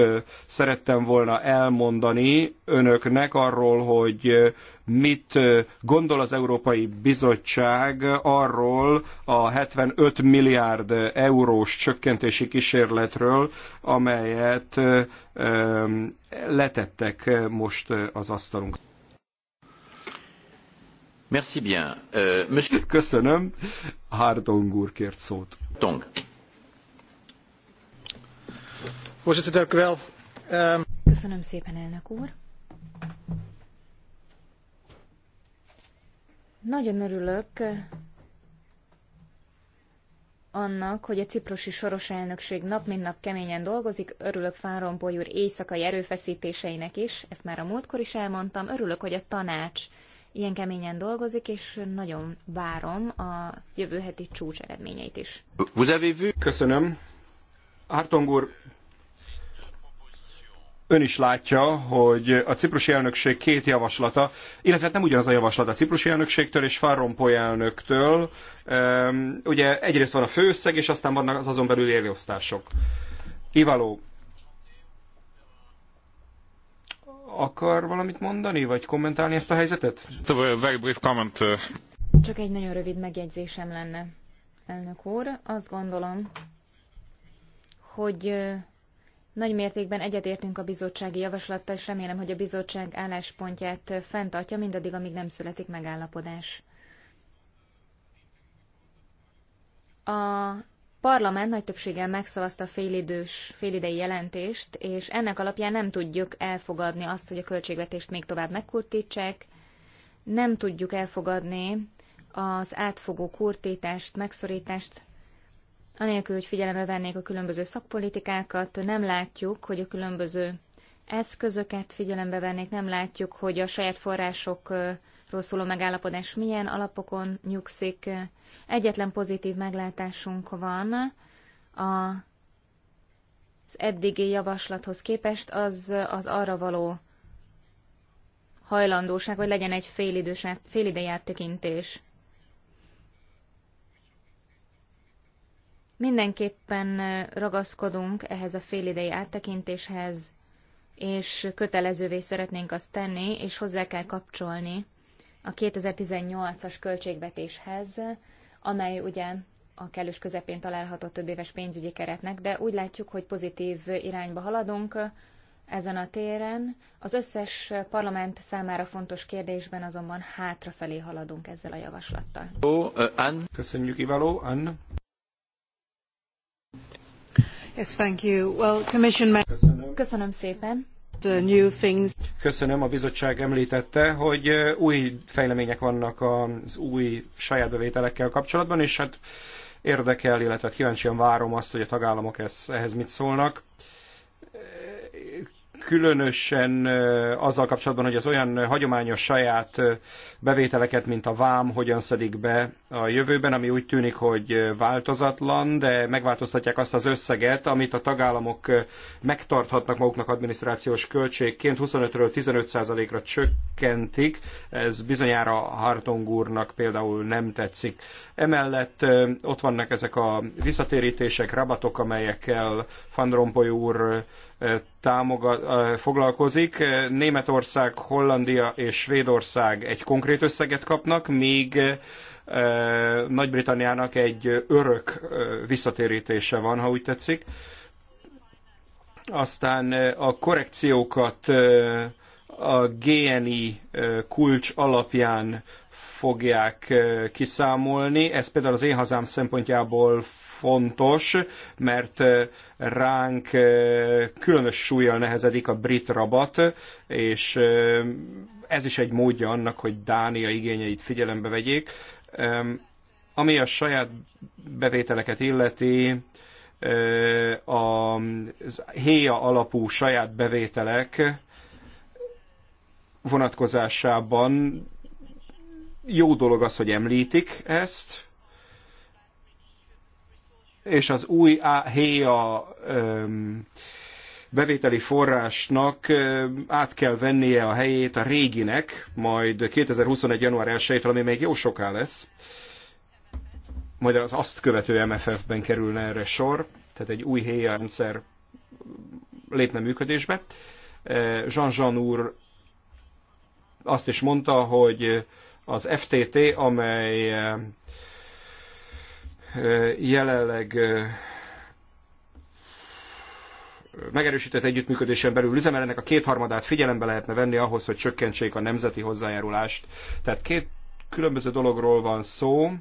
szerettem volna elmondani önöknek arról, hogy mit gondol az Európai Bizottság arról a 75 milliárd eurós csökkentési kísérletről, amelyet letettek most az asztalunk. Merci bien. Uh, monsieur... Köszönöm. Hardong úr kért szót. Tong. Ehm, Köszönöm szépen, elnök úr. Nagyon örülök annak, hogy a ciprusi soros elnökség nap mint nap keményen dolgozik. Örülök Fáron Bolyúr éjszakai erőfeszítéseinek is, ezt már a múltkor is elmondtam. Örülök, hogy a tanács ilyen keményen dolgozik, és nagyon várom a jövő heti csúcs eredményeit is. Köszönöm. Hartong úr, ön is látja, hogy a ciprusi elnökség két javaslata, illetve nem ugyanaz a javaslat a ciprusi elnökségtől és Van Rompuy elnöktől. Ehm, ugye egyrészt van a főösszeg, és aztán vannak az azon belül éliosztások. Ivaló, akar valamit mondani, vagy kommentálni ezt a helyzetet? So, very brief comment. Uh, Csak egy nagyon rövid megjegyzésem lenne, elnök úr. Azt gondolom, hogy uh, nagy mértékben egyetértünk a bizottsági javaslattal, és remélem, hogy a bizottság álláspontját fenntartja mindaddig, amíg nem születik megállapodás. A parlament nagy többséggel megszavazta a félidős, félidei jelentést, és ennek alapján nem tudjuk elfogadni azt, hogy a költségvetést még tovább megkurtítsák, nem tudjuk elfogadni az átfogó kurtítást, megszorítást, anélkül, hogy figyelembe vennék a különböző szakpolitikákat, nem látjuk, hogy a különböző eszközöket figyelembe vennék, nem látjuk, hogy a saját forrásokról szóló megállapodás milyen alapokon nyugszik. Egyetlen pozitív meglátásunk van a az eddigi javaslathoz képest, az, az arra való hajlandóság, hogy legyen egy félidős, félidei Mindenképpen ragaszkodunk ehhez a félidei áttekintéshez, és kötelezővé szeretnénk azt tenni, és hozzá kell kapcsolni a 2018-as költségvetéshez, amely ugye a kellős közepén található több éves pénzügyi keretnek, de úgy látjuk, hogy pozitív irányba haladunk ezen a téren. Az összes parlament számára fontos kérdésben azonban hátrafelé haladunk ezzel a javaslattal. Köszönjük, Ivaló. Ann. Yes, thank you. Well, Köszönöm. Köszönöm szépen. The new things. Köszönöm, a bizottság említette, hogy új fejlemények vannak az új saját bevételekkel kapcsolatban, és hát érdekel, illetve kíváncsian várom azt, hogy a tagállamok ez, ehhez mit szólnak különösen azzal kapcsolatban, hogy az olyan hagyományos saját bevételeket, mint a vám, hogyan szedik be a jövőben, ami úgy tűnik, hogy változatlan, de megváltoztatják azt az összeget, amit a tagállamok megtarthatnak maguknak adminisztrációs költségként, 25-ről 15%-ra csökkentik, ez bizonyára Hartong úrnak például nem tetszik. Emellett ott vannak ezek a visszatérítések, rabatok, amelyekkel Fandrompoly úr támogat, foglalkozik. Németország, Hollandia és Svédország egy konkrét összeget kapnak, míg Nagy-Britanniának egy örök visszatérítése van, ha úgy tetszik. Aztán a korrekciókat a GNI kulcs alapján fogják eh, kiszámolni. Ez például az én hazám szempontjából fontos, mert eh, ránk eh, különös súlyjal nehezedik a brit rabat, és ez is egy módja annak, hogy Dánia igényeit figyelembe vegyék. Ami a saját bevételeket illeti, a héja alapú saját bevételek vonatkozásában jó dolog az, hogy említik ezt, és az új héja bevételi forrásnak át kell vennie a helyét a réginek, majd 2021. január 1-től, ami még jó soká lesz, majd az azt követő MFF-ben kerülne erre sor, tehát egy új héja rendszer lépne működésbe. Jean-Jean úr azt is mondta, hogy az FTT, amely eh, eh, jelenleg eh, megerősített együttműködésen belül üzemel, ennek a kétharmadát figyelembe lehetne venni ahhoz, hogy csökkentsék a nemzeti hozzájárulást. Tehát két különböző dologról van szó.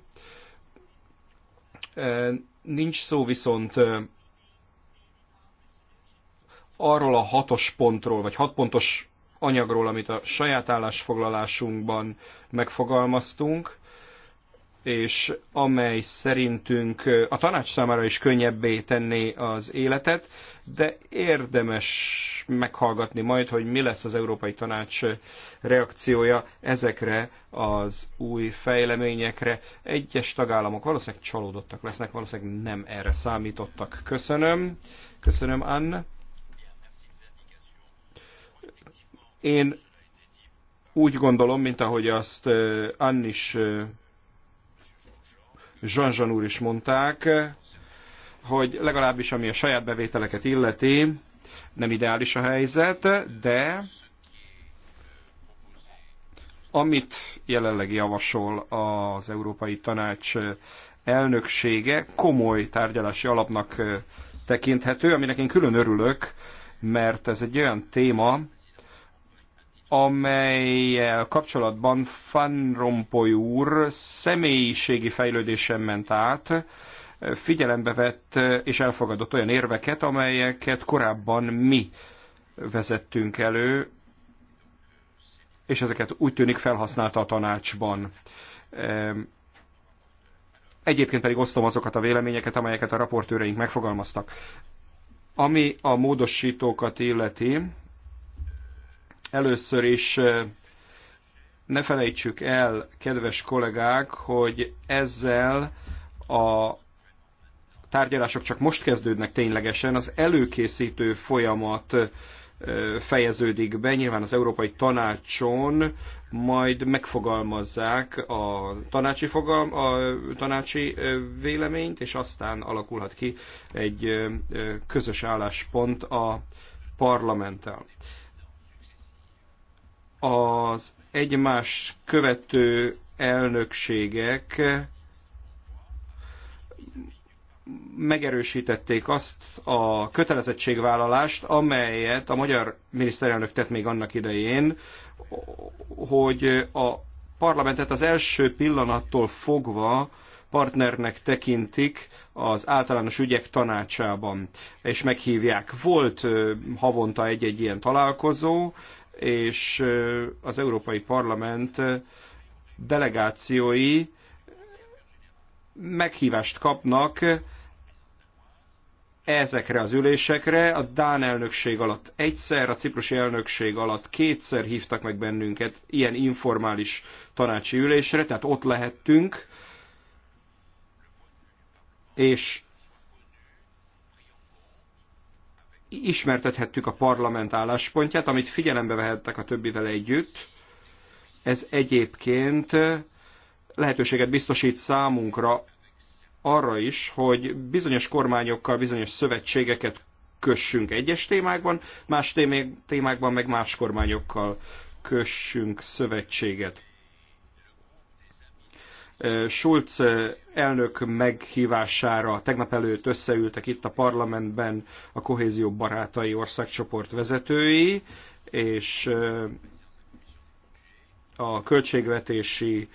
Nincs szó viszont arról a hatos pontról, vagy hat pontos anyagról, amit a saját állásfoglalásunkban megfogalmaztunk, és amely szerintünk a tanács számára is könnyebbé tenné az életet, de érdemes meghallgatni majd, hogy mi lesz az Európai Tanács reakciója ezekre az új fejleményekre. Egyes tagállamok valószínűleg csalódottak lesznek, valószínűleg nem erre számítottak. Köszönöm. Köszönöm, Anne. Én úgy gondolom, mint ahogy azt eh, Annis, Zsanzsan eh, úr is mondták, hogy legalábbis ami a saját bevételeket illeti, nem ideális a helyzet, de amit jelenleg javasol az Európai Tanács eh, elnöksége, komoly tárgyalási alapnak tekinthető, aminek én külön örülök, mert ez egy olyan téma, amelyel kapcsolatban Van Rompuy úr személyiségi fejlődésen ment át, figyelembe vett és elfogadott olyan érveket, amelyeket korábban mi vezettünk elő, és ezeket úgy tűnik felhasználta a tanácsban. Ehm, egyébként pedig osztom azokat a véleményeket, amelyeket a raportőreink megfogalmaztak. Ami a módosítókat illeti, Először is ne felejtsük el, kedves kollégák, hogy ezzel a tárgyalások csak most kezdődnek ténylegesen, az előkészítő folyamat fejeződik be, nyilván az Európai Tanácson majd megfogalmazzák a tanácsi, fogal, a tanácsi véleményt, és aztán alakulhat ki egy közös álláspont a parlamenttel az egymás követő elnökségek megerősítették azt a kötelezettségvállalást, amelyet a magyar miniszterelnök tett még annak idején, hogy a parlamentet az első pillanattól fogva partnernek tekintik az általános ügyek tanácsában, és meghívják. Volt havonta egy-egy ilyen találkozó, és az Európai Parlament delegációi meghívást kapnak ezekre az ülésekre. A Dán elnökség alatt egyszer, a ciprusi elnökség alatt kétszer hívtak meg bennünket ilyen informális tanácsi ülésre, tehát ott lehettünk, és ismertethettük a parlament álláspontját, amit figyelembe vehettek a többivel együtt. Ez egyébként lehetőséget biztosít számunkra arra is, hogy bizonyos kormányokkal bizonyos szövetségeket kössünk egyes témákban, más témákban meg más kormányokkal kössünk szövetséget. Schulz elnök meghívására tegnap előtt összeültek itt a parlamentben a kohézió barátai országcsoport vezetői, és a költségvetési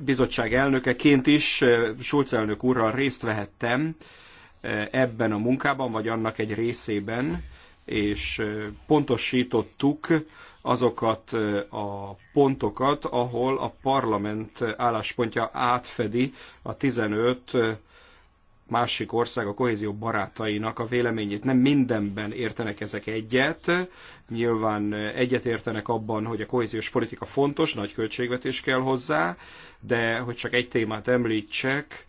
bizottság elnökeként is Schulz elnök úrral részt vehettem ebben a munkában, vagy annak egy részében és pontosítottuk azokat a pontokat, ahol a parlament álláspontja átfedi a 15 másik ország a kohézió barátainak a véleményét. Nem mindenben értenek ezek egyet. Nyilván egyet értenek abban, hogy a kohéziós politika fontos, nagy költségvetés kell hozzá, de hogy csak egy témát említsek,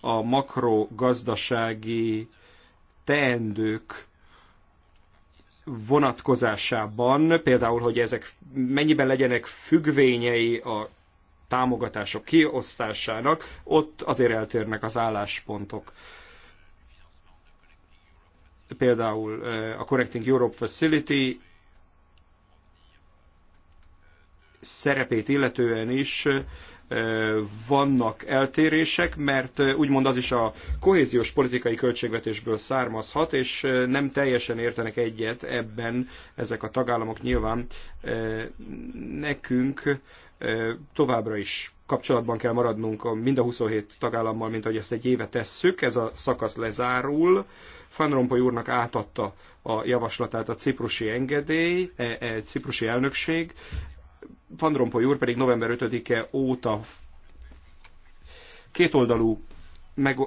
a makrogazdasági teendők vonatkozásában, például, hogy ezek mennyiben legyenek függvényei a támogatások kiosztásának, ott azért eltérnek az álláspontok. Például a Connecting Europe Facility szerepét illetően is vannak eltérések, mert úgymond az is a kohéziós politikai költségvetésből származhat, és nem teljesen értenek egyet ebben ezek a tagállamok nyilván nekünk továbbra is kapcsolatban kell maradnunk mind a 27 tagállammal, mint ahogy ezt egy éve tesszük. Ez a szakasz lezárul. Van Rompuy úrnak átadta a javaslatát a ciprusi engedély, e, e, ciprusi elnökség. Van Rompuy úr pedig november 5-e óta kétoldalú meg,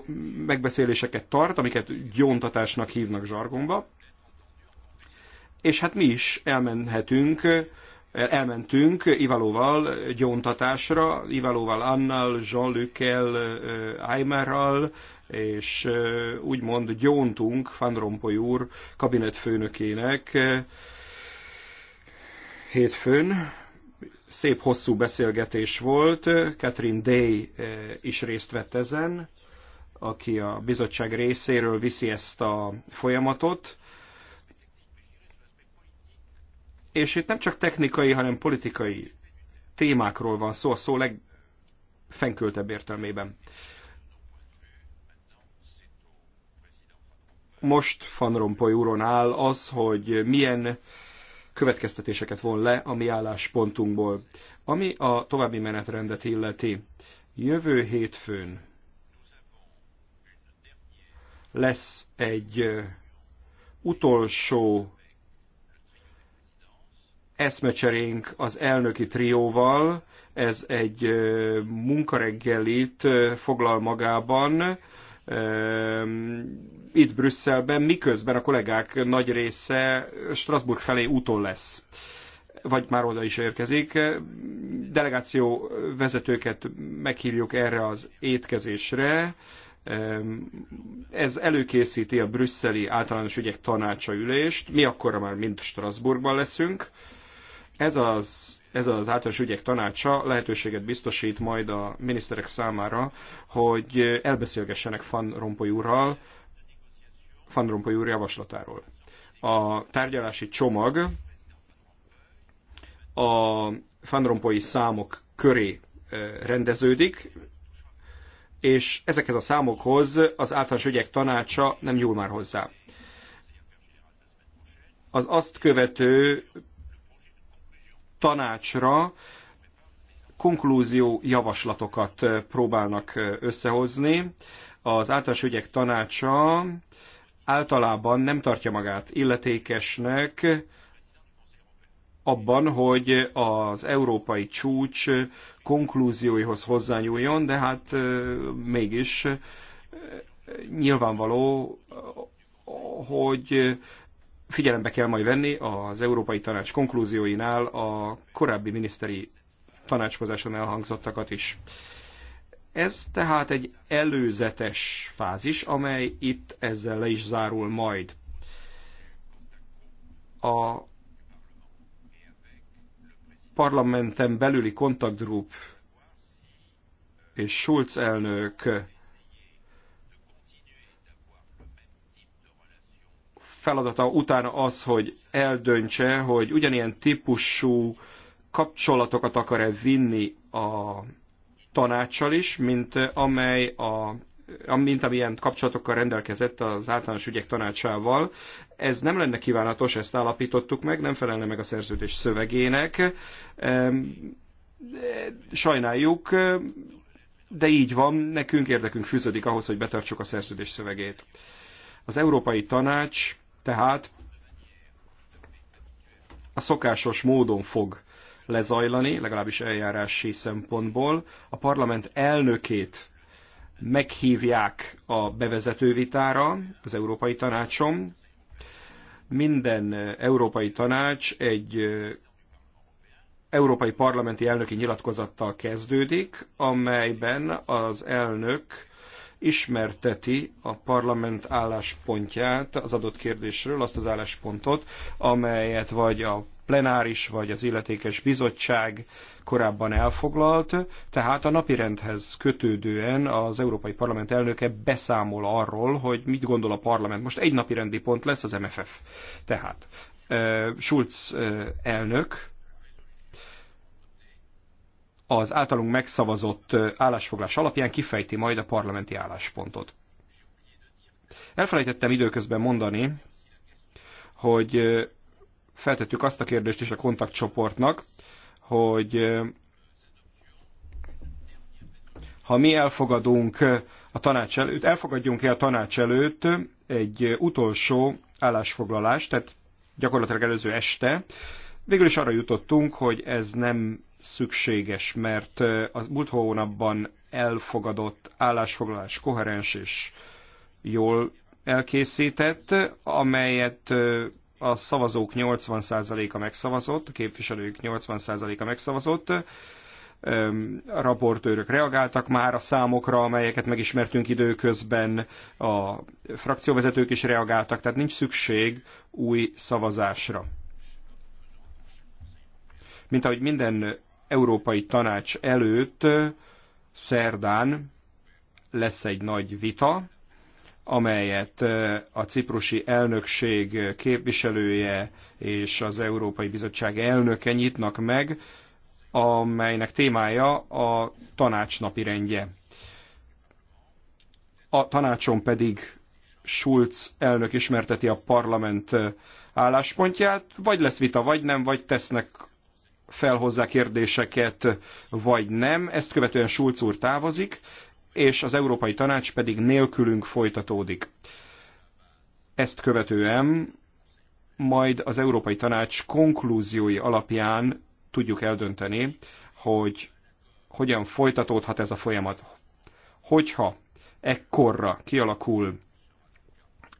megbeszéléseket tart, amiket gyóntatásnak hívnak zsargonba. És hát mi is elmenhetünk, elmentünk Ivalóval gyóntatásra, Ivalóval Annal, Jean-Luc-el, és úgymond gyóntunk Van Rompuy úr kabinetfőnökének hétfőn, szép hosszú beszélgetés volt. Catherine Day eh, is részt vett ezen, aki a bizottság részéről viszi ezt a folyamatot. És itt nem csak technikai, hanem politikai témákról van szó, a szó legfenköltebb értelmében. Most Van Rompuy úron áll az, hogy milyen következtetéseket von le a mi álláspontunkból. Ami a további menetrendet illeti, jövő hétfőn lesz egy utolsó eszmecserénk az elnöki trióval, ez egy munkareggelit foglal magában, itt Brüsszelben, miközben a kollégák nagy része Strasbourg felé úton lesz vagy már oda is érkezik. Delegáció vezetőket meghívjuk erre az étkezésre. Ez előkészíti a brüsszeli általános ügyek tanácsa ülést. Mi akkorra már mind Strasbourgban leszünk. Ez az ez az általános ügyek tanácsa lehetőséget biztosít majd a miniszterek számára, hogy elbeszélgessenek Van Rompuy úrral, Van Rompuy úr javaslatáról. A tárgyalási csomag a Van Rompuy számok köré eh, rendeződik, és ezekhez a számokhoz az általános ügyek tanácsa nem nyúl már hozzá. Az azt követő tanácsra konklúzió javaslatokat próbálnak összehozni. Az általános ügyek tanácsa általában nem tartja magát illetékesnek abban, hogy az európai csúcs konklúzióihoz hozzányúljon, de hát mégis nyilvánvaló, hogy figyelembe kell majd venni az Európai Tanács konklúzióinál a korábbi miniszteri tanácskozáson elhangzottakat is. Ez tehát egy előzetes fázis, amely itt ezzel le is zárul majd. A parlamenten belüli kontaktgrup és Schulz elnök feladata utána az, hogy eldöntse, hogy ugyanilyen típusú kapcsolatokat akar-e vinni a tanácssal is, mint amely a mint amilyen kapcsolatokkal rendelkezett az általános ügyek tanácsával. Ez nem lenne kívánatos, ezt állapítottuk meg, nem felelne meg a szerződés szövegének. Ehm, sajnáljuk, de így van, nekünk érdekünk fűződik ahhoz, hogy betartsuk a szerződés szövegét. Az Európai Tanács tehát a szokásos módon fog lezajlani, legalábbis eljárási szempontból. A parlament elnökét meghívják a bevezető vitára az Európai Tanácson. Minden Európai Tanács egy Európai Parlamenti Elnöki nyilatkozattal kezdődik, amelyben az elnök ismerteti a parlament álláspontját az adott kérdésről, azt az álláspontot, amelyet vagy a plenáris vagy az illetékes bizottság korábban elfoglalt, tehát a napirendhez kötődően az Európai Parlament elnöke beszámol arról, hogy mit gondol a parlament. Most egy napirendi pont lesz az MFF. Tehát Schulz elnök az általunk megszavazott állásfoglás alapján kifejti majd a parlamenti álláspontot. Elfelejtettem időközben mondani, hogy feltettük azt a kérdést is a kontaktcsoportnak, hogy ha mi elfogadunk a tanács előtt, elfogadjunk-e a tanács előtt egy utolsó állásfoglalást, tehát gyakorlatilag előző este, végül is arra jutottunk, hogy ez nem szükséges, mert az múlt hónapban elfogadott állásfoglalás koherens és jól elkészített, amelyet a szavazók 80%-a megszavazott, a képviselők 80%-a megszavazott, a raportőrök reagáltak már a számokra, amelyeket megismertünk időközben, a frakcióvezetők is reagáltak, tehát nincs szükség új szavazásra. Mint ahogy minden Európai Tanács előtt szerdán lesz egy nagy vita, amelyet a ciprusi elnökség képviselője és az Európai Bizottság elnöke nyitnak meg, amelynek témája a tanács napirendje. A tanácson pedig Schulz elnök ismerteti a parlament álláspontját, vagy lesz vita, vagy nem, vagy tesznek felhozzá kérdéseket, vagy nem. Ezt követően Schulz úr távozik, és az Európai Tanács pedig nélkülünk folytatódik. Ezt követően majd az Európai Tanács konklúziói alapján tudjuk eldönteni, hogy hogyan folytatódhat ez a folyamat. Hogyha ekkorra kialakul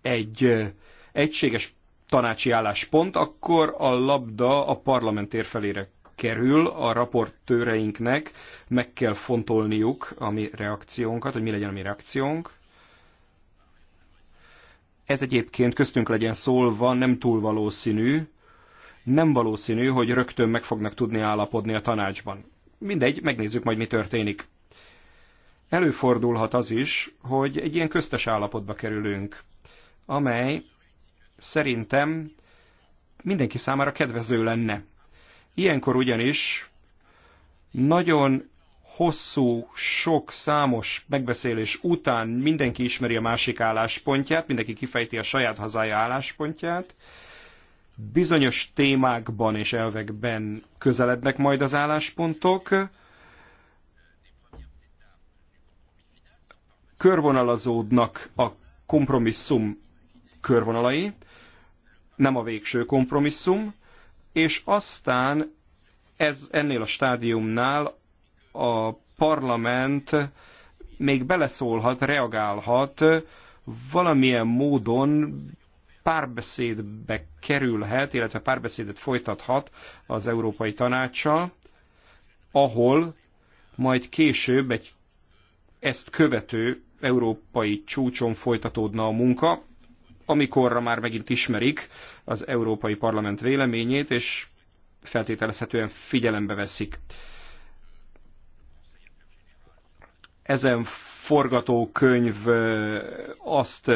egy egységes tanácsi álláspont, akkor a labda a parlament felére kerül a raportőreinknek, meg kell fontolniuk a mi reakciónkat, hogy mi legyen a mi reakciónk. Ez egyébként köztünk legyen szólva nem túl valószínű, nem valószínű, hogy rögtön meg fognak tudni állapodni a tanácsban. Mindegy, megnézzük majd, mi történik. Előfordulhat az is, hogy egy ilyen köztes állapotba kerülünk, amely szerintem mindenki számára kedvező lenne. Ilyenkor ugyanis nagyon hosszú, sok, számos megbeszélés után mindenki ismeri a másik álláspontját, mindenki kifejti a saját hazája álláspontját, bizonyos témákban és elvekben közelednek majd az álláspontok, körvonalazódnak a kompromisszum körvonalai, nem a végső kompromisszum, és aztán ez, ennél a stádiumnál a parlament még beleszólhat, reagálhat, valamilyen módon párbeszédbe kerülhet, illetve párbeszédet folytathat az Európai Tanácssal, ahol majd később egy ezt követő európai csúcson folytatódna a munka, amikorra már megint ismerik az Európai Parlament véleményét, és feltételezhetően figyelembe veszik. Ezen forgatókönyv azt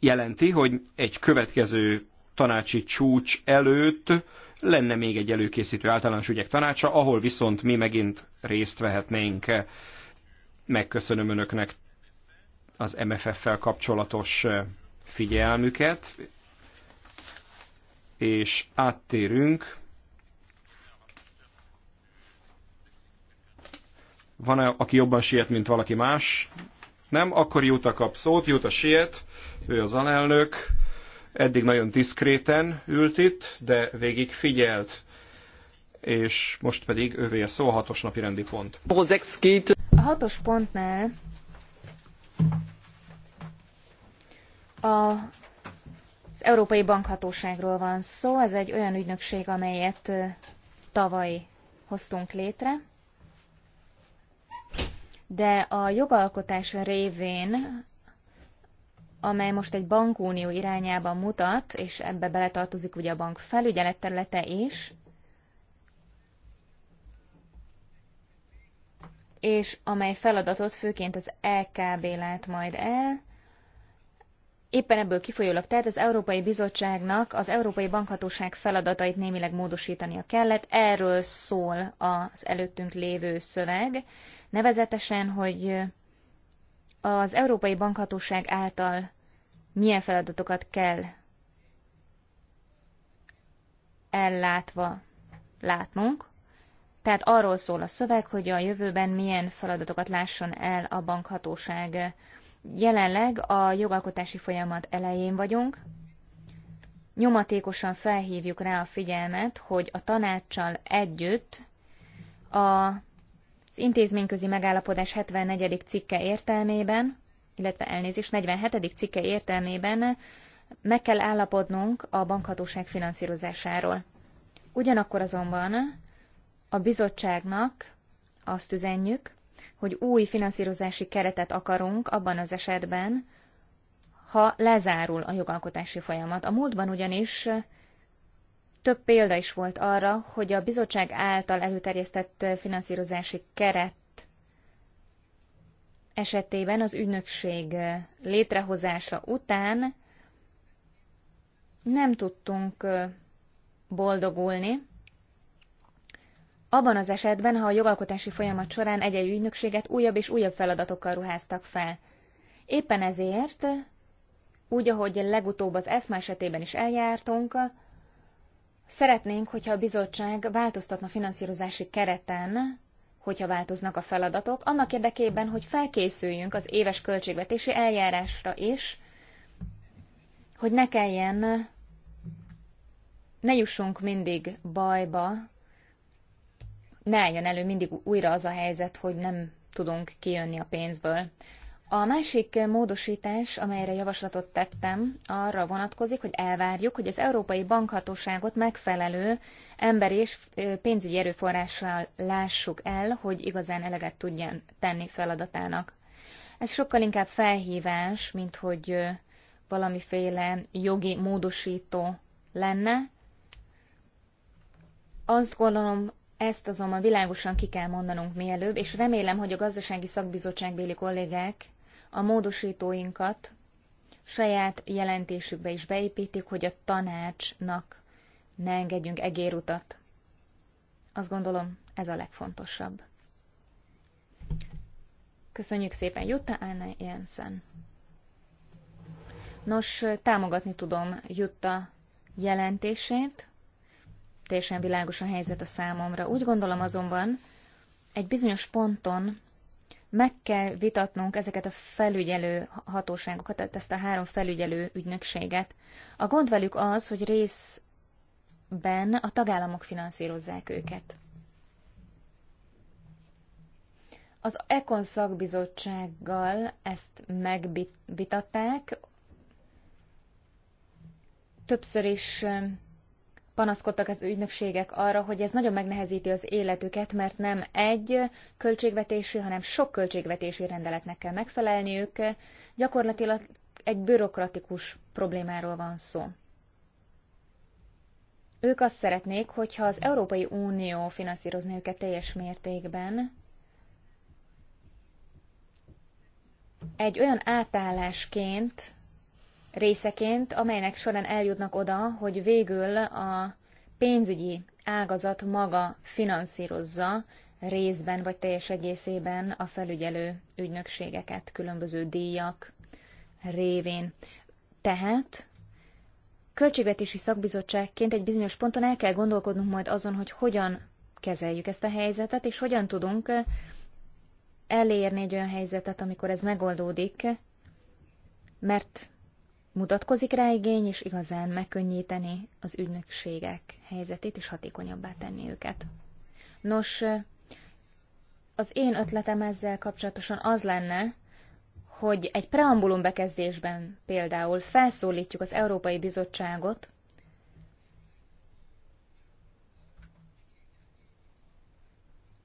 jelenti, hogy egy következő tanácsi csúcs előtt lenne még egy előkészítő általános ügyek tanácsa, ahol viszont mi megint részt vehetnénk. Megköszönöm önöknek az MFF-fel kapcsolatos figyelmüket, és áttérünk. Van, -e, aki jobban siet, mint valaki más? Nem? Akkor Júta kap szót, Júta siet, ő az alelnök. Eddig nagyon diszkréten ült itt, de végig figyelt. És most pedig ővé a szó a hatos napi rendi pont. A hatos pontnál a az Európai Bankhatóságról van szó, ez egy olyan ügynökség, amelyet tavaly hoztunk létre, de a jogalkotás révén, amely most egy bankunió irányába mutat, és ebbe beletartozik ugye a bank felügyelet területe is, és amely feladatot főként az EKB lát majd el. Éppen ebből kifolyólag tehát az Európai Bizottságnak az Európai Bankhatóság feladatait némileg módosítania kellett. Erről szól az előttünk lévő szöveg, nevezetesen, hogy az Európai Bankhatóság által milyen feladatokat kell ellátva látnunk. Tehát arról szól a szöveg, hogy a jövőben milyen feladatokat lásson el a bankhatóság. Jelenleg a jogalkotási folyamat elején vagyunk. Nyomatékosan felhívjuk rá a figyelmet, hogy a tanácssal együtt a, az intézményközi megállapodás 74. cikke értelmében, illetve elnézés 47. cikke értelmében meg kell állapodnunk a bankhatóság finanszírozásáról. Ugyanakkor azonban a bizottságnak azt üzenjük, hogy új finanszírozási keretet akarunk abban az esetben, ha lezárul a jogalkotási folyamat. A múltban ugyanis több példa is volt arra, hogy a bizottság által előterjesztett finanszírozási keret esetében az ügynökség létrehozása után nem tudtunk boldogulni, abban az esetben, ha a jogalkotási folyamat során egy-egy ügynökséget újabb és újabb feladatokkal ruháztak fel. Éppen ezért, úgy, ahogy legutóbb az ESMA esetében is eljártunk, szeretnénk, hogyha a bizottság változtatna finanszírozási kereten, hogyha változnak a feladatok, annak érdekében, hogy felkészüljünk az éves költségvetési eljárásra is, hogy ne kelljen, ne jussunk mindig bajba ne álljon elő mindig újra az a helyzet, hogy nem tudunk kijönni a pénzből. A másik módosítás, amelyre javaslatot tettem, arra vonatkozik, hogy elvárjuk, hogy az Európai Bankhatóságot megfelelő emberi és pénzügyi erőforrással lássuk el, hogy igazán eleget tudjan tenni feladatának. Ez sokkal inkább felhívás, mint hogy valamiféle jogi módosító lenne. Azt gondolom, ezt azonban világosan ki kell mondanunk mielőbb, és remélem, hogy a gazdasági szakbizottságbéli kollégák a módosítóinkat saját jelentésükbe is beépítik, hogy a tanácsnak ne engedjünk egérutat. Azt gondolom, ez a legfontosabb. Köszönjük szépen Jutta Anna Jensen. Nos, támogatni tudom Jutta jelentését teljesen világos a helyzet a számomra. Úgy gondolom azonban, egy bizonyos ponton meg kell vitatnunk ezeket a felügyelő hatóságokat, tehát ezt a három felügyelő ügynökséget. A gond velük az, hogy részben a tagállamok finanszírozzák őket. Az Ekon szakbizottsággal ezt megvitatták, többször is panaszkodtak az ügynökségek arra, hogy ez nagyon megnehezíti az életüket, mert nem egy költségvetési, hanem sok költségvetési rendeletnek kell megfelelniük. Gyakorlatilag egy bürokratikus problémáról van szó. Ők azt szeretnék, hogyha az Európai Unió finanszírozna őket teljes mértékben, egy olyan átállásként, részeként, amelynek során eljutnak oda, hogy végül a pénzügyi ágazat maga finanszírozza részben vagy teljes egészében a felügyelő ügynökségeket különböző díjak révén. Tehát költségvetési szakbizottságként egy bizonyos ponton el kell gondolkodnunk majd azon, hogy hogyan kezeljük ezt a helyzetet, és hogyan tudunk elérni egy olyan helyzetet, amikor ez megoldódik, mert mutatkozik rá igény, és igazán megkönnyíteni az ügynökségek helyzetét, és hatékonyabbá tenni őket. Nos, az én ötletem ezzel kapcsolatosan az lenne, hogy egy preambulum bekezdésben például felszólítjuk az Európai Bizottságot,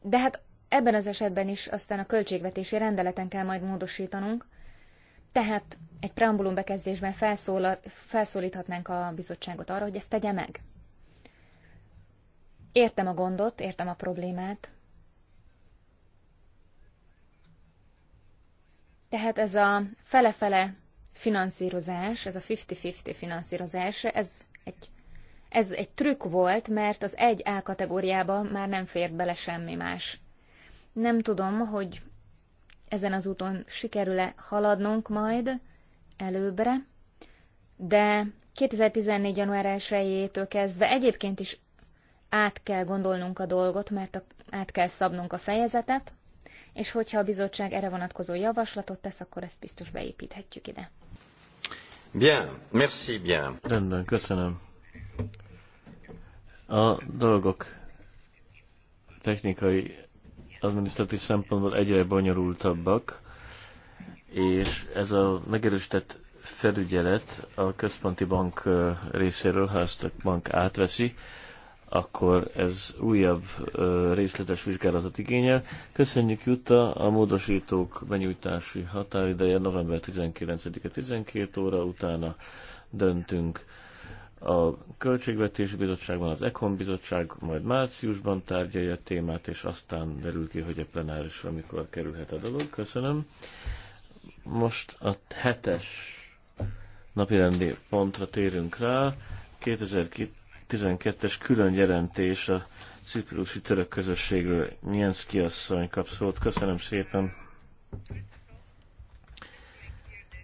de hát ebben az esetben is aztán a költségvetési rendeleten kell majd módosítanunk, tehát egy preambulum bekezdésben felszól, felszólíthatnánk a bizottságot arra, hogy ezt tegye meg. Értem a gondot, értem a problémát. Tehát ez a fele-fele finanszírozás, ez a 50-50 finanszírozás, ez egy, ez egy trükk volt, mert az egy a kategóriába már nem fért bele semmi más. Nem tudom, hogy ezen az úton sikerül-e haladnunk majd előbbre, de 2014. január 1 kezdve egyébként is át kell gondolnunk a dolgot, mert át kell szabnunk a fejezetet, és hogyha a bizottság erre vonatkozó javaslatot tesz, akkor ezt biztos beépíthetjük ide. Bien, merci bien. Rendben, köszönöm. A dolgok technikai adminisztratív szempontból egyre bonyolultabbak, és ez a megerősített felügyelet a központi bank részéről, ha ezt a bank átveszi, akkor ez újabb részletes vizsgálatot igényel. Köszönjük Jutta, a módosítók benyújtási határideje november 19-e 12 óra, utána döntünk a Költségvetési Bizottságban az Ekon Bizottság majd márciusban tárgyalja a témát, és aztán derül ki, hogy a plenáris, amikor kerülhet a dolog. Köszönöm. Most a hetes napirendi pontra térünk rá. 2012-es külön jelentés a ciprusi török közösségről. Nyenszki asszony kap szót. Köszönöm szépen.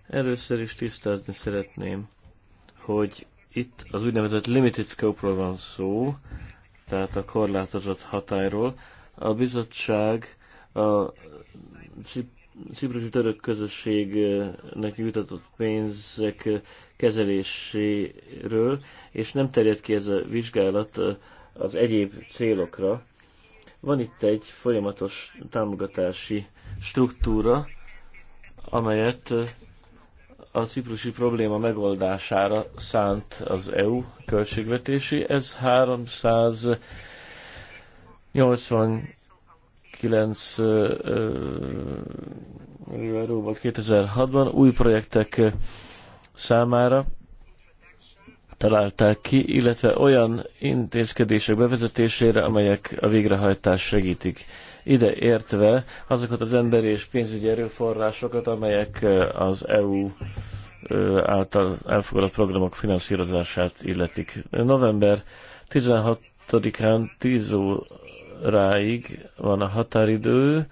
Először is tisztázni szeretném, hogy itt az úgynevezett limited scope-ról van szó, tehát a korlátozott hatályról. A bizottság a ciprusi török közösségnek jutatott pénzek kezeléséről, és nem terjed ki ez a vizsgálat az egyéb célokra. Van itt egy folyamatos támogatási struktúra, amelyet a ciprusi probléma megoldására szánt az EU költségvetési. Ez 389 millió euró volt 2006-ban. Új projektek számára találták ki, illetve olyan intézkedések bevezetésére, amelyek a végrehajtást segítik ide értve azokat az emberi és pénzügyi erőforrásokat, amelyek az EU által elfogadott programok finanszírozását illetik. November 16-án 10 óráig van a határidő,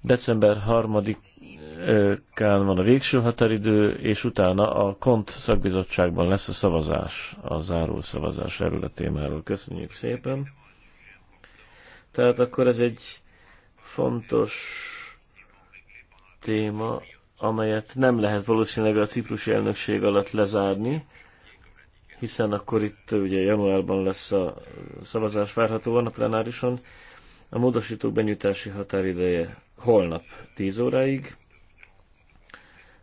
december 3-án van a végső határidő, és utána a KONT szakbizottságban lesz a szavazás, a záró szavazás erről a témáról. Köszönjük szépen! Tehát akkor ez egy fontos téma, amelyet nem lehet valószínűleg a ciprusi elnökség alatt lezárni, hiszen akkor itt ugye januárban lesz a szavazás várhatóan a plenárison. A módosítók benyújtási határideje holnap 10 óráig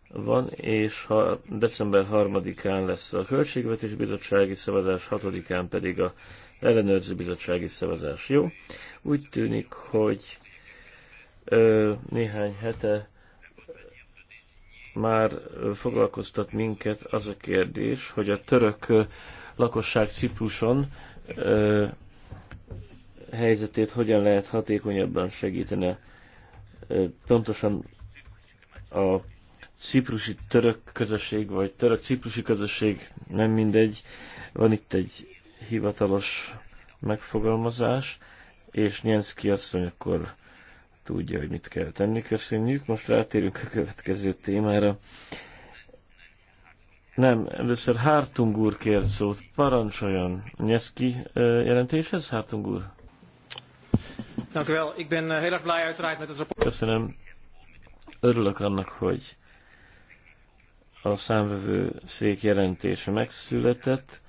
van, és ha december 3-án lesz a Költségvetés Bizottsági Szavazás, 6-án pedig a ellenőrző bizottsági szavazás. Jó, úgy tűnik, hogy néhány hete már foglalkoztat minket az a kérdés, hogy a török lakosság Cipruson helyzetét hogyan lehet hatékonyabban segíteni. Pontosan a ciprusi török közösség, vagy török-ciprusi közösség, nem mindegy, van itt egy hivatalos megfogalmazás, és Nyenszki asszony akkor tudja, hogy mit kell tenni. Köszönjük. Most rátérünk a következő témára. Nem, először Hártung úr kért szót. Parancsoljon. Nyeszki jelentéshez, Hártung úr? Eh, Köszönöm. Örülök annak, hogy a számvevő szék jelentése megszületett,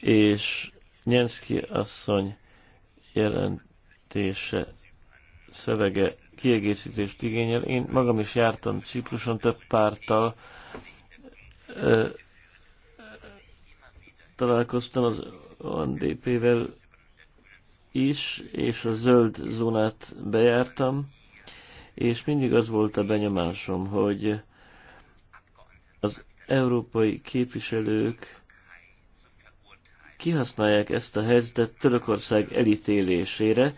és Nyenszki asszony jelentése szövege kiegészítést igényel. Én magam is jártam Cipruson több párttal, ö, találkoztam az ONDP-vel is, és a zöld zónát bejártam, és mindig az volt a benyomásom, hogy az európai képviselők kihasználják ezt a helyzetet Törökország elítélésére,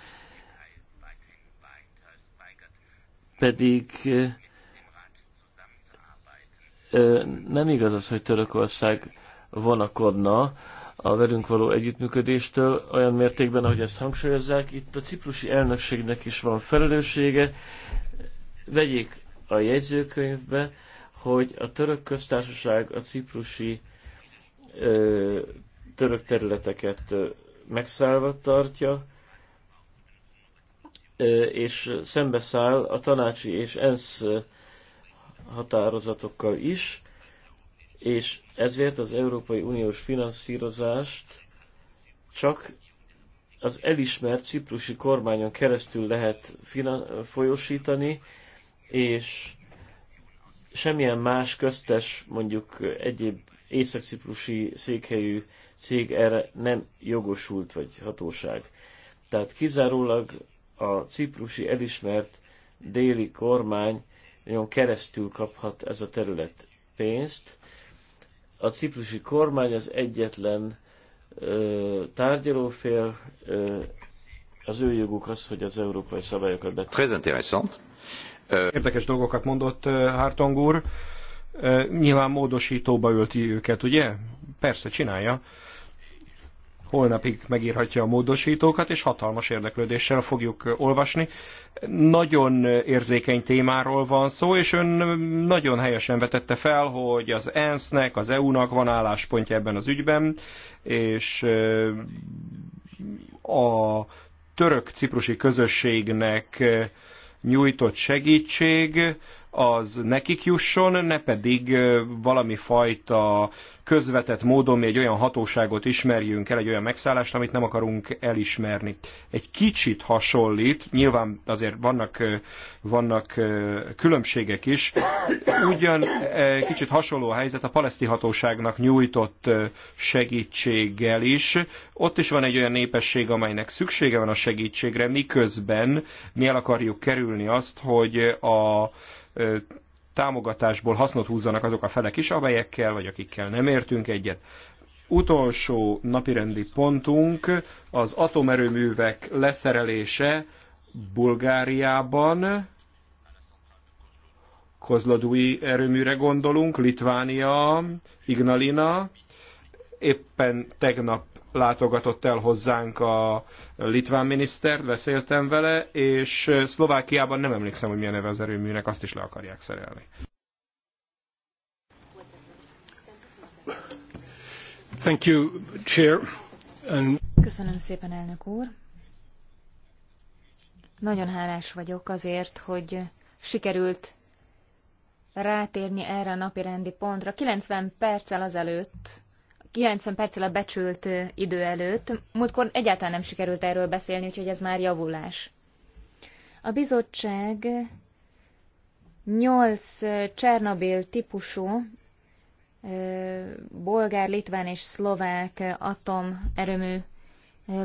pedig nem igaz az, hogy Törökország vonakodna a velünk való együttműködéstől olyan mértékben, ahogy ezt hangsúlyozzák. Itt a ciprusi elnökségnek is van felelőssége. Vegyék a jegyzőkönyvbe, hogy a török köztársaság a ciprusi ö, török területeket megszállva tartja, és szembeszáll a tanácsi és ENSZ határozatokkal is, és ezért az Európai Uniós finanszírozást csak az elismert ciprusi kormányon keresztül lehet folyosítani, és semmilyen más köztes, mondjuk egyéb észak-ciprusi székhelyű cég erre nem jogosult vagy hatóság. Tehát kizárólag a ciprusi elismert déli kormány nagyon keresztül kaphat ez a terület pénzt. A ciprusi kormány az egyetlen ö, tárgyalófél, ö, az ő joguk az, hogy az európai szabályokat be. Très intéressant. Érdekes dolgokat mondott Hartong úr. Nyilván módosítóba ülti őket, ugye? Persze, csinálja holnapig megírhatja a módosítókat, és hatalmas érdeklődéssel fogjuk olvasni. Nagyon érzékeny témáról van szó, és ön nagyon helyesen vetette fel, hogy az ENSZ-nek, az EU-nak van álláspontja ebben az ügyben, és a török-ciprusi közösségnek nyújtott segítség az nekik jusson, ne pedig valami fajta közvetett módon mi egy olyan hatóságot ismerjünk el, egy olyan megszállást, amit nem akarunk elismerni. Egy kicsit hasonlít, nyilván azért vannak, vannak különbségek is, ugyan kicsit hasonló a helyzet a paleszti hatóságnak nyújtott segítséggel is. Ott is van egy olyan népesség, amelynek szüksége van a segítségre, miközben mi el akarjuk kerülni azt, hogy a támogatásból hasznot húzzanak azok a felek is, amelyekkel vagy akikkel nem értünk egyet. Utolsó napirendi pontunk az atomerőművek leszerelése Bulgáriában, Kozladui erőműre gondolunk, Litvánia, Ignalina, éppen tegnap látogatott el hozzánk a litván miniszter, beszéltem vele, és Szlovákiában nem emlékszem, hogy milyen neve az erőműnek, azt is le akarják szerelni. Thank you, Chair. And... Köszönöm szépen, elnök úr. Nagyon hálás vagyok azért, hogy sikerült rátérni erre a napirendi pontra. 90 perccel azelőtt 90 perccel a becsült idő előtt. Múltkor egyáltalán nem sikerült erről beszélni, úgyhogy ez már javulás. A bizottság 8 Csernobil típusú bolgár, litván és szlovák atomerőmű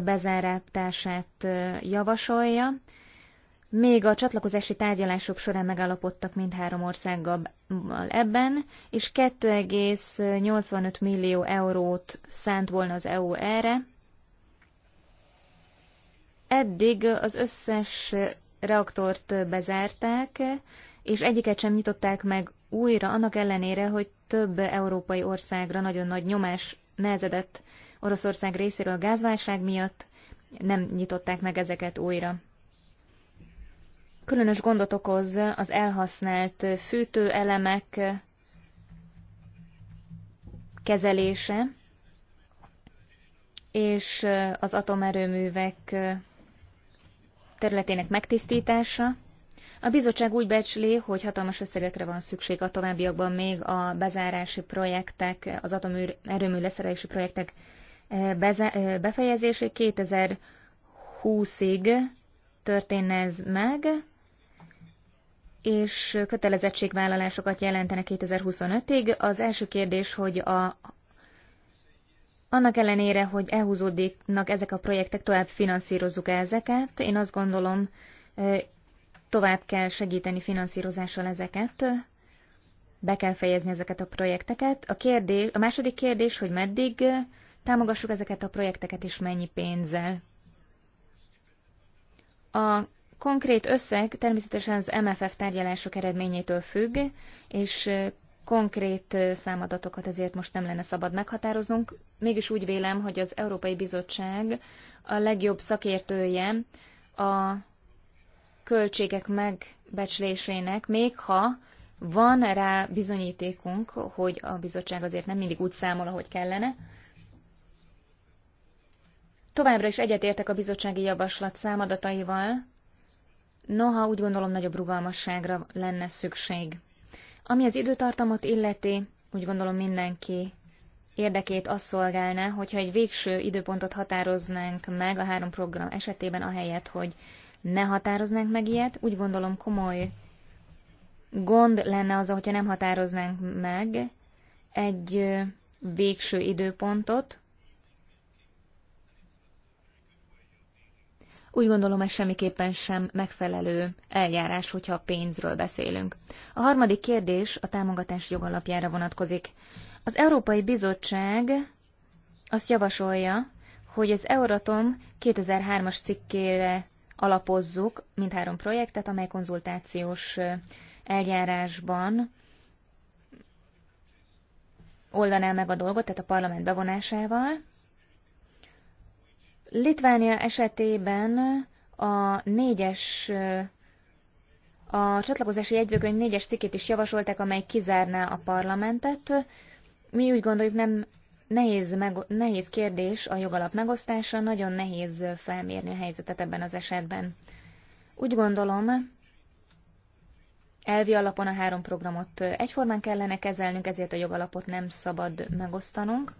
bezárátását javasolja. Még a csatlakozási tárgyalások során megállapodtak mindhárom országgal ebben, és 2,85 millió eurót szánt volna az EU erre. Eddig az összes reaktort bezárták, és egyiket sem nyitották meg újra, annak ellenére, hogy több európai országra nagyon nagy nyomás nehezedett Oroszország részéről a gázválság miatt, nem nyitották meg ezeket újra. Különös gondot okoz az elhasznált fűtőelemek kezelése, és az atomerőművek területének megtisztítása. A bizottság úgy becsli, hogy hatalmas összegekre van szükség a továbbiakban még a bezárási projektek, az atomerőmű leszerelési projektek eh, eh, befejezésé 2020-ig történne ez meg, és kötelezettségvállalásokat jelentenek 2025-ig. Az első kérdés, hogy a, annak ellenére, hogy elhúzódnak ezek a projektek, tovább finanszírozzuk -e ezeket. Én azt gondolom, tovább kell segíteni finanszírozással ezeket, be kell fejezni ezeket a projekteket. A, kérdés, a második kérdés, hogy meddig támogassuk ezeket a projekteket, és mennyi pénzzel. A konkrét összeg természetesen az MFF tárgyalások eredményétől függ, és konkrét számadatokat ezért most nem lenne szabad meghatároznunk. Mégis úgy vélem, hogy az Európai Bizottság a legjobb szakértője a költségek megbecslésének, még ha van rá bizonyítékunk, hogy a bizottság azért nem mindig úgy számol, ahogy kellene. Továbbra is egyetértek a bizottsági javaslat számadataival, Noha úgy gondolom nagyobb rugalmasságra lenne szükség. Ami az időtartamot illeti, úgy gondolom mindenki érdekét azt szolgálná, hogyha egy végső időpontot határoznánk meg a három program esetében, ahelyett, hogy ne határoznánk meg ilyet, úgy gondolom komoly gond lenne az, hogyha nem határoznánk meg egy végső időpontot, Úgy gondolom, ez semmiképpen sem megfelelő eljárás, hogyha pénzről beszélünk. A harmadik kérdés a támogatás jogalapjára vonatkozik. Az Európai Bizottság azt javasolja, hogy az Euratom 2003-as cikkére alapozzuk mindhárom projektet, amely konzultációs eljárásban oldaná meg a dolgot, tehát a parlament bevonásával. Litvánia esetében a négyes a csatlakozási jegyzőkönyv négyes cikkét is javasolták, amely kizárná a parlamentet. Mi úgy gondoljuk, nem nehéz, meg, nehéz kérdés a jogalap megosztása, nagyon nehéz felmérni a helyzetet ebben az esetben. Úgy gondolom, elvi alapon a három programot egyformán kellene kezelnünk, ezért a jogalapot nem szabad megosztanunk,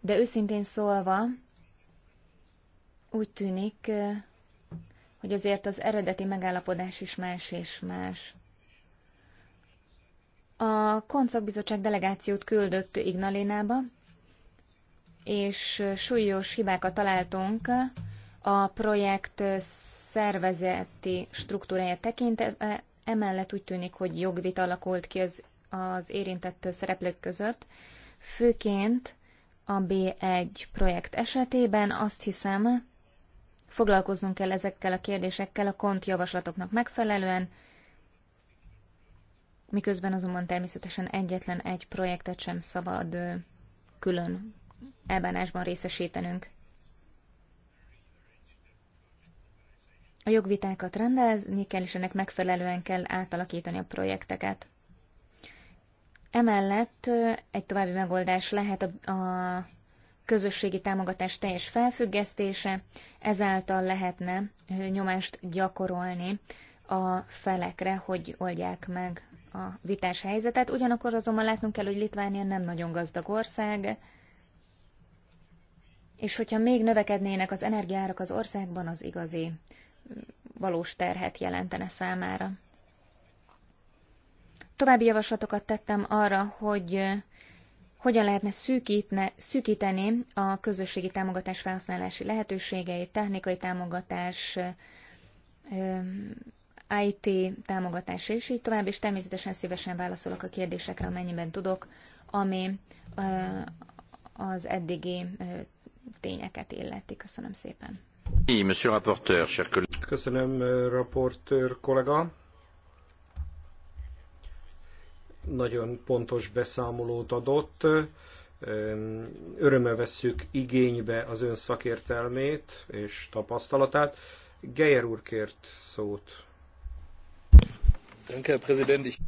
de őszintén szólva, úgy tűnik, hogy azért az eredeti megállapodás is más és más. A koncokbizottság delegációt küldött Ignalénába, és súlyos hibákat találtunk a projekt szervezeti struktúrája tekintve. E, emellett úgy tűnik, hogy jogvit alakult ki az, az érintett szereplők között, főként a B1 projekt esetében azt hiszem, foglalkoznunk kell ezekkel a kérdésekkel a kont javaslatoknak megfelelően, miközben azonban természetesen egyetlen egy projektet sem szabad külön elbánásban részesítenünk. A jogvitákat rendezni kell, és ennek megfelelően kell átalakítani a projekteket. Emellett egy további megoldás lehet a, a közösségi támogatás teljes felfüggesztése, ezáltal lehetne nyomást gyakorolni a felekre, hogy oldják meg a vitás helyzetet. Ugyanakkor azonban látnunk kell, hogy Litvánia nem nagyon gazdag ország, és hogyha még növekednének az energiárak az országban, az igazi valós terhet jelentene számára. További javaslatokat tettem arra, hogy hogyan lehetne szűkítne, szűkíteni a közösségi támogatás felhasználási lehetőségeit, technikai támogatás, IT támogatás, és így tovább, és természetesen szívesen válaszolok a kérdésekre, amennyiben tudok, ami az eddigi tényeket illeti. Köszönöm szépen. Köszönöm, raportőr kollega nagyon pontos beszámolót adott. Örömmel vesszük igénybe az ön szakértelmét és tapasztalatát. Geyer úr kért szót.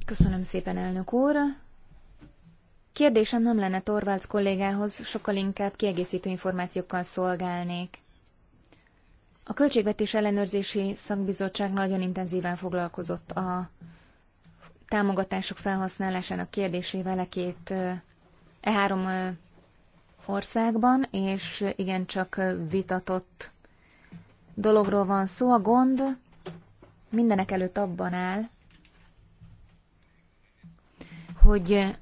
Köszönöm szépen, elnök úr. Kérdésem nem lenne Torvalds kollégához, sokkal inkább kiegészítő információkkal szolgálnék. A Költségvetés Ellenőrzési Szakbizottság nagyon intenzíven foglalkozott a támogatások felhasználásának kérdésével két, e három országban, és igen csak vitatott dologról van szó. A gond mindenek előtt abban áll, hogy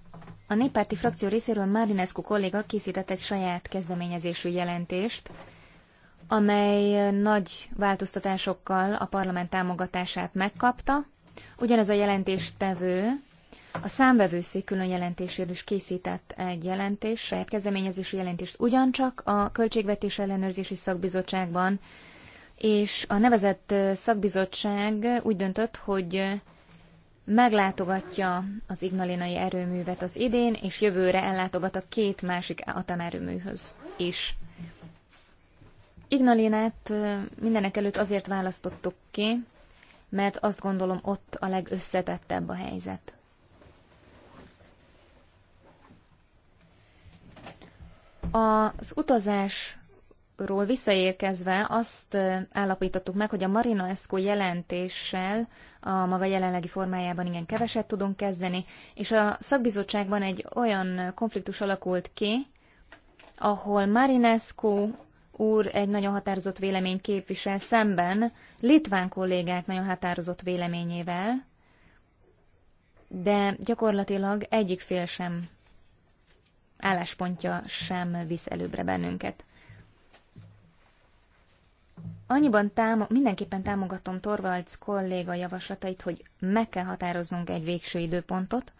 a néppárti frakció részéről Márinescu kolléga készített egy saját kezdeményezésű jelentést, amely nagy változtatásokkal a parlament támogatását megkapta, Ugyanez a jelentéstevő a számbevőszék külön jelentéséről is készített egy jelentés, saját kezdeményezési jelentést ugyancsak a Költségvetés Ellenőrzési Szakbizottságban, és a nevezett szakbizottság úgy döntött, hogy meglátogatja az ignalinai erőművet az idén, és jövőre ellátogat a két másik atomerőműhöz is. Ignalinát mindenek előtt azért választottuk ki, mert azt gondolom ott a legösszetettebb a helyzet. Az utazásról visszaérkezve azt állapítottuk meg, hogy a Marina Eszkó jelentéssel a maga jelenlegi formájában igen keveset tudunk kezdeni, és a szakbizottságban egy olyan konfliktus alakult ki, ahol Marinescu úr egy nagyon határozott vélemény képvisel szemben litván kollégák nagyon határozott véleményével, de gyakorlatilag egyik fél sem álláspontja sem visz előbbre bennünket. Annyiban támo- mindenképpen támogatom Torvalds kolléga javaslatait, hogy meg kell határoznunk egy végső időpontot,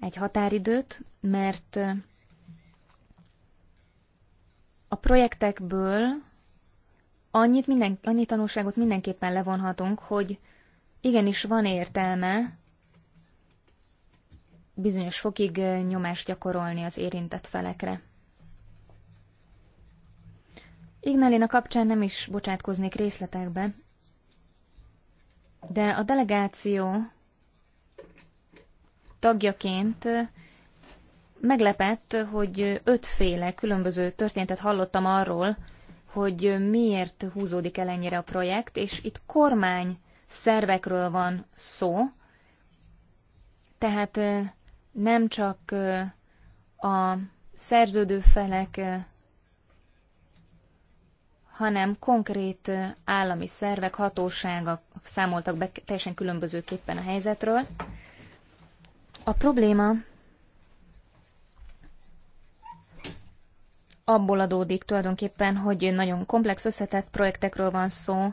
egy határidőt, mert a projektekből annyit minden, annyi tanulságot mindenképpen levonhatunk, hogy igenis van értelme bizonyos fokig eh, nyomást gyakorolni az érintett felekre. Ignalina kapcsán nem is bocsátkoznék részletekbe, de a delegáció tagjaként eh, Meglepett, hogy ötféle különböző történetet hallottam arról, hogy miért húzódik el ennyire a projekt, és itt kormány szervekről van szó, tehát nem csak a szerződő felek, hanem konkrét állami szervek, hatóságok számoltak be teljesen különbözőképpen a helyzetről. A probléma abból adódik tulajdonképpen, hogy nagyon komplex összetett projektekről van szó.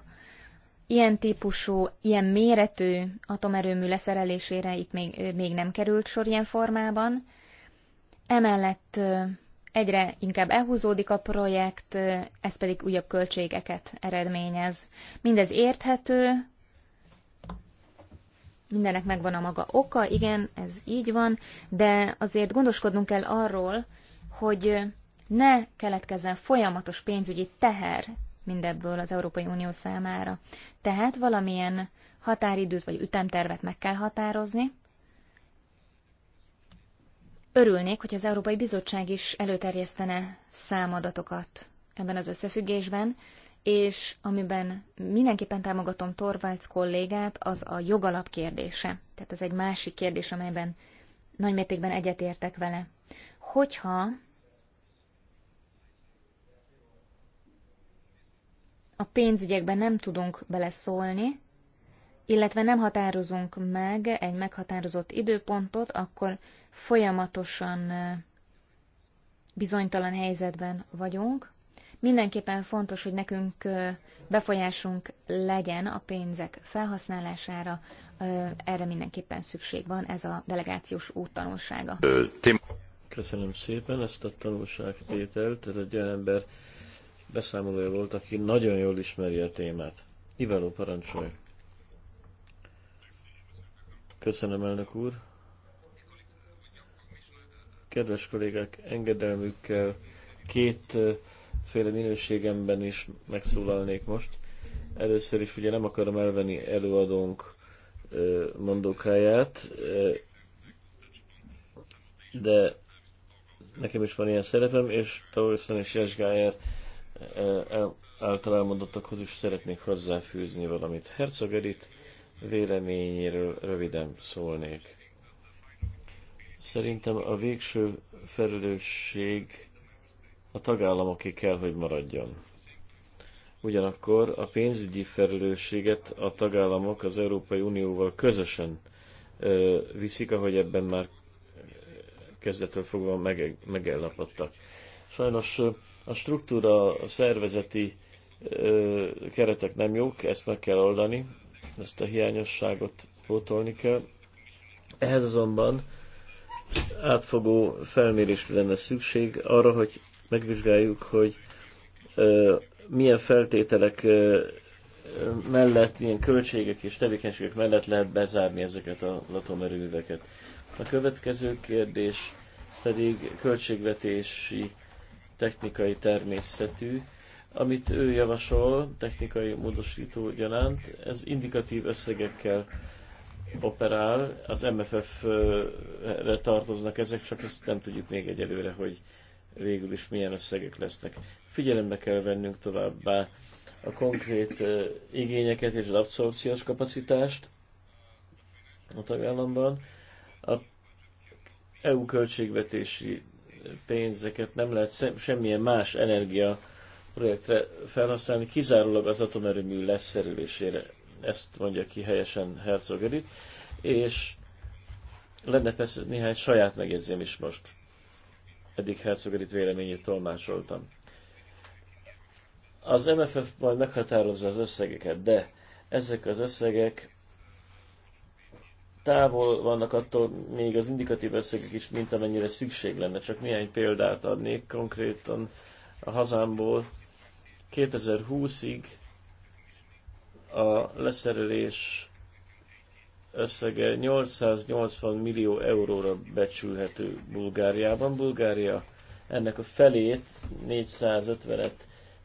Ilyen típusú, ilyen méretű atomerőmű leszerelésére itt még, még nem került sor ilyen formában. Emellett egyre inkább elhúzódik a projekt, ez pedig újabb költségeket eredményez. Mindez érthető, mindennek megvan a maga oka, igen, ez így van, de azért gondoskodnunk kell arról, hogy ne keletkezzen folyamatos pénzügyi teher mindebből az Európai Unió számára. Tehát valamilyen határidőt vagy ütemtervet meg kell határozni. Örülnék, hogy az Európai Bizottság is előterjesztene számadatokat ebben az összefüggésben, és amiben mindenképpen támogatom Torvalds kollégát, az a jogalap kérdése. Tehát ez egy másik kérdés, amelyben nagymértékben egyetértek vele. Hogyha a pénzügyekben nem tudunk beleszólni, illetve nem határozunk meg egy meghatározott időpontot, akkor folyamatosan bizonytalan helyzetben vagyunk. Mindenképpen fontos, hogy nekünk befolyásunk legyen a pénzek felhasználására, erre mindenképpen szükség van, ez a delegációs út tanulsága. Köszönöm szépen ezt a tanulságtételt, ez egy olyan ember beszámolója volt, aki nagyon jól ismeri a témát. Ivaló, parancsolj! Köszönöm, elnök úr! Kedves kollégák, engedelmükkel kétféle minőségemben is megszólalnék most. Először is ugye nem akarom elvenni előadónk mondókáját, de nekem is van ilyen szerepem, és Taurusson és Jesgáját által elmondottakhoz is szeretnék hozzáfűzni valamit. Herzog Edith véleményéről röviden szólnék. Szerintem a végső felelősség a tagállamoké kell, hogy maradjon. Ugyanakkor a pénzügyi felelősséget a tagállamok az Európai Unióval közösen ö, viszik, ahogy ebben már kezdetől fogva mege, Sajnos a struktúra, a szervezeti ö, keretek nem jók, ezt meg kell oldani, ezt a hiányosságot pótolni kell. Ehhez azonban átfogó felmérésre lenne szükség arra, hogy megvizsgáljuk, hogy ö, milyen feltételek ö, mellett, milyen költségek és tevékenységek mellett lehet bezárni ezeket a atomerőműveket. A következő kérdés pedig költségvetési technikai természetű. Amit ő javasol technikai módosító gyanánt, ez indikatív összegekkel operál, az MFF-re tartoznak ezek, csak ezt nem tudjuk még egyelőre, hogy végül is milyen összegek lesznek. Figyelembe kell vennünk továbbá a konkrét igényeket és az abszorpciós kapacitást a tagállamban. A EU költségvetési pénzeket nem lehet semmilyen más energia projektre felhasználni, kizárólag az atomerőmű leszerülésére. Ezt mondja ki helyesen Herzog Edith, és lenne persze néhány saját megjegyzém is most. Eddig Herzog Edith véleményét tolmácsoltam. Az MFF majd meghatározza az összegeket, de ezek az összegek távol vannak attól még az indikatív összegek is, mint amennyire szükség lenne. Csak néhány példát adnék konkrétan a hazámból. 2020-ig a leszerelés összege 880 millió euróra becsülhető Bulgáriában. Bulgária ennek a felét, 450-et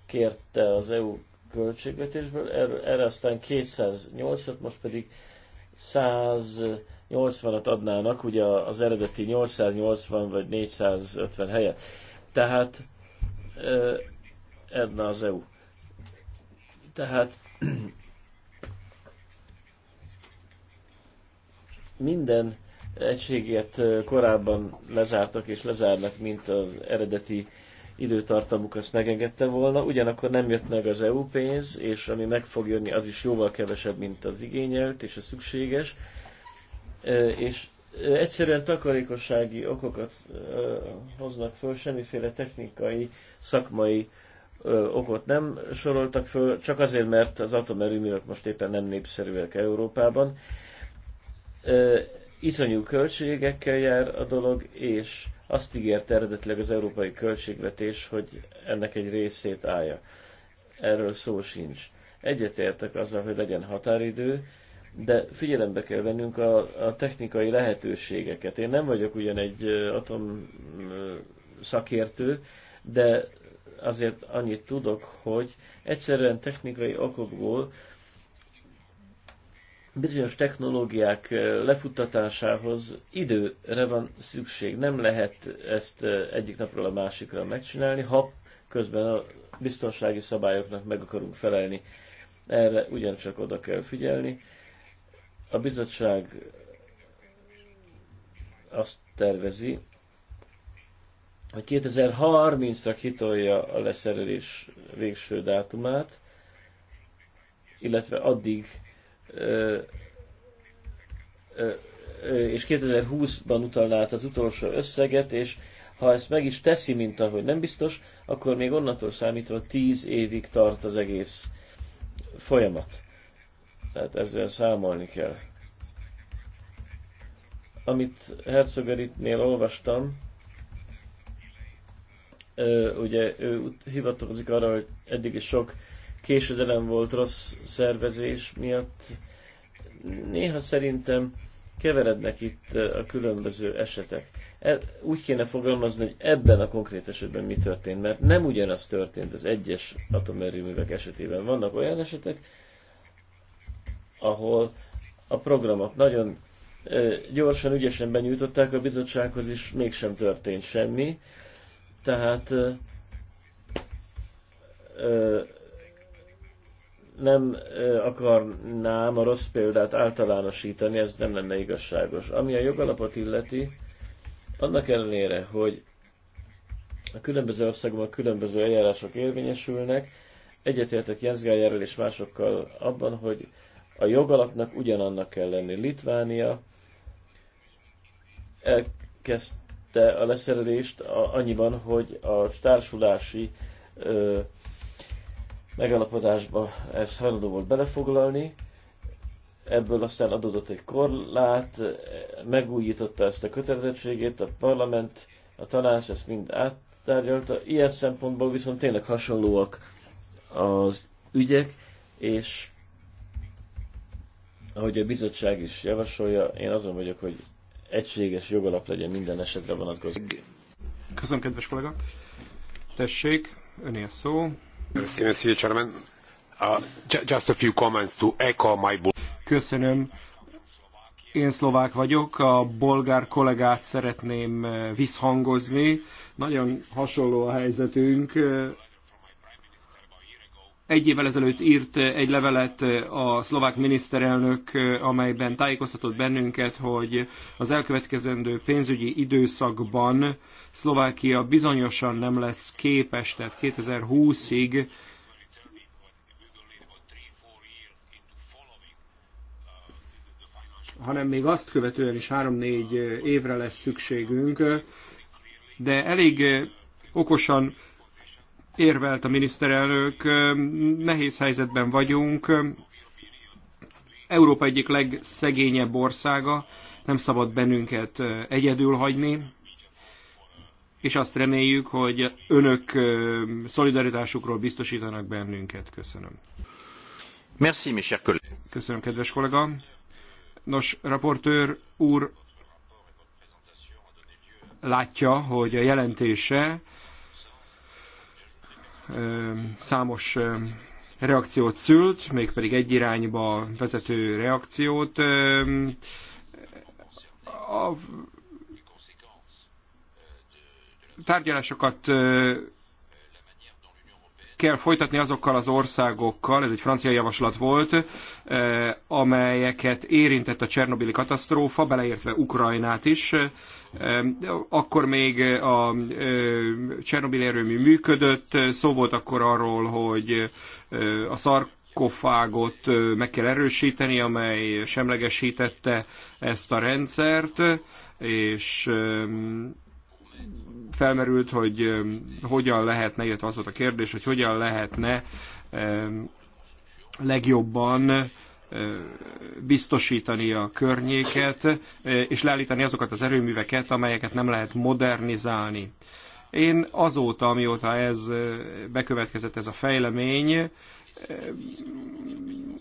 kérte az EU költségvetésből, erre aztán 208-at, most pedig 180-at adnának, ugye az eredeti 880 vagy 450 helyet. Tehát edna az EU. Tehát minden egységet korábban lezártak és lezárnak, mint az eredeti időtartamuk azt megengedte volna, ugyanakkor nem jött meg az EU pénz, és ami meg fog jönni, az is jóval kevesebb, mint az igényelt, és a szükséges. És egyszerűen takarékossági okokat hoznak föl, semmiféle technikai, szakmai okot nem soroltak föl, csak azért, mert az atomerőművek most éppen nem népszerűek Európában iszonyú költségekkel jár a dolog, és azt ígért eredetileg az európai költségvetés, hogy ennek egy részét állja. Erről szó sincs. Egyetértek azzal, hogy legyen határidő, de figyelembe kell vennünk a, a technikai lehetőségeket. Én nem vagyok ugyan egy atom szakértő, de azért annyit tudok, hogy egyszerűen technikai okokból bizonyos technológiák eh, lefuttatásához időre van szükség. Nem lehet ezt eh, egyik napról a másikra megcsinálni, ha közben a biztonsági szabályoknak meg akarunk felelni. Erre ugyancsak oda kell figyelni. A bizottság azt tervezi, hogy 2030-ra kitolja a leszerelés végső dátumát, illetve addig és 2020-ban utalná át az utolsó összeget, és ha ezt meg is teszi, mint ahogy nem biztos, akkor még onnantól számítva 10 évig tart az egész folyamat. Tehát ezzel számolni kell. Amit Herzogeritnél olvastam, ugye ő hivatkozik arra, hogy eddig is sok késedelem volt rossz szervezés miatt. Néha szerintem keverednek itt a különböző esetek. E, úgy kéne fogalmazni, hogy ebben a konkrét esetben mi történt, mert nem ugyanaz történt az egyes atomerőművek esetében. Vannak olyan esetek, ahol a programok nagyon gyorsan, ügyesen benyújtották a bizottsághoz, és mégsem történt semmi. Tehát nem akarnám a rossz példát általánosítani, ez nem lenne igazságos. Ami a jogalapot illeti, annak ellenére, hogy a különböző országokban különböző eljárások érvényesülnek, egyetértek Jens Gályerrel és másokkal abban, hogy a jogalapnak ugyanannak kell lenni. Litvánia elkezdte a leszerelést annyiban, hogy a társulási ö, megalapodásba ez hajlandó volt belefoglalni, ebből aztán adódott egy korlát, megújította ezt a kötelezettségét, a parlament, a tanács ezt mind áttárgyalta. Ilyen szempontból viszont tényleg hasonlóak az ügyek, és ahogy a bizottság is javasolja, én azon vagyok, hogy egységes jogalap legyen minden esetre vonatkozó. Köszönöm, kedves kollega! Tessék, öné a szó. Köszönöm. Én szlovák vagyok, a bolgár kollégát szeretném uh, visszhangozni. Nagyon hasonló a helyzetünk, uh, egy évvel ezelőtt írt egy levelet a szlovák miniszterelnök, amelyben tájékoztatott bennünket, hogy az elkövetkezendő pénzügyi időszakban Szlovákia bizonyosan nem lesz képes, tehát 2020-ig hanem még azt követően is 3-4 évre lesz szükségünk, de elég okosan érvelt a miniszterelnök, nehéz helyzetben vagyunk, Európa egyik legszegényebb országa, nem szabad bennünket egyedül hagyni, és azt reméljük, hogy önök szolidaritásukról biztosítanak bennünket. Köszönöm. Merci, mes Köszönöm, kedves kollega. Nos, raportőr úr látja, hogy a jelentése számos reakciót szült, mégpedig egy irányba vezető reakciót. A tárgyalásokat kell folytatni azokkal az országokkal, ez egy francia javaslat volt, eh, amelyeket érintett a Csernobili katasztrófa, beleértve Ukrajnát is. Eh, akkor még a eh, Csernobili erőmű működött, szó volt akkor arról, hogy a szark kofágot meg kell erősíteni, amely semlegesítette ezt a rendszert, és felmerült, hogy um, hogyan lehetne, illetve az volt a kérdés, hogy hogyan lehetne um, legjobban uh, biztosítani a környéket, uh, és leállítani azokat az erőműveket, amelyeket nem lehet modernizálni. Én azóta, amióta ez uh, bekövetkezett ez a fejlemény, um,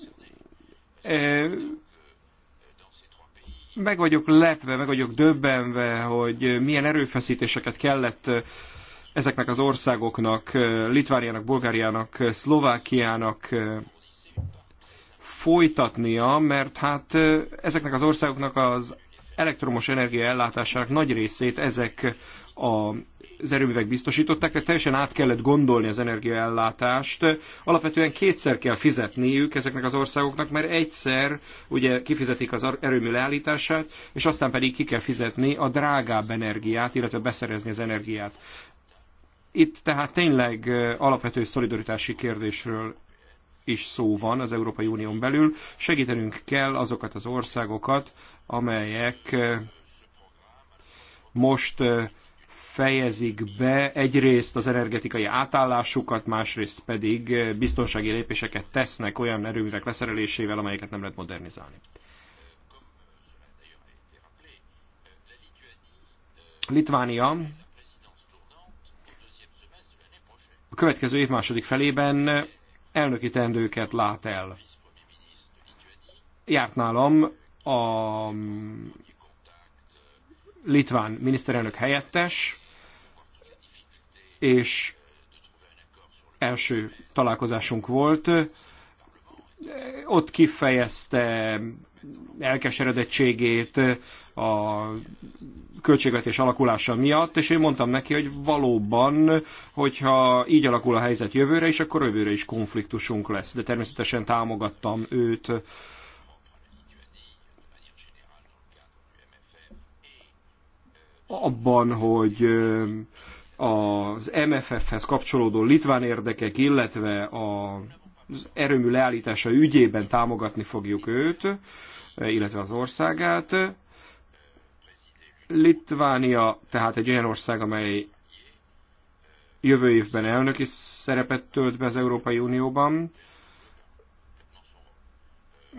meg vagyok lepve, meg vagyok döbbenve, hogy milyen erőfeszítéseket kellett ezeknek az országoknak, Litvániának, Bulgáriának, Szlovákiának folytatnia, mert hát ezeknek az országoknak az elektromos energia ellátásának nagy részét ezek a az erőművek biztosították, tehát teljesen át kellett gondolni az energiaellátást. Alapvetően kétszer kell fizetniük ezeknek az országoknak, mert egyszer ugye kifizetik az erőmű leállítását, és aztán pedig ki kell fizetni a drágább energiát, illetve beszerezni az energiát. Itt tehát tényleg alapvető szolidaritási kérdésről is szó van az Európai Unión belül. Segítenünk kell azokat az országokat, amelyek most fejezik be egyrészt az energetikai átállásukat, másrészt pedig eh, biztonsági lépéseket tesznek olyan erőművek leszerelésével, amelyeket nem lehet modernizálni. Litvánia a következő év második felében elnöki tendőket lát el. Járt nálam a mm, litván miniszterelnök helyettes, és első találkozásunk volt, ott kifejezte elkeseredettségét a költségvetés alakulása miatt, és én mondtam neki, hogy valóban, hogyha így alakul a helyzet jövőre is, akkor jövőre is konfliktusunk lesz. De természetesen támogattam őt. Abban, hogy az MFF-hez kapcsolódó litván érdekek, illetve az erőmű leállítása ügyében támogatni fogjuk őt, illetve az országát. Litvánia tehát egy olyan ország, amely jövő évben elnöki szerepet tölt be az Európai Unióban.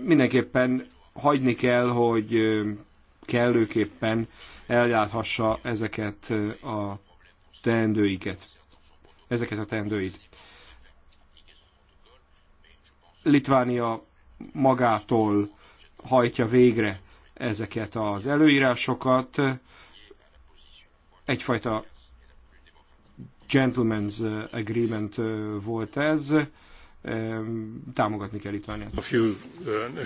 Mindenképpen hagyni kell, hogy kellőképpen eljárhassa ezeket a teendőiket, ezeket a teendőit. Litvánia magától hajtja végre ezeket az előírásokat, egyfajta gentleman's agreement volt ez, támogatni kell Litvániát.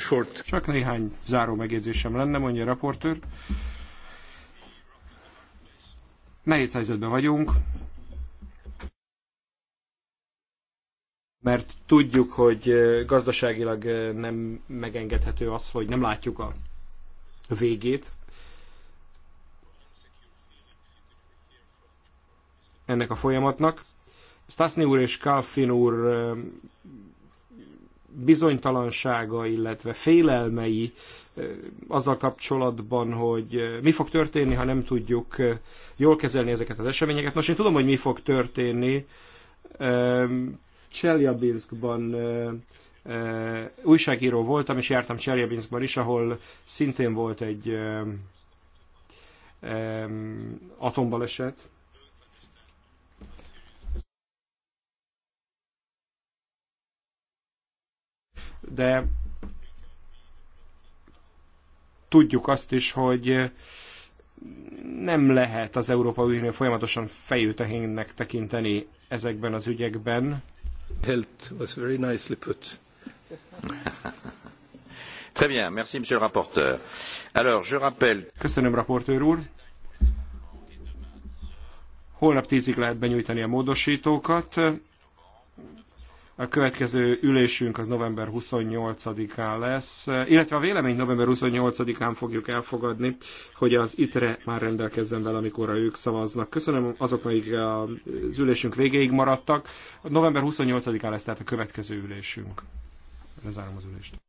Uh, Csak néhány záró megjegyzésem lenne, mondja a raportőr. Nehéz helyzetben vagyunk, mert tudjuk, hogy gazdaságilag nem megengedhető az, hogy nem látjuk a végét. ennek a folyamatnak. Stasny úr és Kalfin úr bizonytalansága, illetve félelmei azzal kapcsolatban, hogy eh, mi fog történni, ha nem tudjuk eh, jól kezelni ezeket az eseményeket. Most én tudom, hogy mi fog történni. Cseljabinskban eh, újságíró voltam, és jártam Cseljabinskban is, ahol szintén volt egy atombaleset, de tudjuk azt is, hogy eh, nem lehet az Európa Unió folyamatosan fejőtehénnek tekinteni ezekben az ügyekben. Health was very nicely put. Très bien, merci monsieur le rapporteur. Alors, je rappelle... Köszönöm, raportőr úr. Holnap tízig lehet benyújtani a módosítókat. A következő ülésünk az november 28-án lesz, illetve a vélemény november 28-án fogjuk elfogadni, hogy az ITRE már rendelkezzen vele, amikor ők szavaznak. Köszönöm azok, akik az ülésünk végéig maradtak. November 28-án lesz tehát a következő ülésünk. Lezárom az ülést.